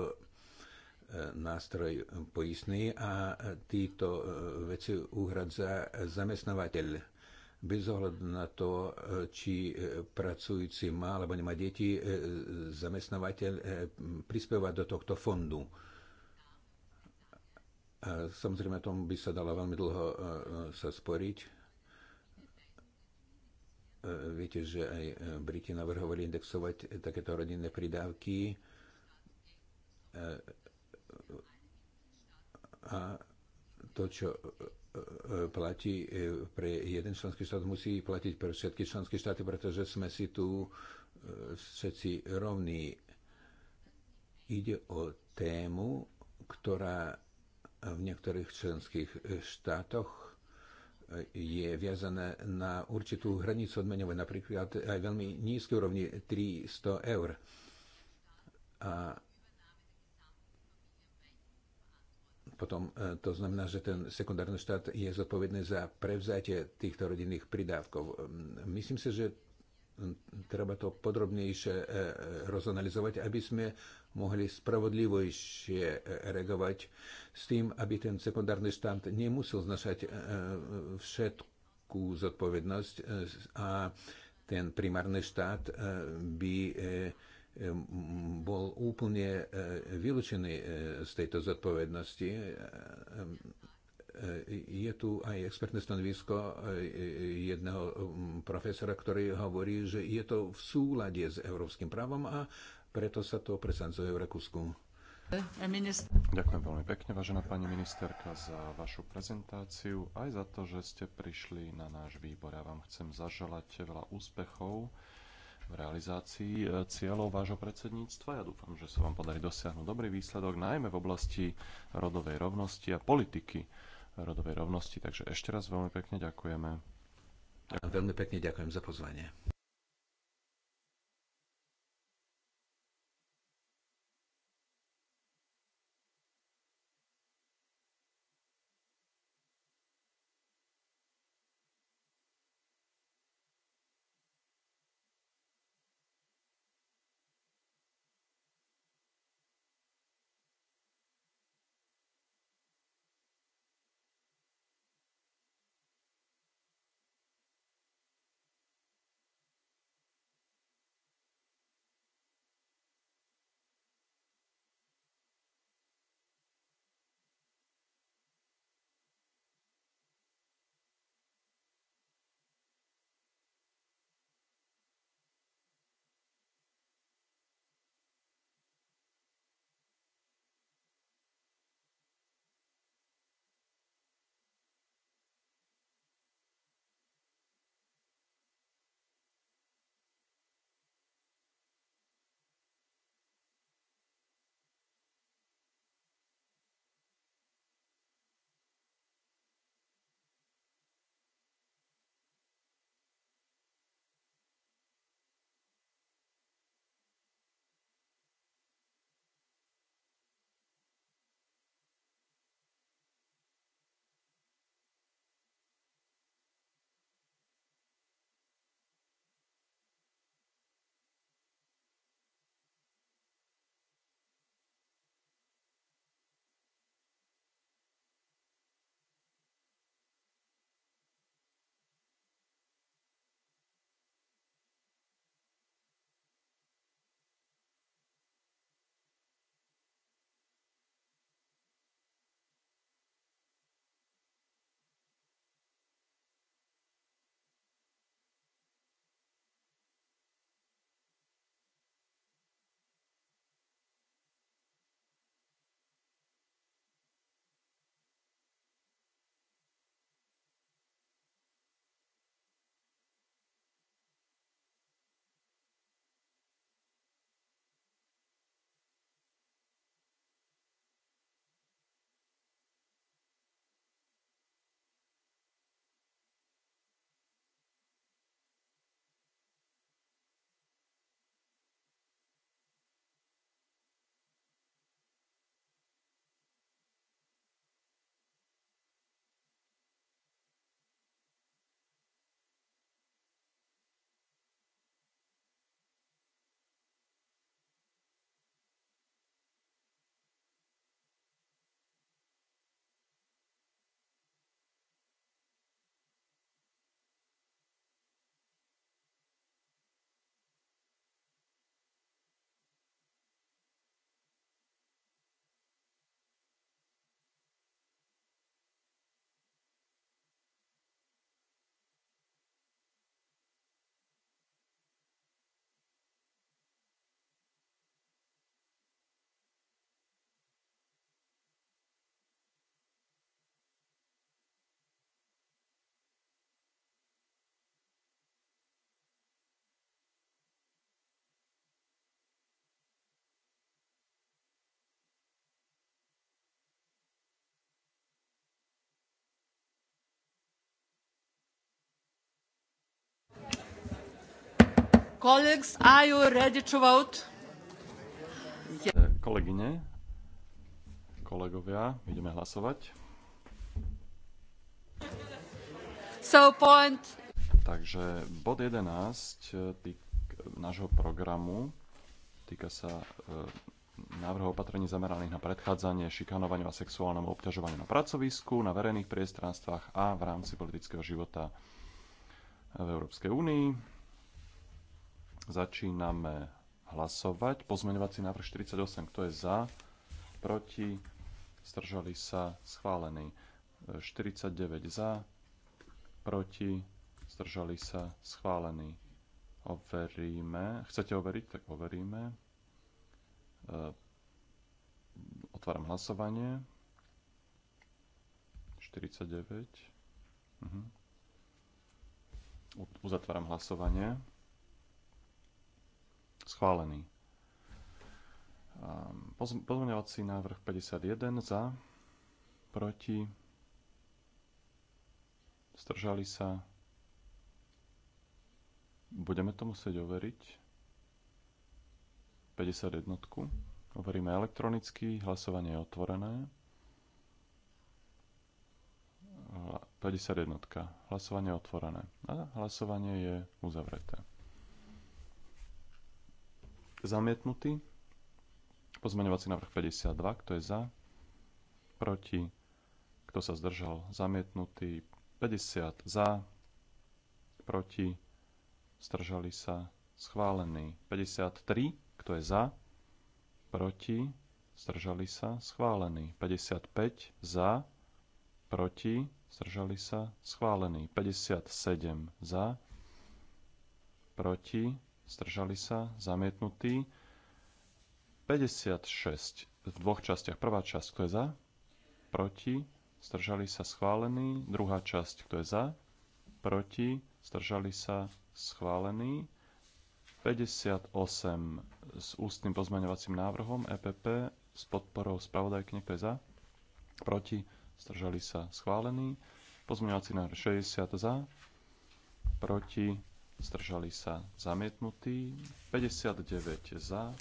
nástroj poistný a títo veci uhradza zamestnávateľ bez ohľadu na to, eh, či eh, pracujúci má alebo nemá deti, eh, zamestnávateľ prispievať do tohto fondu. Samozrejme, o tom by sa dalo veľmi dlho sa sporiť. Viete, že aj Briti navrhovali indexovať takéto rodinné pridávky. A to, čo E, platí e, pre jeden členský štát, musí platiť pre všetky členské štáty, pretože sme si tu e, všetci rovní. Ide o tému, ktorá v niektorých členských štátoch je viazané na určitú hranicu odmenovej, napríklad aj veľmi nízkej úrovni 300 eur. A Potom e, to znamená, že ten sekundárny štát je zodpovedný za prevzatie týchto rodinných pridávkov. E, myslím si, že treba to podrobnejšie e, rozanalizovať, aby sme mohli spravodlivejšie reagovať s tým, aby ten sekundárny štát nemusel znašať všetkú zodpovednosť a ten primárny štát by bol úplne e, vylúčený e, z tejto zodpovednosti. E, je tu aj expertné stanovisko jedného profesora, ktorý hovorí, že je to v súlade s európskym právom a preto sa to presadzuje v Rakúsku. Ďakujem veľmi pekne, vážená pani ministerka, za vašu prezentáciu aj za to, že ste prišli na náš výbor. Ja vám chcem zaželať veľa úspechov v realizácii e, cieľov vášho predsedníctva. Ja dúfam, že sa vám podarí dosiahnuť dobrý výsledok, najmä v oblasti rodovej rovnosti a politiky rodovej rovnosti. Takže ešte raz veľmi pekne ďakujeme. ďakujeme. Veľmi pekne ďakujem za pozvanie. E, kolegyne, kolegovia, ideme hlasovať. So point. Takže bod 11 e, týk, nášho programu týka sa e, návrhov opatrení zameraných na predchádzanie šikanovaniu a sexuálnemu obťažovaniu na pracovisku, na verejných priestranstvách a v rámci politického života v Európskej únii. Začíname hlasovať. Pozmeňovací návrh 48, kto je za, proti, zdržali sa, schválený. 49 za, proti, zdržali sa, schválený. Overíme. Chcete overiť? Tak overíme. E, otváram hlasovanie. 49. Mhm. Uzatváram hlasovanie. Schválený. Ehm, pozmeňovací návrh 51 za, proti, zdržali sa. Budeme to musieť overiť. 51. Overíme elektronicky, hlasovanie je otvorené. 51. Hlasovanie je otvorené. A hlasovanie je uzavreté. Zamietnutý. Pozmeňovací návrh 52. Kto je za? Proti. Kto sa zdržal? Zamietnutý. 50 za. Proti. Zdržali sa. Schválený. 53. Kto je za? Proti. Zdržali sa. Schválený. 55 za. Proti. Zdržali sa. Schválený. 57 za. Proti zdržali sa, zamietnutý. 56 v dvoch častiach. Prvá časť, kto je za, proti, zdržali sa, schválený. Druhá časť, kto je za, proti, zdržali sa, schválený. 58 s ústnym pozmeňovacím návrhom EPP s podporou spravodajky, kto je za, proti, zdržali sa, schválený. Pozmeňovací návrh 60 za, proti, zdržali sa zamietnutí, 59 za,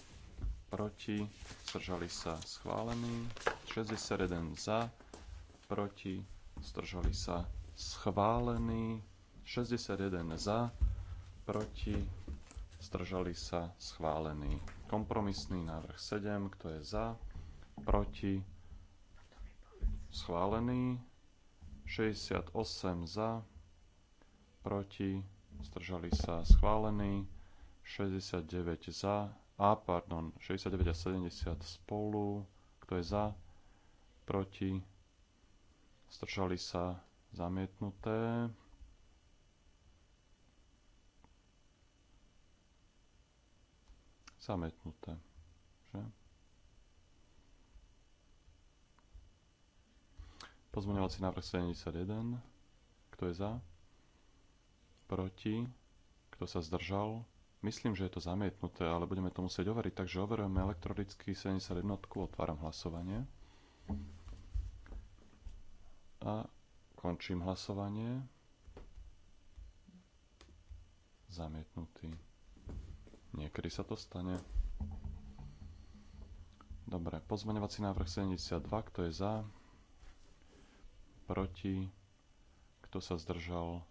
proti, zdržali sa schválení, 61 za, proti, zdržali sa schválení, 61 za, proti, zdržali sa schválení. Kompromisný návrh 7, kto je za, proti, schválený, 68 za, proti, zdržali sa schválení, 69 za, a pardon, 69 a 70 spolu, kto je za, proti, zdržali sa zamietnuté. Zamietnuté, že? Pozmeňovací návrh 71, kto je za? proti, kto sa zdržal. Myslím, že je to zamietnuté, ale budeme to musieť overiť, takže overujeme elektronicky 71, otváram hlasovanie. A končím hlasovanie. Zamietnutý. Niekedy sa to stane. Dobre, pozmeňovací návrh 72, kto je za? Proti? Kto sa zdržal?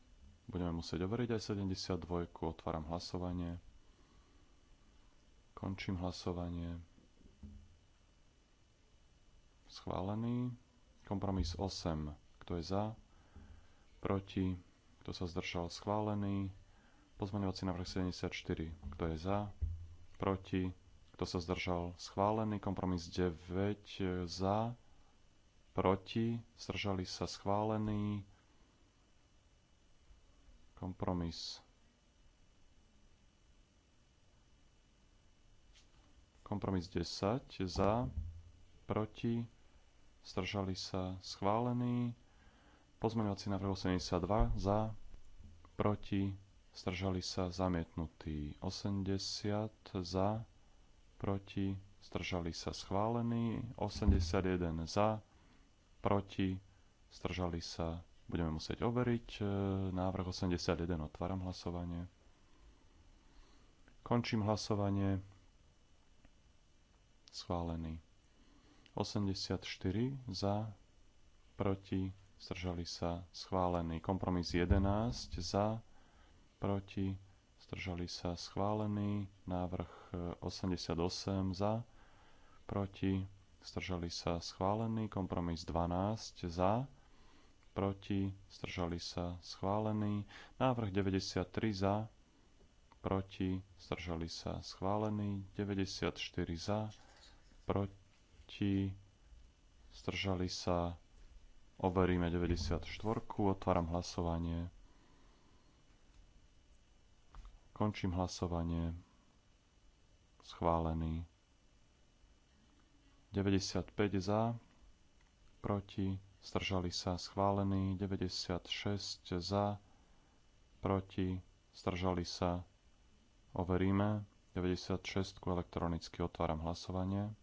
Budeme musieť overiť aj 72. Otváram hlasovanie. Končím hlasovanie. Schválený. Kompromis 8. Kto je za? Proti? Kto sa zdržal? Schválený. Pozmeňovací návrh 74. Kto je za? Proti? Kto sa zdržal? Schválený. Kompromis 9. Za? Proti? Zdržali sa? Schválený kompromis. Kompromis 10 za, proti, zdržali sa schválený. Pozmeňovací návrh 82 za, proti, zdržali sa zamietnutý 80 za, proti, zdržali sa schválený 81 za, proti, zdržali sa Budeme musieť overiť. E, návrh 81. Otváram hlasovanie. Končím hlasovanie. Schválený. 84 za, proti, zdržali sa, schválený. Kompromis 11 za, proti, zdržali sa, schválený. Návrh 88 e, za, proti, zdržali sa, schválený. Kompromis 12 za, proti, zdržali sa schválený. Návrh 93 za, proti, zdržali sa schválený. 94 za, proti, zdržali sa. Overíme 94, otváram hlasovanie. Končím hlasovanie. Schválený. 95 za, proti, zdržali sa schválený, 96 za, proti, zdržali sa, overíme, 96 elektronicky otváram hlasovanie.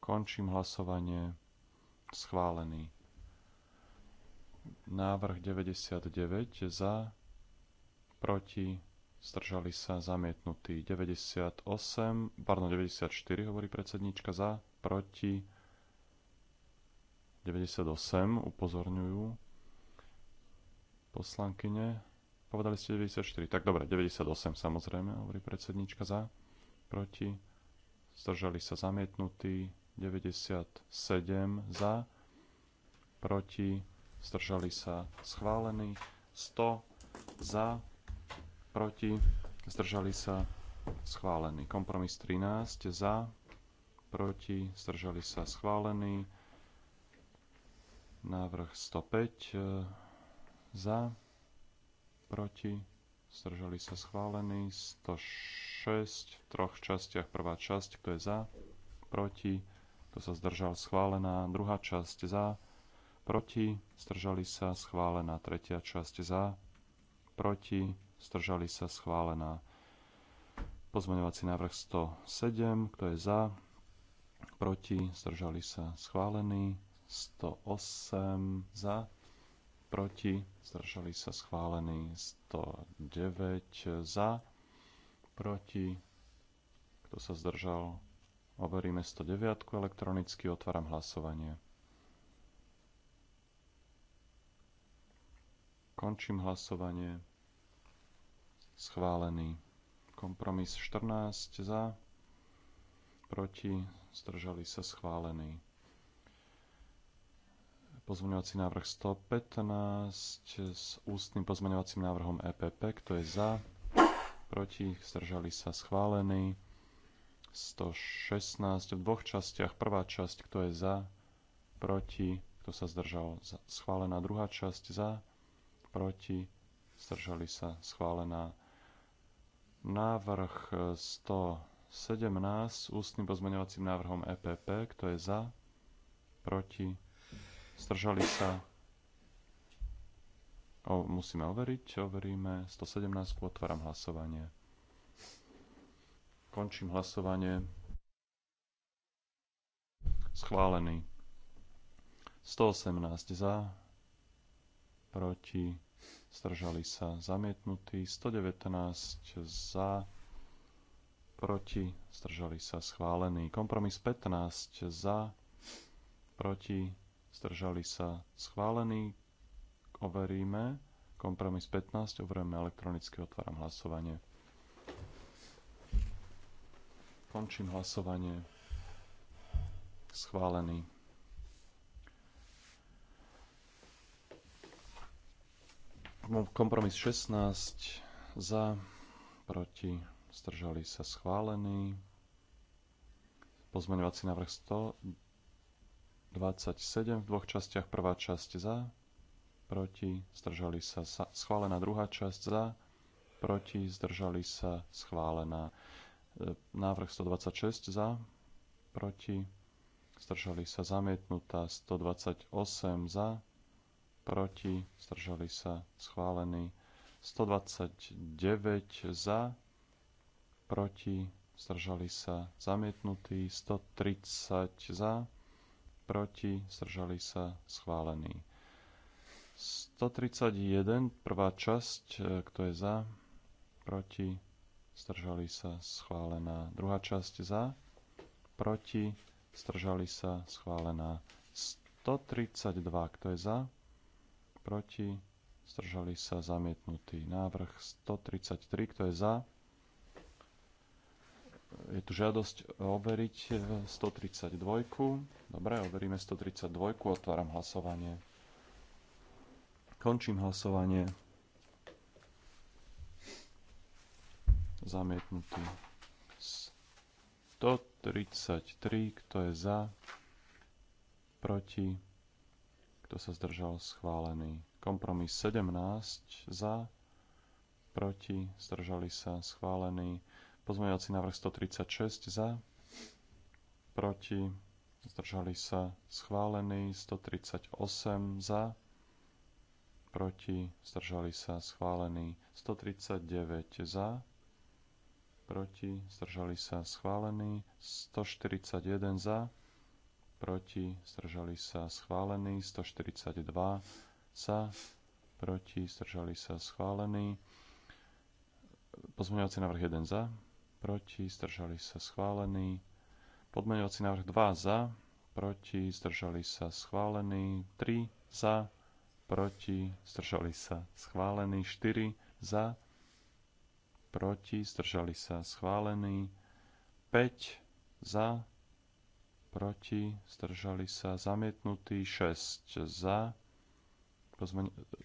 Končím hlasovanie, schválený. Návrh 99 za, proti, zdržali sa, zamietnutý. 98, pardon, 94 hovorí predsednička za, proti, 98 upozorňujú poslankyne. Povedali ste 94. Tak dobre, 98 samozrejme, hovorí predsednička za, proti. Zdržali sa zamietnutí. 97 za, proti. Zdržali sa schválení. 100 za, proti. Zdržali sa schválení. Kompromis 13 za, proti. Zdržali sa schválení. Návrh 105 e, za, proti, zdržali sa schválený, 106 v troch častiach. Prvá časť, kto je za, proti, kto sa zdržal, schválená. Druhá časť za, proti, zdržali sa, schválená. Tretia časť za, proti, zdržali sa, schválená. Pozmeňovací návrh 107, kto je za, proti, zdržali sa, schválený. 108 za, proti, zdržali sa schválení 109 za, proti, kto sa zdržal, overíme 109 elektronicky, otváram hlasovanie. Končím hlasovanie. Schválený. Kompromis 14 za, proti, zdržali sa schválený. Pozmeňovací návrh 115 s ústnym pozmeňovacím návrhom EPP. Kto je za? Proti? Zdržali sa schválený. 116 v dvoch častiach. Prvá časť, kto je za? Proti? Kto sa zdržal? Schválená druhá časť za? Proti? Zdržali sa schválená. Návrh 117 s ústnym pozmeňovacím návrhom EPP. Kto je za? Proti? zdržali sa. O, musíme overiť, overíme 117, otváram hlasovanie. Končím hlasovanie. Schválený. 118 za, proti, zdržali sa zamietnutí, 119 za, proti, zdržali sa schválení. Kompromis 15 za, proti, zdržali sa schválený. Overíme. Kompromis 15, overujeme elektronicky, otváram hlasovanie. Končím hlasovanie. Schválený. Kompromis 16 za, proti, zdržali sa schválený. Pozmeňovací návrh 100, 27 v dvoch častiach. Prvá časť za, proti, zdržali sa, schválená druhá časť za, proti, zdržali sa, schválená. E, návrh 126 za, proti, zdržali sa, zamietnutá 128 za, proti, zdržali sa, schválený. 129 za, proti, zdržali sa, zamietnutý, 130 za, proti, zdržali sa, schválený. 131, prvá časť, e, kto je za, proti, zdržali sa, schválená. Druhá časť za, proti, zdržali sa, schválená. 132, kto je za, proti, zdržali sa, zamietnutý. Návrh 133, kto je za, je tu žiadosť overiť 132. E, Dobre, overíme 132. Otváram hlasovanie. Končím hlasovanie. Zamietnutý. 133. Kto je za? Proti? Kto sa zdržal? Schválený. Kompromis 17. Za? Proti? Zdržali sa? Schválený. Pozmeňovací návrh 136 za, proti, zdržali sa schválený, 138 za, proti, zdržali sa schválený, 139 za, proti, zdržali sa schválený, 141 za, proti, zdržali sa schválený, 142 za, proti, zdržali sa schválený, pozmeňovací návrh 1 za, proti, zdržali sa schválený. Podmenovací návrh 2 za, proti, zdržali sa schválený. 3 za, proti, zdržali sa schválený. 4 za, proti, zdržali sa schválený. 5 za, proti, zdržali sa zamietnutý. 6 za,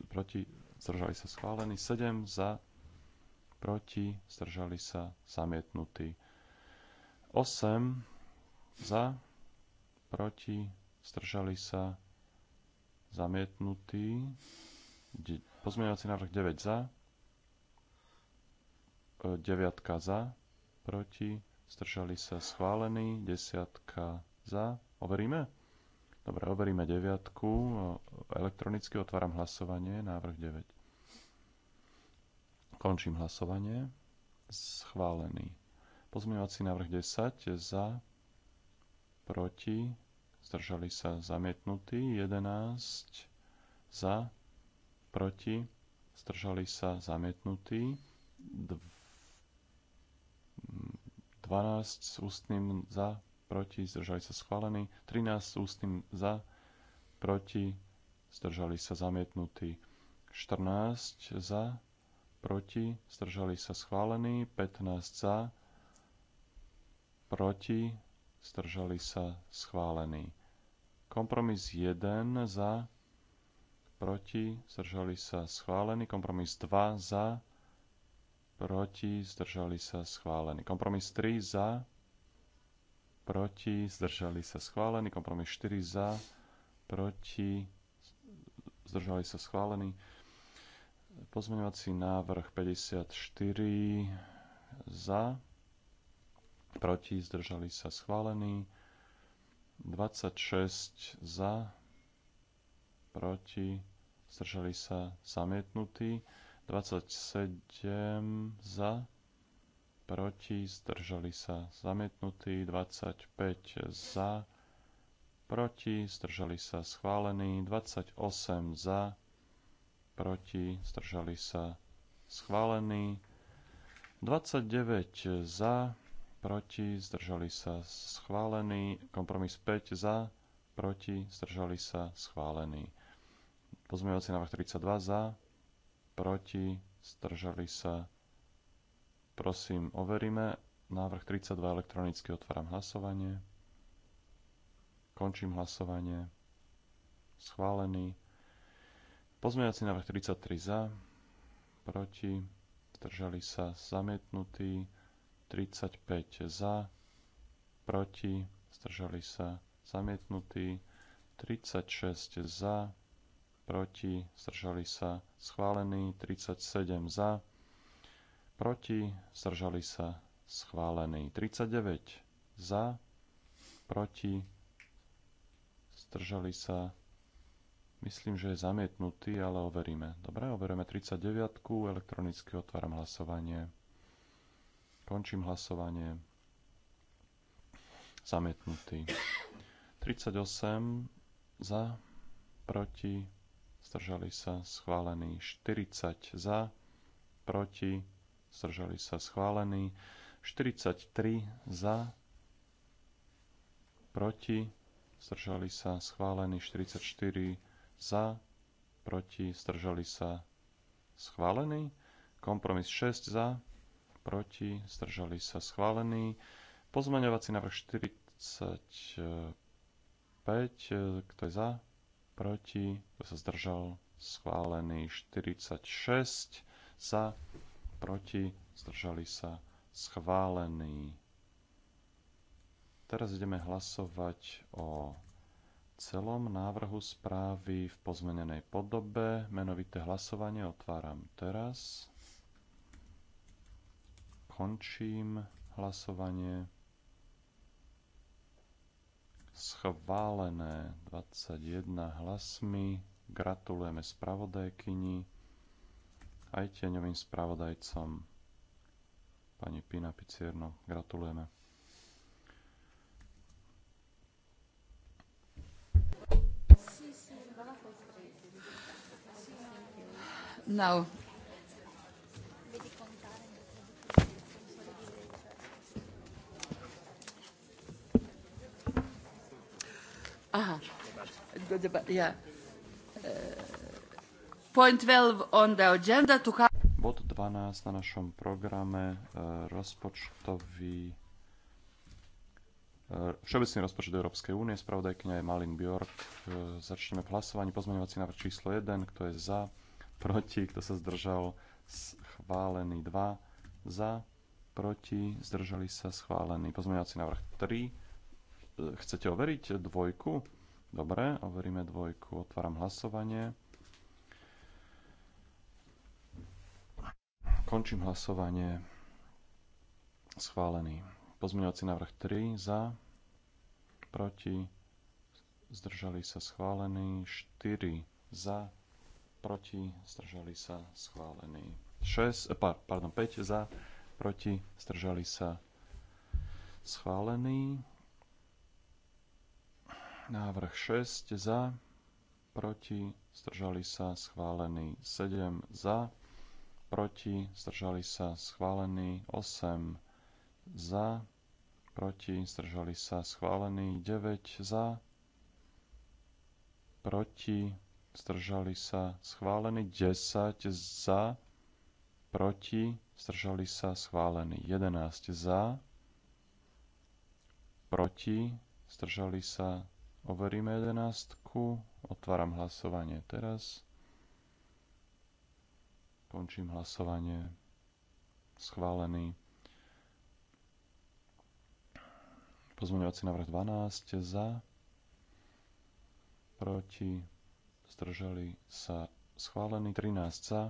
proti, zdržali sa schválený. 7 za, proti, zdržali sa, zamietnutý. 8 za, proti, zdržali sa, zamietnutý. Pozmeňovací návrh 9 za, 9 e, za, proti, zdržali sa, schválený, 10 za, overíme? Dobre, overíme 9 e, Elektronicky otváram hlasovanie, návrh 9. Končím hlasovanie. Schválený. Pozmeňovací návrh 10 za, proti, zdržali sa zamietnutí. 11 za, proti, zdržali sa zamietnutí. 12 s ústnym za, proti, zdržali sa schválený, 13 s ústnym za, proti, zdržali sa zamietnutí. 14 za, proti, zdržali sa schválení, 15 za, proti, zdržali sa schválení. Kompromis 1 za, proti, zdržali sa schválení. Kompromis 2 za, proti, zdržali sa schválení. Kompromis 3 za, proti, zdržali sa schválení. Kompromis 4 za, proti, zdržali sa schválení. Pozmeňovací návrh 54 za, proti, zdržali sa schválení. 26 za, proti, zdržali sa zamietnutí. 27 za, proti, zdržali sa zamietnutí. 25 za, proti, zdržali sa schválení. 28 za, proti, zdržali sa schválený. 29 za, proti, zdržali sa schválený. Kompromis 5 za, proti, zdržali sa schválený. Pozmeňovací návrh 32 za, proti, zdržali sa. Prosím, overíme. Návrh 32 elektronicky otváram hlasovanie. Končím hlasovanie. Schválený. Pozmeňací návrh 33 za, proti, zdržali sa zamietnutí, 35 za, proti, zdržali sa zamietnutí, 36 za, proti, zdržali sa schválení, 37 za, proti, zdržali sa schválení, 39 za, proti, zdržali sa Myslím, že je zamietnutý, ale overíme. Dobre, overíme 39. Elektronicky otváram hlasovanie. Končím hlasovanie. Zamietnutý. 38 za, proti, zdržali sa, schválený. 40 za, proti, zdržali sa, schválený. 43 za, proti, zdržali sa, schválený. 44 za, proti, zdržali sa, schválený. Kompromis 6 za, proti, zdržali sa, schválený. Pozmeňovací návrh 45, kto je za, proti, kto sa zdržal, schválený. 46 za, proti, zdržali sa, schválený. Teraz ideme hlasovať o celom návrhu správy v pozmenenej podobe. Menovité hlasovanie otváram teraz. Končím hlasovanie. Schválené 21 hlasmi. Gratulujeme spravodajkyni aj tieňovým spravodajcom pani Pina Picierno. Gratulujeme. now. Aha. yeah. E, point 12 on the agenda to have... Bod 12 na našom programe e, rozpočtový e, Všeobecný rozpočet Európskej únie, spravodajkňa je Malin Bjork. Začneme v hlasovaní. Pozmeňovací návrh číslo 1, kto je za, proti, kto sa zdržal, schválený 2, za, proti, zdržali sa, schválený. Pozmeňovací návrh 3. E, chcete overiť dvojku? Dobre, overíme dvojku. Otváram hlasovanie. Končím hlasovanie. Schválený. Pozmeňovací návrh 3 za, proti, zdržali sa schválený, 4 za, proti, zdržali sa, schválený. 6, eh, pardon, 5 za, proti, zdržali sa, schválený. Návrh 6 za, proti, zdržali sa, schválený. 7 za, proti, zdržali sa, schválený. 8 za, proti, zdržali sa, schválený. 9 za, proti, zdržali sa schválený, 10 za, proti, zdržali sa schválený, 11 za, proti, zdržali sa, overíme 11, otváram hlasovanie teraz, končím hlasovanie, schválený. Pozmeňovací návrh 12 za, proti, zdržali sa schválený 13 za,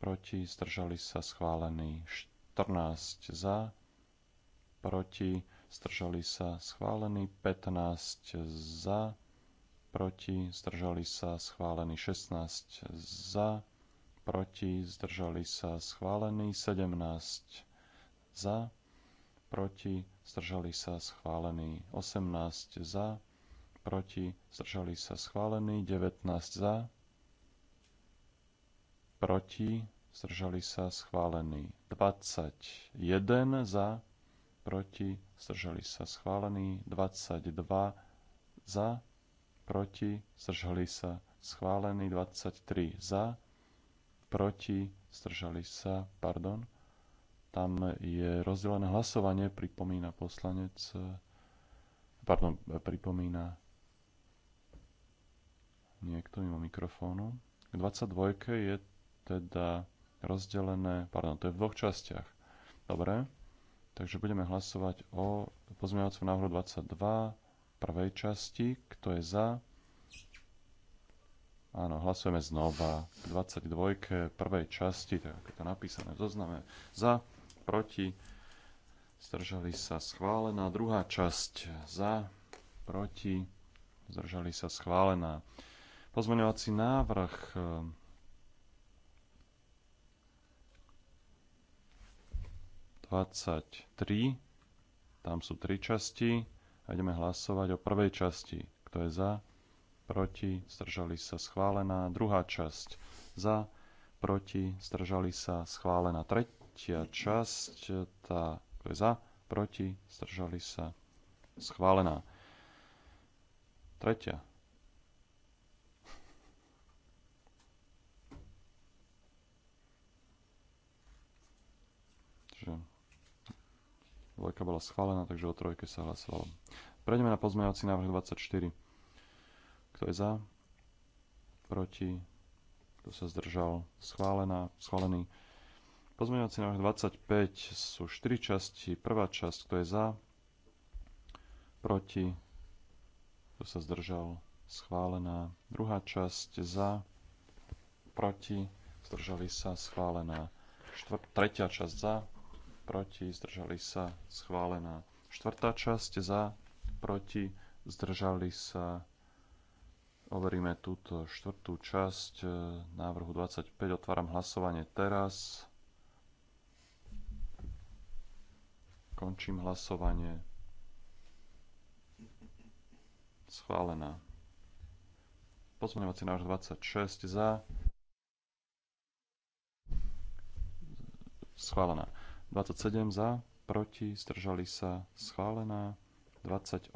proti zdržali sa schválený 14 za, proti zdržali sa schválený 15 za, proti zdržali sa schválený 16 za, proti zdržali sa schválený 17 za, proti zdržali sa schválený 18 za, proti, zdržali sa schválení, 19 za, proti, zdržali sa schválení, 21 za, proti, zdržali sa schválení, 22 za, proti, zdržali sa schválený, 23 za, proti, zdržali sa, pardon, tam je rozdelené hlasovanie, pripomína poslanec, pardon, pripomína niekto mimo mikrofónu. K 22 je teda rozdelené, pardon, to je v dvoch častiach. Dobre, takže budeme hlasovať o pozmeňovacom návrhu 22 prvej časti. Kto je za? Áno, hlasujeme znova k 22 prvej časti, tak ako je to napísané v zozname. Za, proti, zdržali sa schválená. Druhá časť za, proti, zdržali sa schválená pozmeňovací návrh. E, dvadsaťtri. Tam sú tri časti. A ideme hlasovať o prvej časti. Kto je za? Proti? Zdržali sa? Schválená. Druhá časť. Za? Proti? Zdržali sa? Schválená. Tretia časť. Tá, kto je za? Proti? Zdržali sa? Schválená. Tretia Dvojka bola schválená, takže o trojke sa hlasovalo. Prejdeme na pozmeňovací návrh 24. Kto je za? Proti? Kto sa zdržal? Schválená, schválený. Pozmeňovací návrh 25 sú 4 časti. Prvá časť, kto je za? Proti? Kto sa zdržal? Schválená. Druhá časť za? Proti? Zdržali sa? Schválená. Štvrt, tretia časť za? proti, zdržali sa, schválená. Štvrtá časť za, proti, zdržali sa. Overíme túto štvrtú časť e, návrhu 25. Otváram hlasovanie teraz. Končím hlasovanie. Schválená. Pozmeňovací návrh 26 za. Schválená. 27 za, proti, zdržali sa, schválená. 28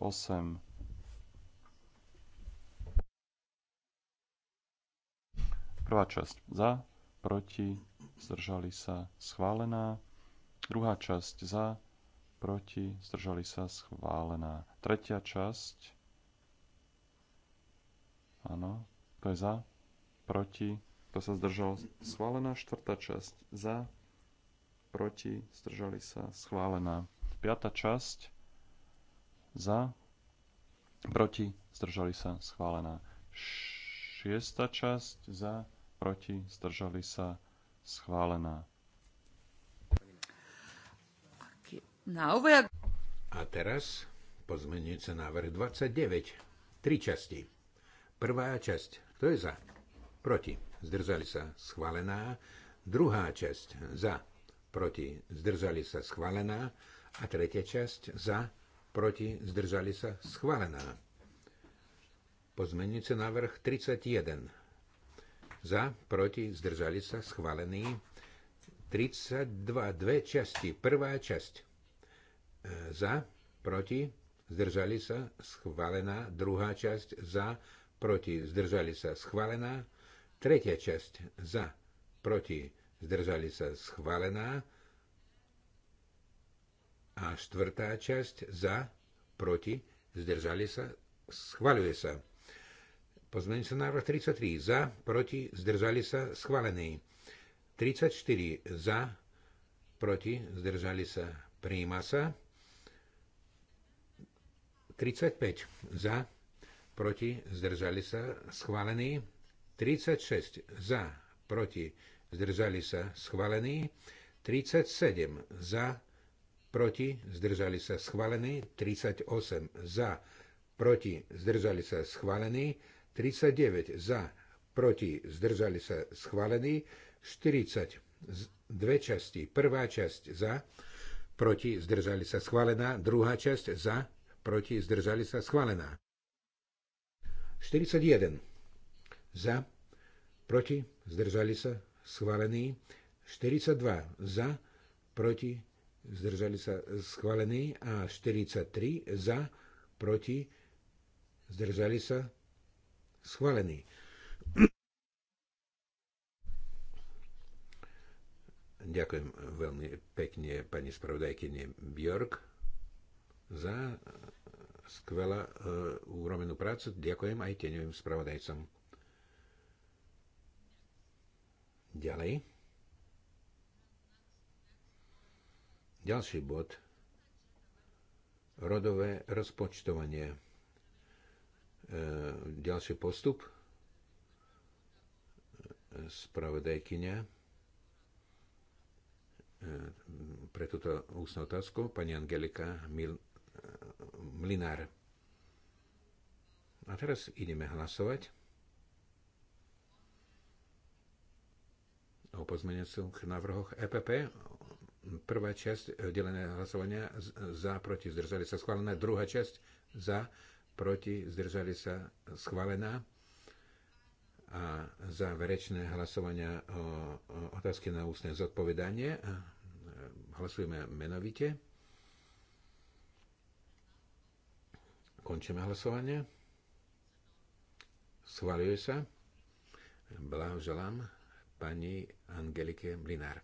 Prvá časť za, proti, zdržali sa, schválená. Druhá časť za, proti, zdržali sa, schválená. Tretia časť, áno, to je za, proti, to sa zdržal, schválená. Štvrtá časť za, proti, zdržali sa, schválená. Piatá časť za, proti, zdržali sa, schválená. Šiesta časť za, proti, zdržali sa, schválená. A teraz pozmenujúce návrh 29. Tri časti. Prvá časť. Kto je za? Proti. Zdržali sa. Schválená. Druhá časť. Za proti, zdržali sa schválená. A tretia časť za, proti, zdržali sa schválená. Pozmenujúci návrh 31. Za, proti, zdržali sa schválený. 32, dve časti. Prvá časť e, za, proti, zdržali sa schválená. Druhá časť za, proti, zdržali sa schválená. Tretia časť za, proti, zdržali sa schválená. A štvrtá časť za, proti, zdržali sa, schváľuje sa. Pozmeň sa návrh 33. Za, proti, zdržali sa, schválený. 34. Za, proti, zdržali sa, príjma sa. 35. Za, proti, zdržali sa, schválený. 36. Za, proti, zdržali sa, schválený. 37 za, proti, zdržali sa, schválený. 38 za, proti, zdržali sa, schválený. 39 za, proti, zdržali sa, schválený. 40 dve časti. Prvá časť za, proti, zdržali sa, schválená. Druhá časť za, proti, zdržali sa, schválená. 41 za, proti, zdržali sa, schválený. 42 za, proti, zdržali sa schválený. A 43 za, proti, zdržali sa schválený. Ďakujem veľmi pekne pani spravodajkyne Björk za skvelá e, urobenú prácu. Ďakujem aj tieňovým spravodajcom. Ďalej. Ďalší bod. Rodové rozpočtovanie. E, ďalší postup. Spravodajkyňa e, pre túto ústnu otázku pani Angelika Mil, e, Mlinár. A teraz ideme hlasovať. o pozmeňujúcich návrhoch EPP. Prvá časť e, delené hlasovania za, proti, zdržali sa schválená. Druhá časť za, proti, zdržali sa schválená. A záverečné hlasovania o, o otázky na ústne zodpovedanie. E, hlasujeme menovite. Končíme hlasovanie. Schváľuje sa. Blahoželám pani Angelike Mlinár.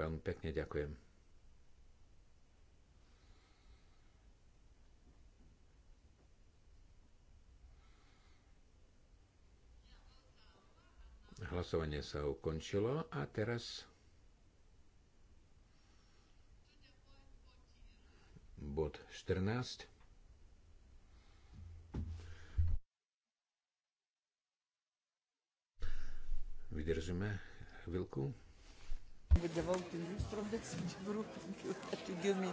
Veľmi pekne ďakujem. Hlasovanie sa ukončilo a teraz bod 14. Vydržíme chvíľku. the vote from group to give me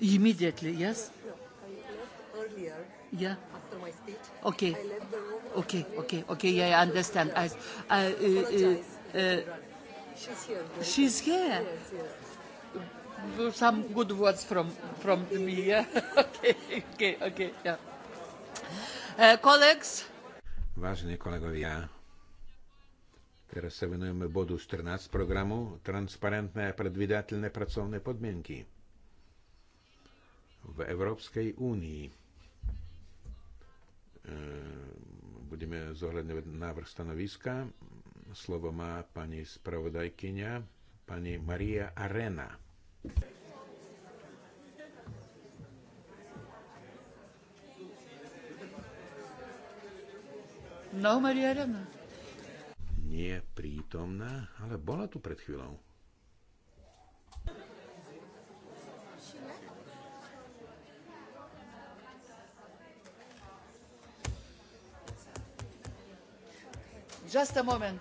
Immediately, yes? No, I left earlier yeah. after my speech. Okay. I left the room. Okay, okay, okay. Yeah, I understand. I, I, uh, uh, uh, she's here. Right? She's here. Yes, yes. Some good words from from me. Yeah. okay, okay, okay. Yeah. Uh, Vážení kolegovia, teraz sa venujeme bodu 14 programu Transparentné a predvydateľné pracovné podmienky v Európskej únii. E, budeme zohľadňovať návrh stanoviska. Slovo má pani spravodajkyňa, pani Maria Arena. No, Maria Arena. Nie prítomná, ale bola tu pred chvíľou. just a moment.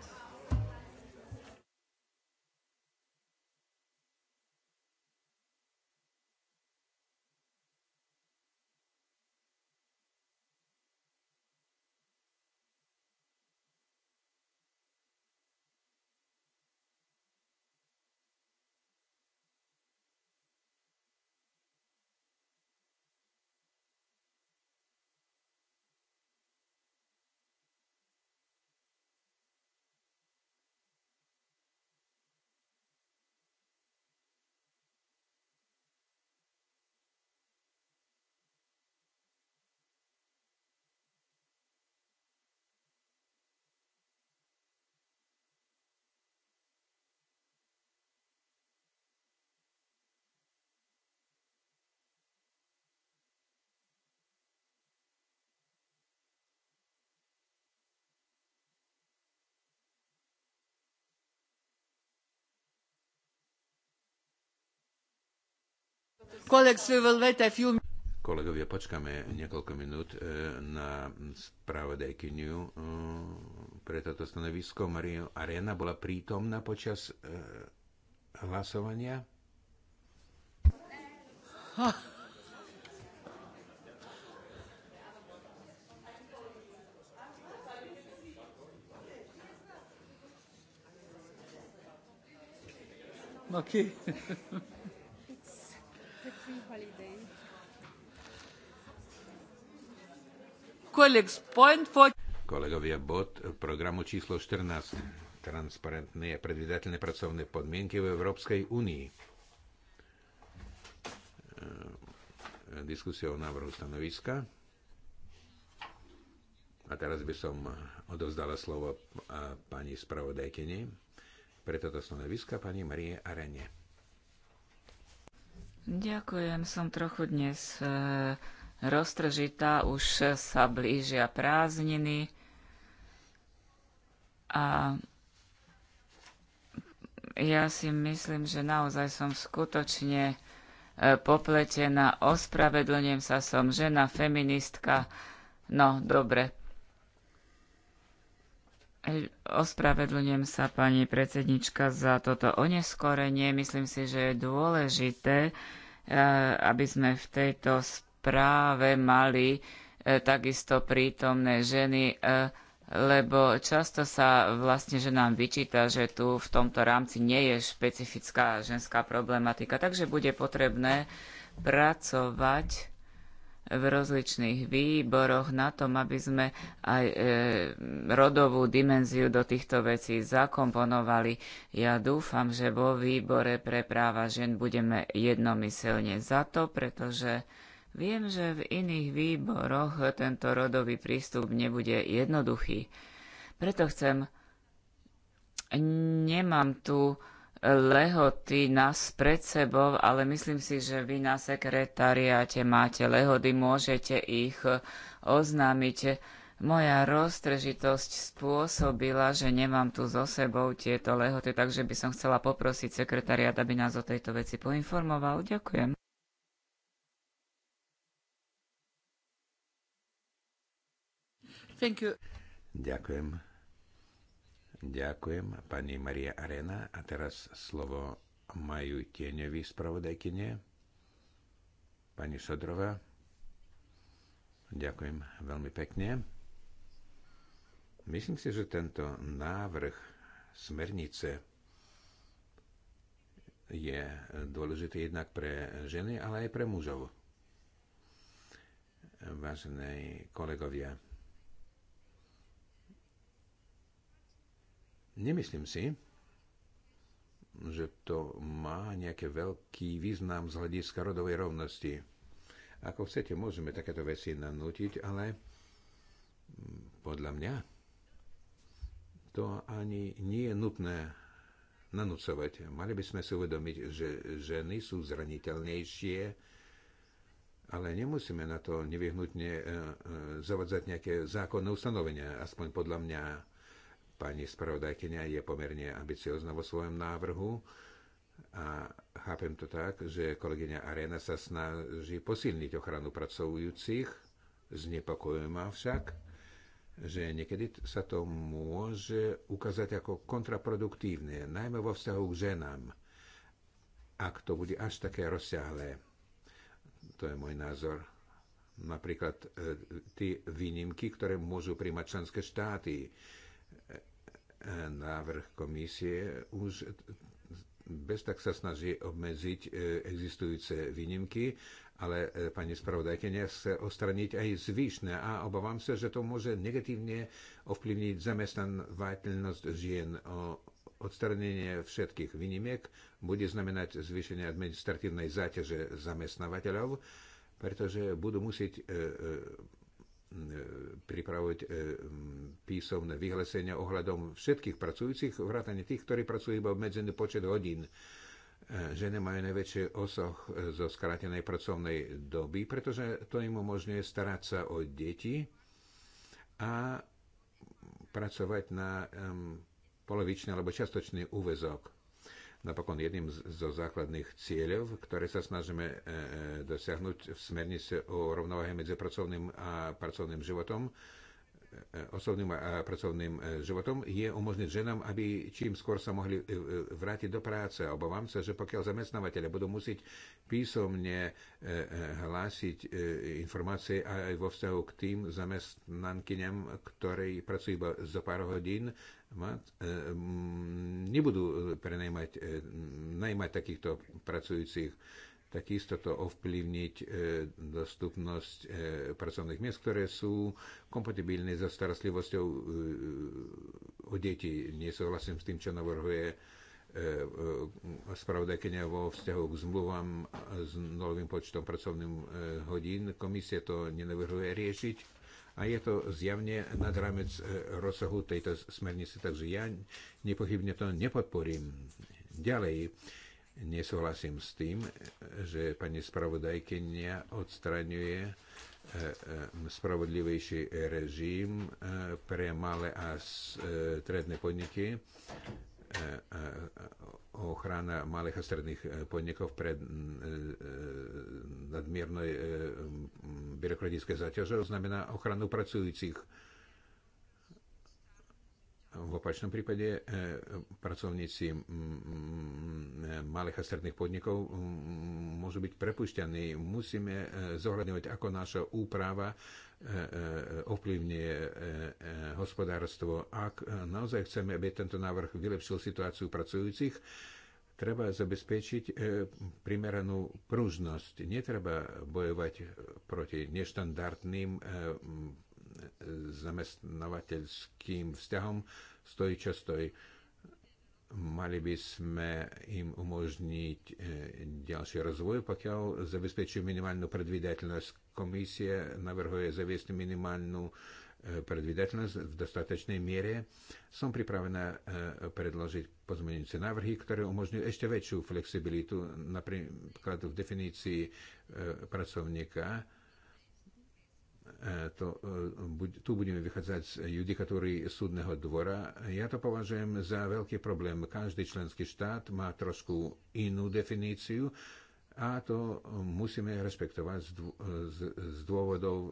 Kolegovia, počkáme niekoľko minút e, na spravodajkyniu e, pre toto stanovisko. Mario Arena bola prítomná počas e, hlasovania. Ha. Okay. Kolegovia, bod programu číslo 14. Transparentné a predvydateľné pracovné podmienky v Európskej únii. Ehm, diskusia o návrhu stanoviska. A teraz by som odovzdala slovo pani spravodajkyni pre toto stanoviska, pani Marie Arene. Ďakujem, som trochu dnes e, roztržitá, už sa blížia prázdniny a ja si myslím, že naozaj som skutočne e, popletená, ospravedlňujem sa, som žena, feministka. No, dobre, Ospravedlňujem sa, pani predsednička, za toto oneskorenie. Myslím si, že je dôležité, eh, aby sme v tejto správe mali eh, takisto prítomné ženy, eh, lebo často sa vlastne ženám vyčíta, že tu v tomto rámci nie je špecifická ženská problematika. Takže bude potrebné pracovať v rozličných výboroch na tom, aby sme aj e, rodovú dimenziu do týchto vecí zakomponovali. Ja dúfam, že vo výbore pre práva žien budeme jednomyselne za to, pretože viem, že v iných výboroch tento rodový prístup nebude jednoduchý. Preto chcem, nemám tu lehoty nás pred sebou, ale myslím si, že vy na sekretariáte máte lehody, môžete ich oznámiť. Moja roztržitosť spôsobila, že nemám tu so sebou tieto lehoty, takže by som chcela poprosiť sekretariát, aby nás o tejto veci poinformoval. Ďakujem. Ďakujem. Ďakujem, pani Maria Arena. A teraz slovo majú tieňoví spravodajkyne. Pani Sodrova. Ďakujem veľmi pekne. Myslím si, že tento návrh smernice je dôležitý jednak pre ženy, ale aj pre mužov. Vážené kolegovia, Nemyslím si, že to má nejaký veľký význam z hľadiska rodovej rovnosti. Ako chcete, môžeme takéto veci nanútiť, ale mm, podľa mňa to ani nie je nutné nanúcovať. Mali by sme si uvedomiť, že ženy sú zraniteľnejšie, ale nemusíme na to nevyhnutne e, e, zavadzať nejaké zákonné ustanovenia, aspoň podľa mňa Pani spravodajkenia je pomerne ambiciozna vo svojom návrhu a chápem to tak, že kolegyňa Arena sa snaží posilniť ochranu pracujúcich. Znepokojuje ma však, že niekedy sa to môže ukázať ako kontraproduktívne, najmä vo vzťahu k ženám, ak to bude až také rozsiahlé. To je môj názor. Napríklad e, e, tie výnimky, ktoré môžu príjmať členské štáty návrh komisie už bez tak sa snaží obmedziť e, existujúce výnimky, ale e, pani spravodajkenia sa ostraniť aj zvyšné a obávam sa, že to môže negatívne ovplyvniť zamestnávateľnosť žien. O odstranenie všetkých výnimiek bude znamenať zvýšenie administratívnej záťaže zamestnávateľov, pretože budú musieť e, E, pripravovať e, písomné vyhlesenia ohľadom všetkých pracujúcich, vrátane tých, ktorí pracujú iba obmedzený počet hodín. E, ženy majú najväčší osoch zo skrátenej pracovnej doby, pretože to im umožňuje starať sa o deti a pracovať na polovičný alebo častočný úvezok Napokon jedným zo základných cieľov, ktoré sa snažíme e, e, dosiahnuť v smernice o rovnováhe medzi pracovným a pracovným životom, e, osobným a pracovným životom, je umožniť ženám, aby čím skôr sa mohli vrátiť do práce. Obávam sa, že pokiaľ zamestnávateľe budú musieť písomne hlásiť informácie aj vo vzťahu k tým zamestnankyňam, ktorí pracujú iba za pár hodín, mať, e, nebudú e, prenajmať, e, najmať takýchto pracujúcich. Takisto to ovplyvniť dostupnosť pracovných miest, ktoré sú kompatibilné so starostlivosťou o deti. Nesúhlasím s tým, čo navrhuje spravodajkenia vo vzťahu k zmluvám s novým počtom pracovných hodín. Komisia to nenavrhuje riešiť a je to zjavne nad rámec e, rozsahu tejto smernice, takže ja nepochybne to nepodporím. Ďalej, nesúhlasím s tým, že pani spravodajkenia odstraňuje e, e, spravodlivejší režim pre malé a stredné podniky Eh, eh, eh, ochrana malých a stredných podnikov pred mm, nadmiernou mm, byrokratickou zaťažou znamená ochranu pracujúcich v opačnom prípade e, pracovníci malých a stredných podnikov môžu byť prepušťaní. Musíme e, zohľadňovať, ako naša úprava e, ovplyvňuje hospodárstvo. Ak naozaj chceme, aby tento návrh vylepšil situáciu pracujúcich, treba zabezpečiť primeranú pružnosť. Netreba bojovať proti neštandardným zamestnávateľským vzťahom stojí čo stojí. Mali by sme im umožniť e, ďalší rozvoj, pokiaľ zabezpečujú minimálnu predvydateľnosť. Komisie navrhuje zaviesť minimálnu e, predvydateľnosť v dostatočnej miere, som pripravená e, predložiť pozmeňujúce návrhy, ktoré umožňujú ešte väčšiu flexibilitu, napríklad v definícii pracovníka, E, to, e, tu budeme vychádzať z judikatúry súdneho dvora. Ja to považujem za veľký problém. Každý členský štát má trošku inú definíciu a to musíme rešpektovať z, z, z dôvodov e,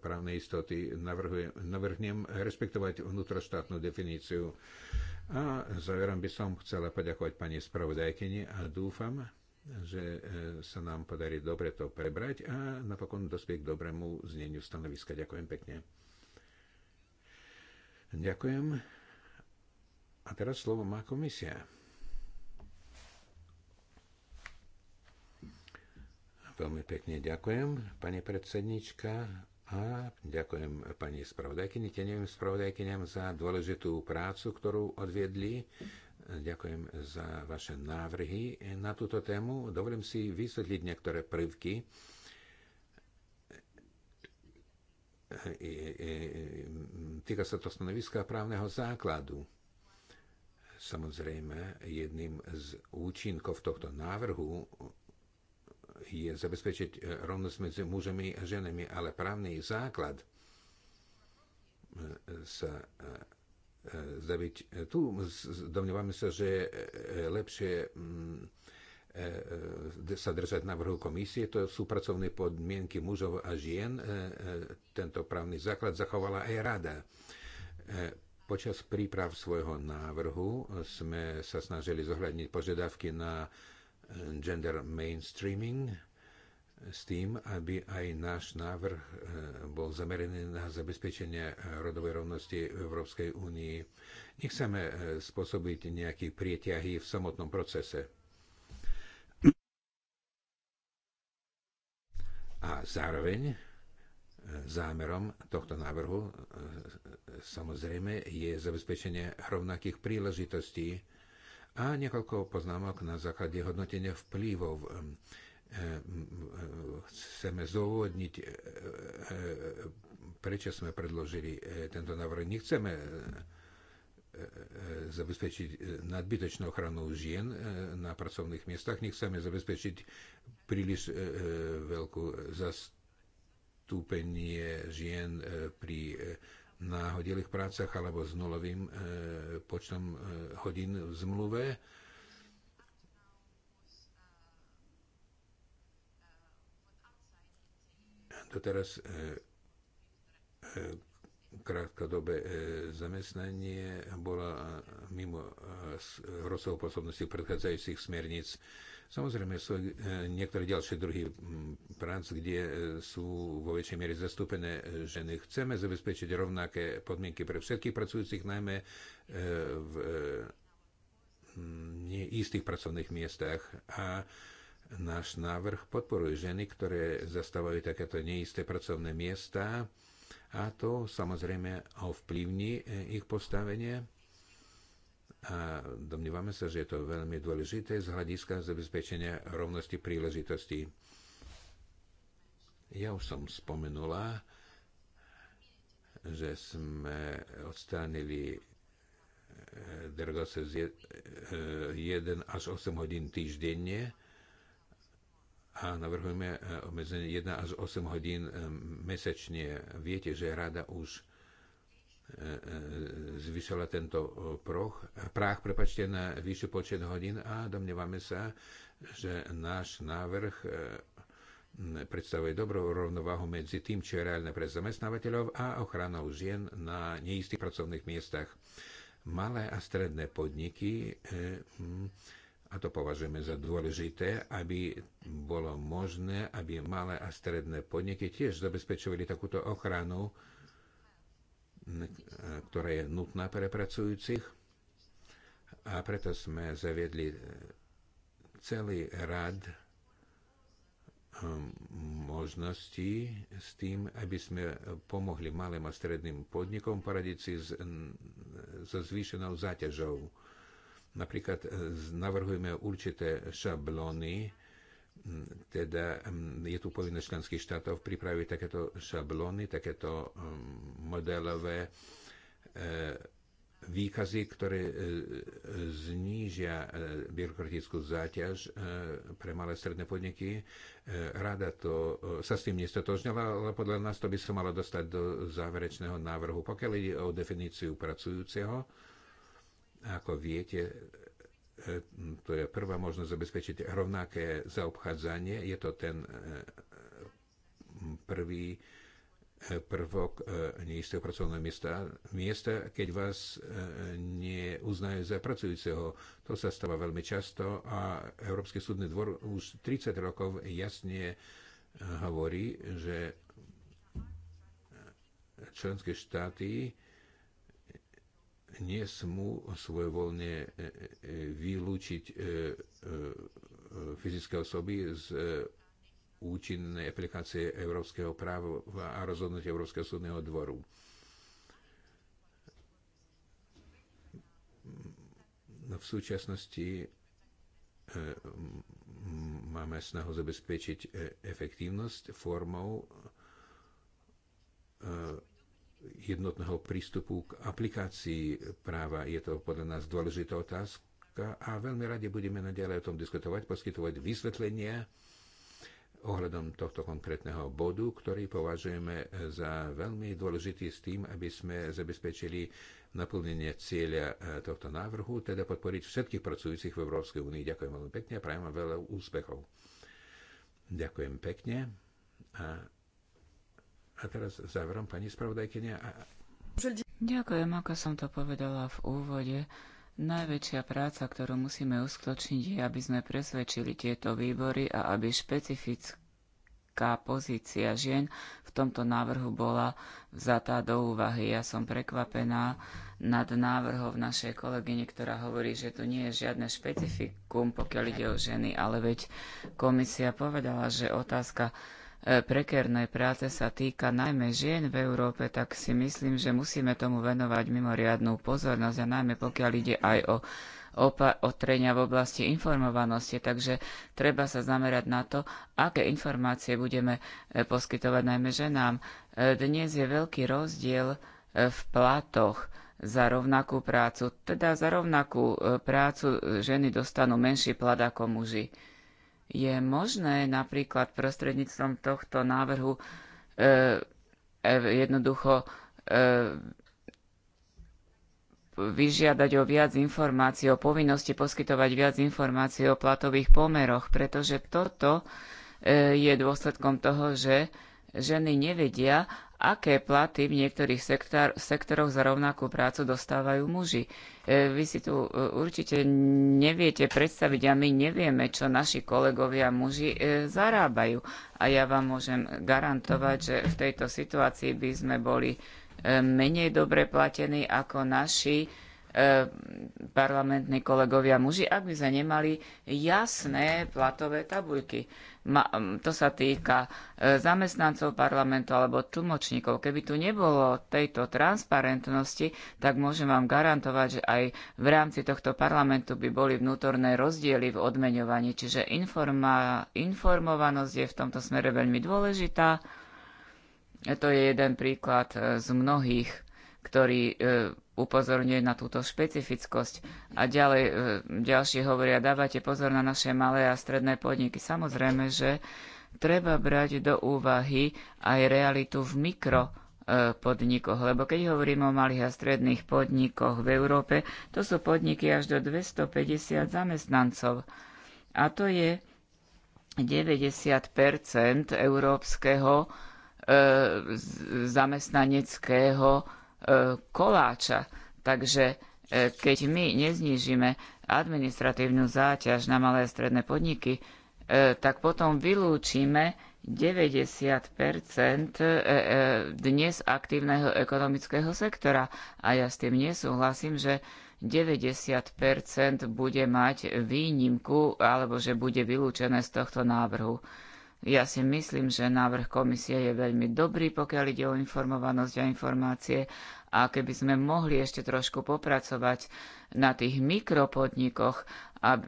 právnej istoty. Navrhujem, navrhnem rešpektovať vnútroštátnu definíciu. A záverom by som chcela poďakovať pani spravodajkyni a dúfam, že e, sa nám podarí dobre to prebrať a napokon dospieť k dobrému zneniu stanoviska. Ďakujem pekne. Ďakujem. A teraz slovo má komisia. Veľmi pekne ďakujem, pani predsednička, a ďakujem pani spravodajkyni, tenevým spravodajkyniam za dôležitú prácu, ktorú odviedli. Ďakujem za vaše návrhy na túto tému. Dovolím si vysvetliť niektoré prvky. Týka sa to stanoviska právneho základu. Samozrejme, jedným z účinkov tohto návrhu je zabezpečiť rovnosť medzi mužami a ženami, ale právny základ sa zabiť. Tu domnievame sa, že e, lepšie mm, e, e, sa držať návrhu komisie. To sú pracovné podmienky mužov a žien. Tento právny základ zachovala aj rada. Počas príprav svojho návrhu sme sa snažili zohľadniť požiadavky na gender mainstreaming, s tým, aby aj náš návrh e, bol zameraný na zabezpečenie rodovej rovnosti v Európskej únii. Nechceme e, spôsobiť nejaké prieťahy v samotnom procese. A zároveň e, zámerom tohto návrhu samozrejme je zabezpečenie rovnakých príležitostí a niekoľko poznámok na základe hodnotenia vplyvov chceme zôvodniť, e, e, prečo sme predložili e, tento návrh. Nechceme zabezpečiť nadbytočnú ochranu žien na pracovných miestach, nechceme zabezpečiť príliš veľkú zastúpenie žien pri náhodilých prácach alebo s nulovým počtom hodín v zmluve to teraz e, e, krátkodobé e, zamestnanie bola mimo rozsahu pôsobnosti predchádzajúcich smerníc. Samozrejme sú niektoré ďalšie druhy prác, kde sú vo väčšej miere zastúpené ženy. Chceme zabezpečiť rovnaké podmienky pre všetkých pracujúcich, najmä v neistých pracovných miestach a náš návrh podporuje ženy, ktoré zastávajú takéto neisté pracovné miesta a to samozrejme ovplyvní e, ich postavenie. A domnívame sa, že je to veľmi dôležité z hľadiska zabezpečenia rovnosti príležitostí. Ja už som spomenula, že sme odstránili derogácie z 1 až 8 hodín týždenne a navrhujeme e, obmedzenie 1 až 8 hodín e, mesačne. Viete, že rada už e, zvyšila tento proch, práh prepačte, na vyšší počet hodín a domnievame sa, že náš návrh predstavuje dobrú rovnováhu medzi tým, čo je reálne pre zamestnávateľov a ochranou žien na neistých pracovných miestach. Malé a stredné podniky e, a to považujeme za dôležité, aby bolo možné, aby malé a stredné podniky tiež zabezpečovali takúto ochranu, ktorá je nutná pre pracujúcich. A preto sme zaviedli celý rad hm, možností s tým, aby sme pomohli malým a stredným podnikom poradiť si hm, so zvýšenou záťažou Napríklad e, navrhujeme určité šablóny, teda je tu povinnosť členských štátov pripraviť takéto šablóny, takéto modelové e, výkazy, ktoré e, znížia byrokratickú záťaž pre malé stredné podniky. Rada to sa s tým nestotožňovala, ale podľa nás to by sa malo dostať do záverečného návrhu. Pokiaľ ide o definíciu pracujúceho, ako viete, e, to je prvá možnosť zabezpečiť rovnaké zaobchádzanie. Je to ten e, prvý e, prvok neistého pracovného miesta, miesta, keď vás neuznajú za pracujúceho. To sa stáva veľmi často a Európsky súdny dvor už 30 rokov jasne hovorí, že členské štáty nesmú svojvoľne e, e, e, vylúčiť fyzické osoby z účinnej aplikácie európskeho práva a rozhodnutia Európskeho súdneho dvoru. No, v súčasnosti máme snahu zabezpečiť efektívnosť formou jednotného prístupu k aplikácii práva. Je to podľa nás dôležitá otázka a veľmi radi budeme naďalej o tom diskutovať, poskytovať vysvetlenia ohľadom tohto konkrétneho bodu, ktorý považujeme za veľmi dôležitý s tým, aby sme zabezpečili naplnenie cieľa e, tohto návrhu, teda podporiť všetkých pracujúcich v Európskej únii. Ďakujem veľmi pekne a prajem vám veľa úspechov. Ďakujem pekne a a teraz záverom pani spravodajkynia. Ďakujem, ako som to povedala v úvode. Najväčšia práca, ktorú musíme uskutočniť, je, aby sme presvedčili tieto výbory a aby špecifická pozícia žien v tomto návrhu bola vzatá do úvahy. Ja som prekvapená nad návrhom našej kolegyne, ktorá hovorí, že tu nie je žiadne špecifikum, pokiaľ ide o ženy, ale veď komisia povedala, že otázka E, prekérnej práce sa týka najmä žien v Európe, tak si myslím, že musíme tomu venovať mimoriadnú pozornosť a najmä pokiaľ ide aj o opatrenia v oblasti informovanosti, takže treba sa zamerať na to, aké informácie budeme e, poskytovať najmä ženám. E, dnes je veľký rozdiel v platoch za rovnakú prácu. Teda za rovnakú prácu ženy dostanú menší plat ako muži je možné napríklad prostredníctvom tohto návrhu e, e, jednoducho e, vyžiadať o viac informácií, o povinnosti poskytovať viac informácií o platových pomeroch, pretože toto e, je dôsledkom toho, že e, ženy nevedia, aké platy v niektorých sektor, sektoroch za rovnakú prácu dostávajú muži. E, vy si tu e, určite neviete predstaviť a my nevieme, čo naši kolegovia muži e, zarábajú. A ja vám môžem garantovať, že v tejto situácii by sme boli e, menej dobre platení ako naši Eh, parlamentní kolegovia muži, ak by sme nemali jasné platové tabuľky. Ma, mm, to sa týka eh, zamestnancov parlamentu alebo tlmočníkov. Keby tu nebolo tejto transparentnosti, tak môžem vám garantovať, že aj v rámci tohto parlamentu by boli vnútorné rozdiely v odmeňovaní. Čiže informa, informovanosť je v tomto smere veľmi dôležitá. To je jeden príklad eh, z mnohých ktorý e, upozorňuje na túto špecifickosť. A ďalej, e, ďalší hovoria, dávate pozor na naše malé a stredné podniky. Samozrejme, že treba brať do úvahy aj realitu v mikro podnikoch, lebo keď hovoríme o malých a stredných podnikoch v Európe, to sú podniky až do 250 zamestnancov. A to je 90 európskeho e, zamestnaneckého koláča. Takže e, keď my neznížime administratívnu záťaž na malé a stredné podniky, e, tak potom vylúčime 90 e, dnes aktívneho ekonomického sektora. A ja s tým nesúhlasím, že 90 bude mať výnimku alebo že bude vylúčené z tohto návrhu. Ja si myslím, že návrh komisie je veľmi dobrý, pokiaľ ide o informovanosť a informácie. A keby sme mohli ešte trošku popracovať na tých mikropodnikoch a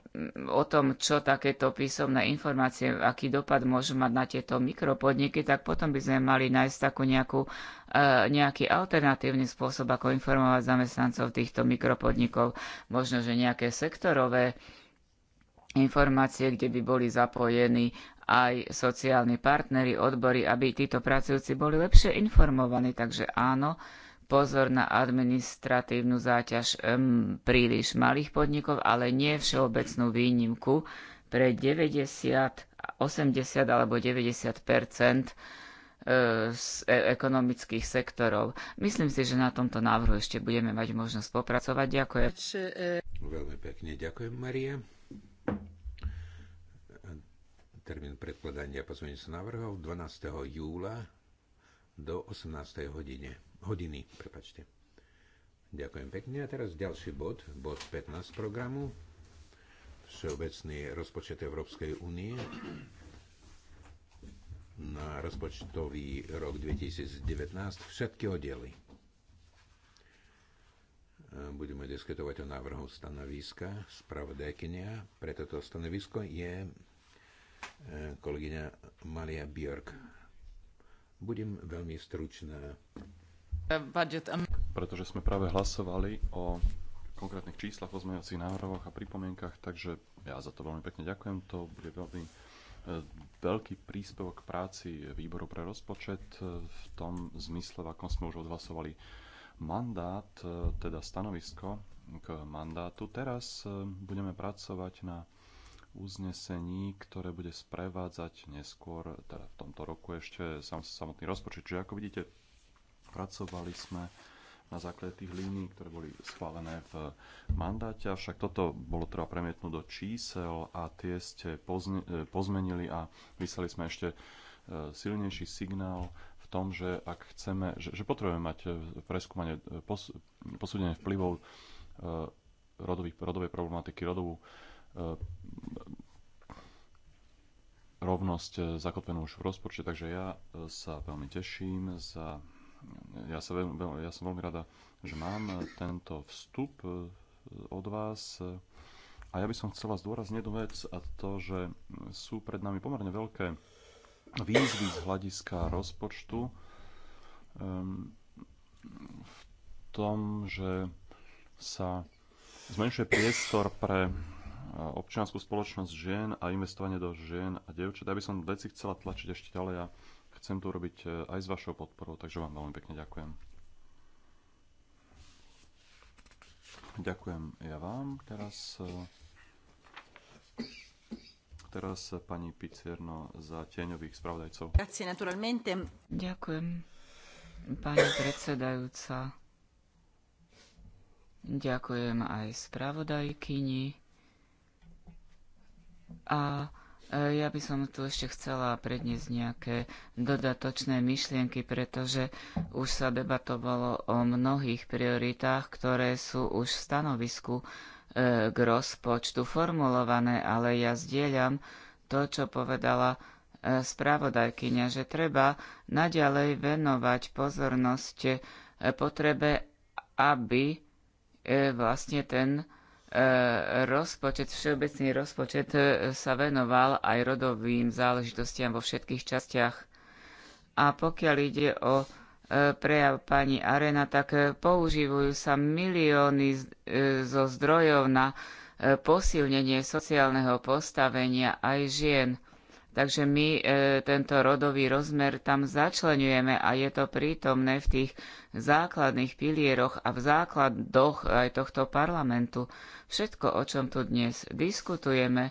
o tom, čo takéto písomné informácie, aký dopad môžu mať na tieto mikropodniky, tak potom by sme mali nájsť takú nejakú, e, nejaký alternatívny spôsob, ako informovať zamestnancov týchto mikropodnikov. Možno, že nejaké sektorové informácie, kde by boli zapojení aj sociálni partnery, odbory, aby títo pracujúci boli lepšie informovaní. Takže áno, pozor na administratívnu záťaž um, príliš malých podnikov, ale nie všeobecnú výnimku pre 90, 80 alebo 90 e, z e, ekonomických sektorov. Myslím si, že na tomto návrhu ešte budeme mať možnosť popracovať. Ďakujem. Veľmi pekne ďakujem, Maria termín predkladania pozmeňujúcich návrhov 12. júla do 18. hodine. hodiny. Prepačte. Ďakujem pekne. A teraz ďalší bod, bod 15 programu. Všeobecný rozpočet Európskej únie na rozpočtový rok 2019 všetky oddely. Budeme diskutovať o návrhu stanoviska spravodajkynia. Pre toto stanovisko je Eh, kolegyňa Maria Björk. Budem veľmi stručná. Pretože sme práve hlasovali o konkrétnych číslach, pozmeňovacích návrhoch a pripomienkach, takže ja za to veľmi pekne ďakujem. To bude veľmi eh, veľký príspevok k práci výboru pre rozpočet eh, v tom zmysle, v akom sme už odhlasovali mandát, teda stanovisko k mandátu. Teraz budeme pracovať na uznesení, ktoré bude sprevádzať neskôr, teda v tomto roku ešte sam, samotný rozpočet. Čiže ako vidíte, pracovali sme na základe tých línií, ktoré boli schválené v mandáte, avšak toto bolo treba premietnúť do čísel a tie ste pozne, e, pozmenili a vyslali sme ešte e, silnejší signál v tom, že ak chceme, že, že potrebujeme mať e, preskúmanie, pos, posúdenie vplyvov rodových, rodovej problematiky, rodovú E, rovnosť e, zakotvenú už v rozpočte, takže ja e, sa veľmi teším za... Ja, sa veľmi, ja som veľmi rada, že mám tento vstup od vás. A ja by som chcela zdôrazniť jednu vec a to, že sú pred nami pomerne veľké výzvy z hľadiska rozpočtu um, v tom, že sa zmenšuje priestor pre občianskú spoločnosť žien a investovanie do žien a devčat. Ja by som veci chcela tlačiť ešte ďalej a chcem to robiť e, aj s vašou podporou, takže vám veľmi pekne ďakujem. Ďakujem ja vám. Teraz, e, teraz pani Picierno za tieňových spravodajcov. Ďakujem, pani predsedajúca. Ďakujem aj spravodajkyni a e, ja by som tu ešte chcela predniesť nejaké dodatočné myšlienky, pretože už sa debatovalo o mnohých prioritách, ktoré sú už v stanovisku e, k rozpočtu formulované, ale ja zdieľam to, čo povedala e, spravodajkyňa, že treba naďalej venovať pozornosť potrebe, aby vlastne ten rozpočet, všeobecný rozpočet e, sa venoval aj rodovým záležitostiam vo všetkých častiach. A pokiaľ ide o e, prejav pani Arena, tak e, používajú sa milióny zo zdrojov na posilnenie sociálneho postavenia aj žien. Takže my e, tento rodový rozmer tam začlenujeme a je to prítomné v tých základných pilieroch a v základoch aj tohto parlamentu. Všetko, o čom tu dnes diskutujeme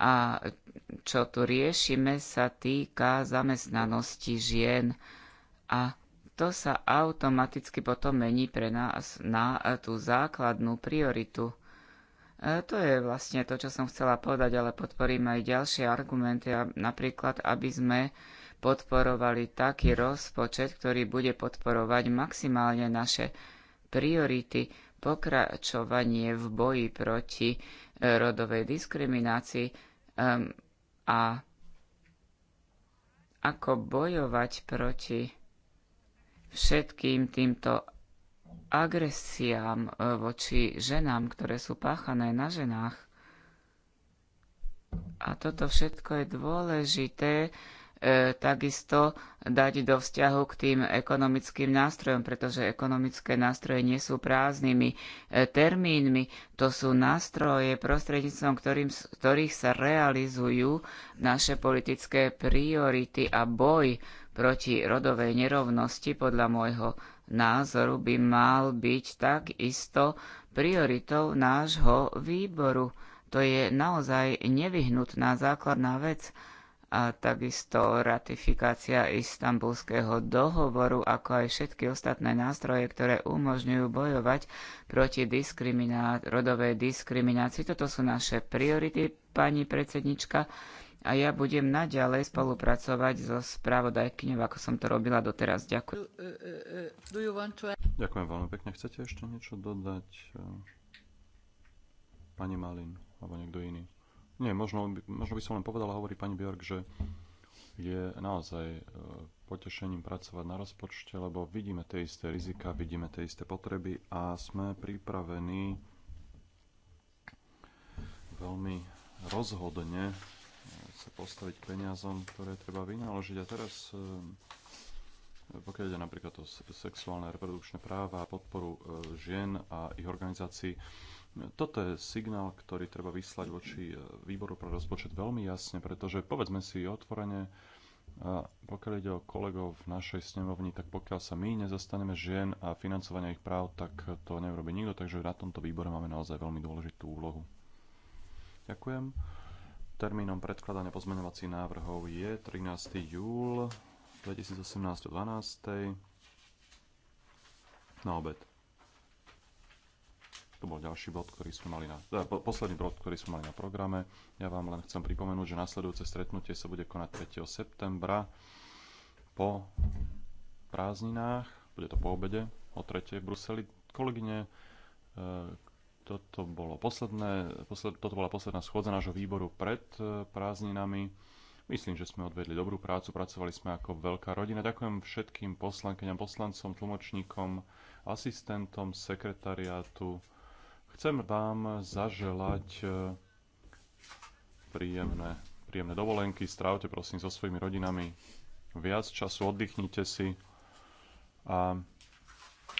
a čo tu riešime, sa týka zamestnanosti žien. A to sa automaticky potom mení pre nás na tú základnú prioritu. E, to je vlastne to, čo som chcela povedať, ale podporím aj ďalšie argumenty, napríklad, aby sme podporovali taký rozpočet, ktorý bude podporovať maximálne naše priority, pokračovanie v boji proti e, rodovej diskriminácii um, a ako bojovať proti všetkým týmto agresiám e, voči ženám, ktoré sú páchané na ženách. A toto všetko je dôležité e, takisto dať do vzťahu k tým ekonomickým nástrojom, pretože ekonomické nástroje nie sú prázdnymi e, termínmi, to sú nástroje, prostredníctvom ktorým, ktorých sa realizujú naše politické priority a boj proti rodovej nerovnosti podľa môjho názoru by mal byť takisto prioritou nášho výboru. To je naozaj nevyhnutná základná vec a takisto ratifikácia istambulského dohovoru, ako aj všetky ostatné nástroje, ktoré umožňujú bojovať proti diskriminá- rodovej diskriminácii. Toto sú naše priority, pani predsednička a ja budem naďalej spolupracovať so spravodajkyňou, ako som to robila doteraz. Ďakujem. Ďakujem veľmi pekne. Chcete ešte niečo dodať? Eh, pani Malin alebo niekto iný? Nie, možno, možno by som len povedala, hovorí pani Bjork, že je naozaj eh, potešením pracovať na rozpočte, lebo vidíme tie isté rizika, vidíme tie isté potreby a sme pripravení veľmi rozhodne sa postaviť peniazom, ktoré treba vynaložiť. A teraz, eh, pokiaľ ide napríklad o sexuálne a reprodukčné práva a podporu eh, žien a ich organizácií, toto je signál, ktorý treba vyslať voči eh, výboru pre rozpočet veľmi jasne, pretože povedzme si otvorene, a pokiaľ ide o kolegov v našej snemovni, tak pokiaľ sa my nezastaneme žien a financovania ich práv, tak to neurobi nikto, takže na tomto výbore máme naozaj veľmi dôležitú úlohu. Ďakujem. Termínom predkladania pozmeňovacích návrhov je 13. júl 2018 12. na obed. To bol ďalší bod, ktorý sme mali na, teda posledný bod, ktorý sme mali na programe. Ja vám len chcem pripomenúť, že nasledujúce stretnutie sa bude konať 3. septembra po prázdninách, bude to po obede o 3. v Bruseli. Kolegyne eh, toto, bolo posledné, posled, toto bola posledná schôdza nášho výboru pred e, prázdninami. Myslím, že sme odvedli dobrú prácu, pracovali sme ako veľká rodina. Ďakujem všetkým poslankyňam, poslancom, tlmočníkom, asistentom, sekretariátu. Chcem vám zaželať e, príjemné, príjemné dovolenky. Strávte prosím so svojimi rodinami viac času, oddychnite si a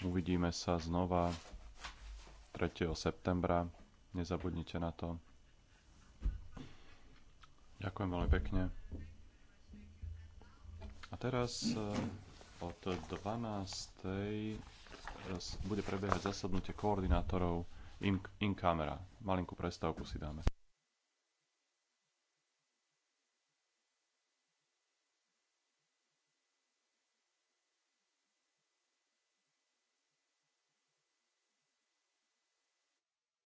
uvidíme sa znova 3. septembra. Nezabudnite na to. Ďakujem veľmi pekne. A teraz eh, od 12. Eh, bude prebiehať zasadnutie koordinátorov in, in camera. Malinkú prestávku si dáme.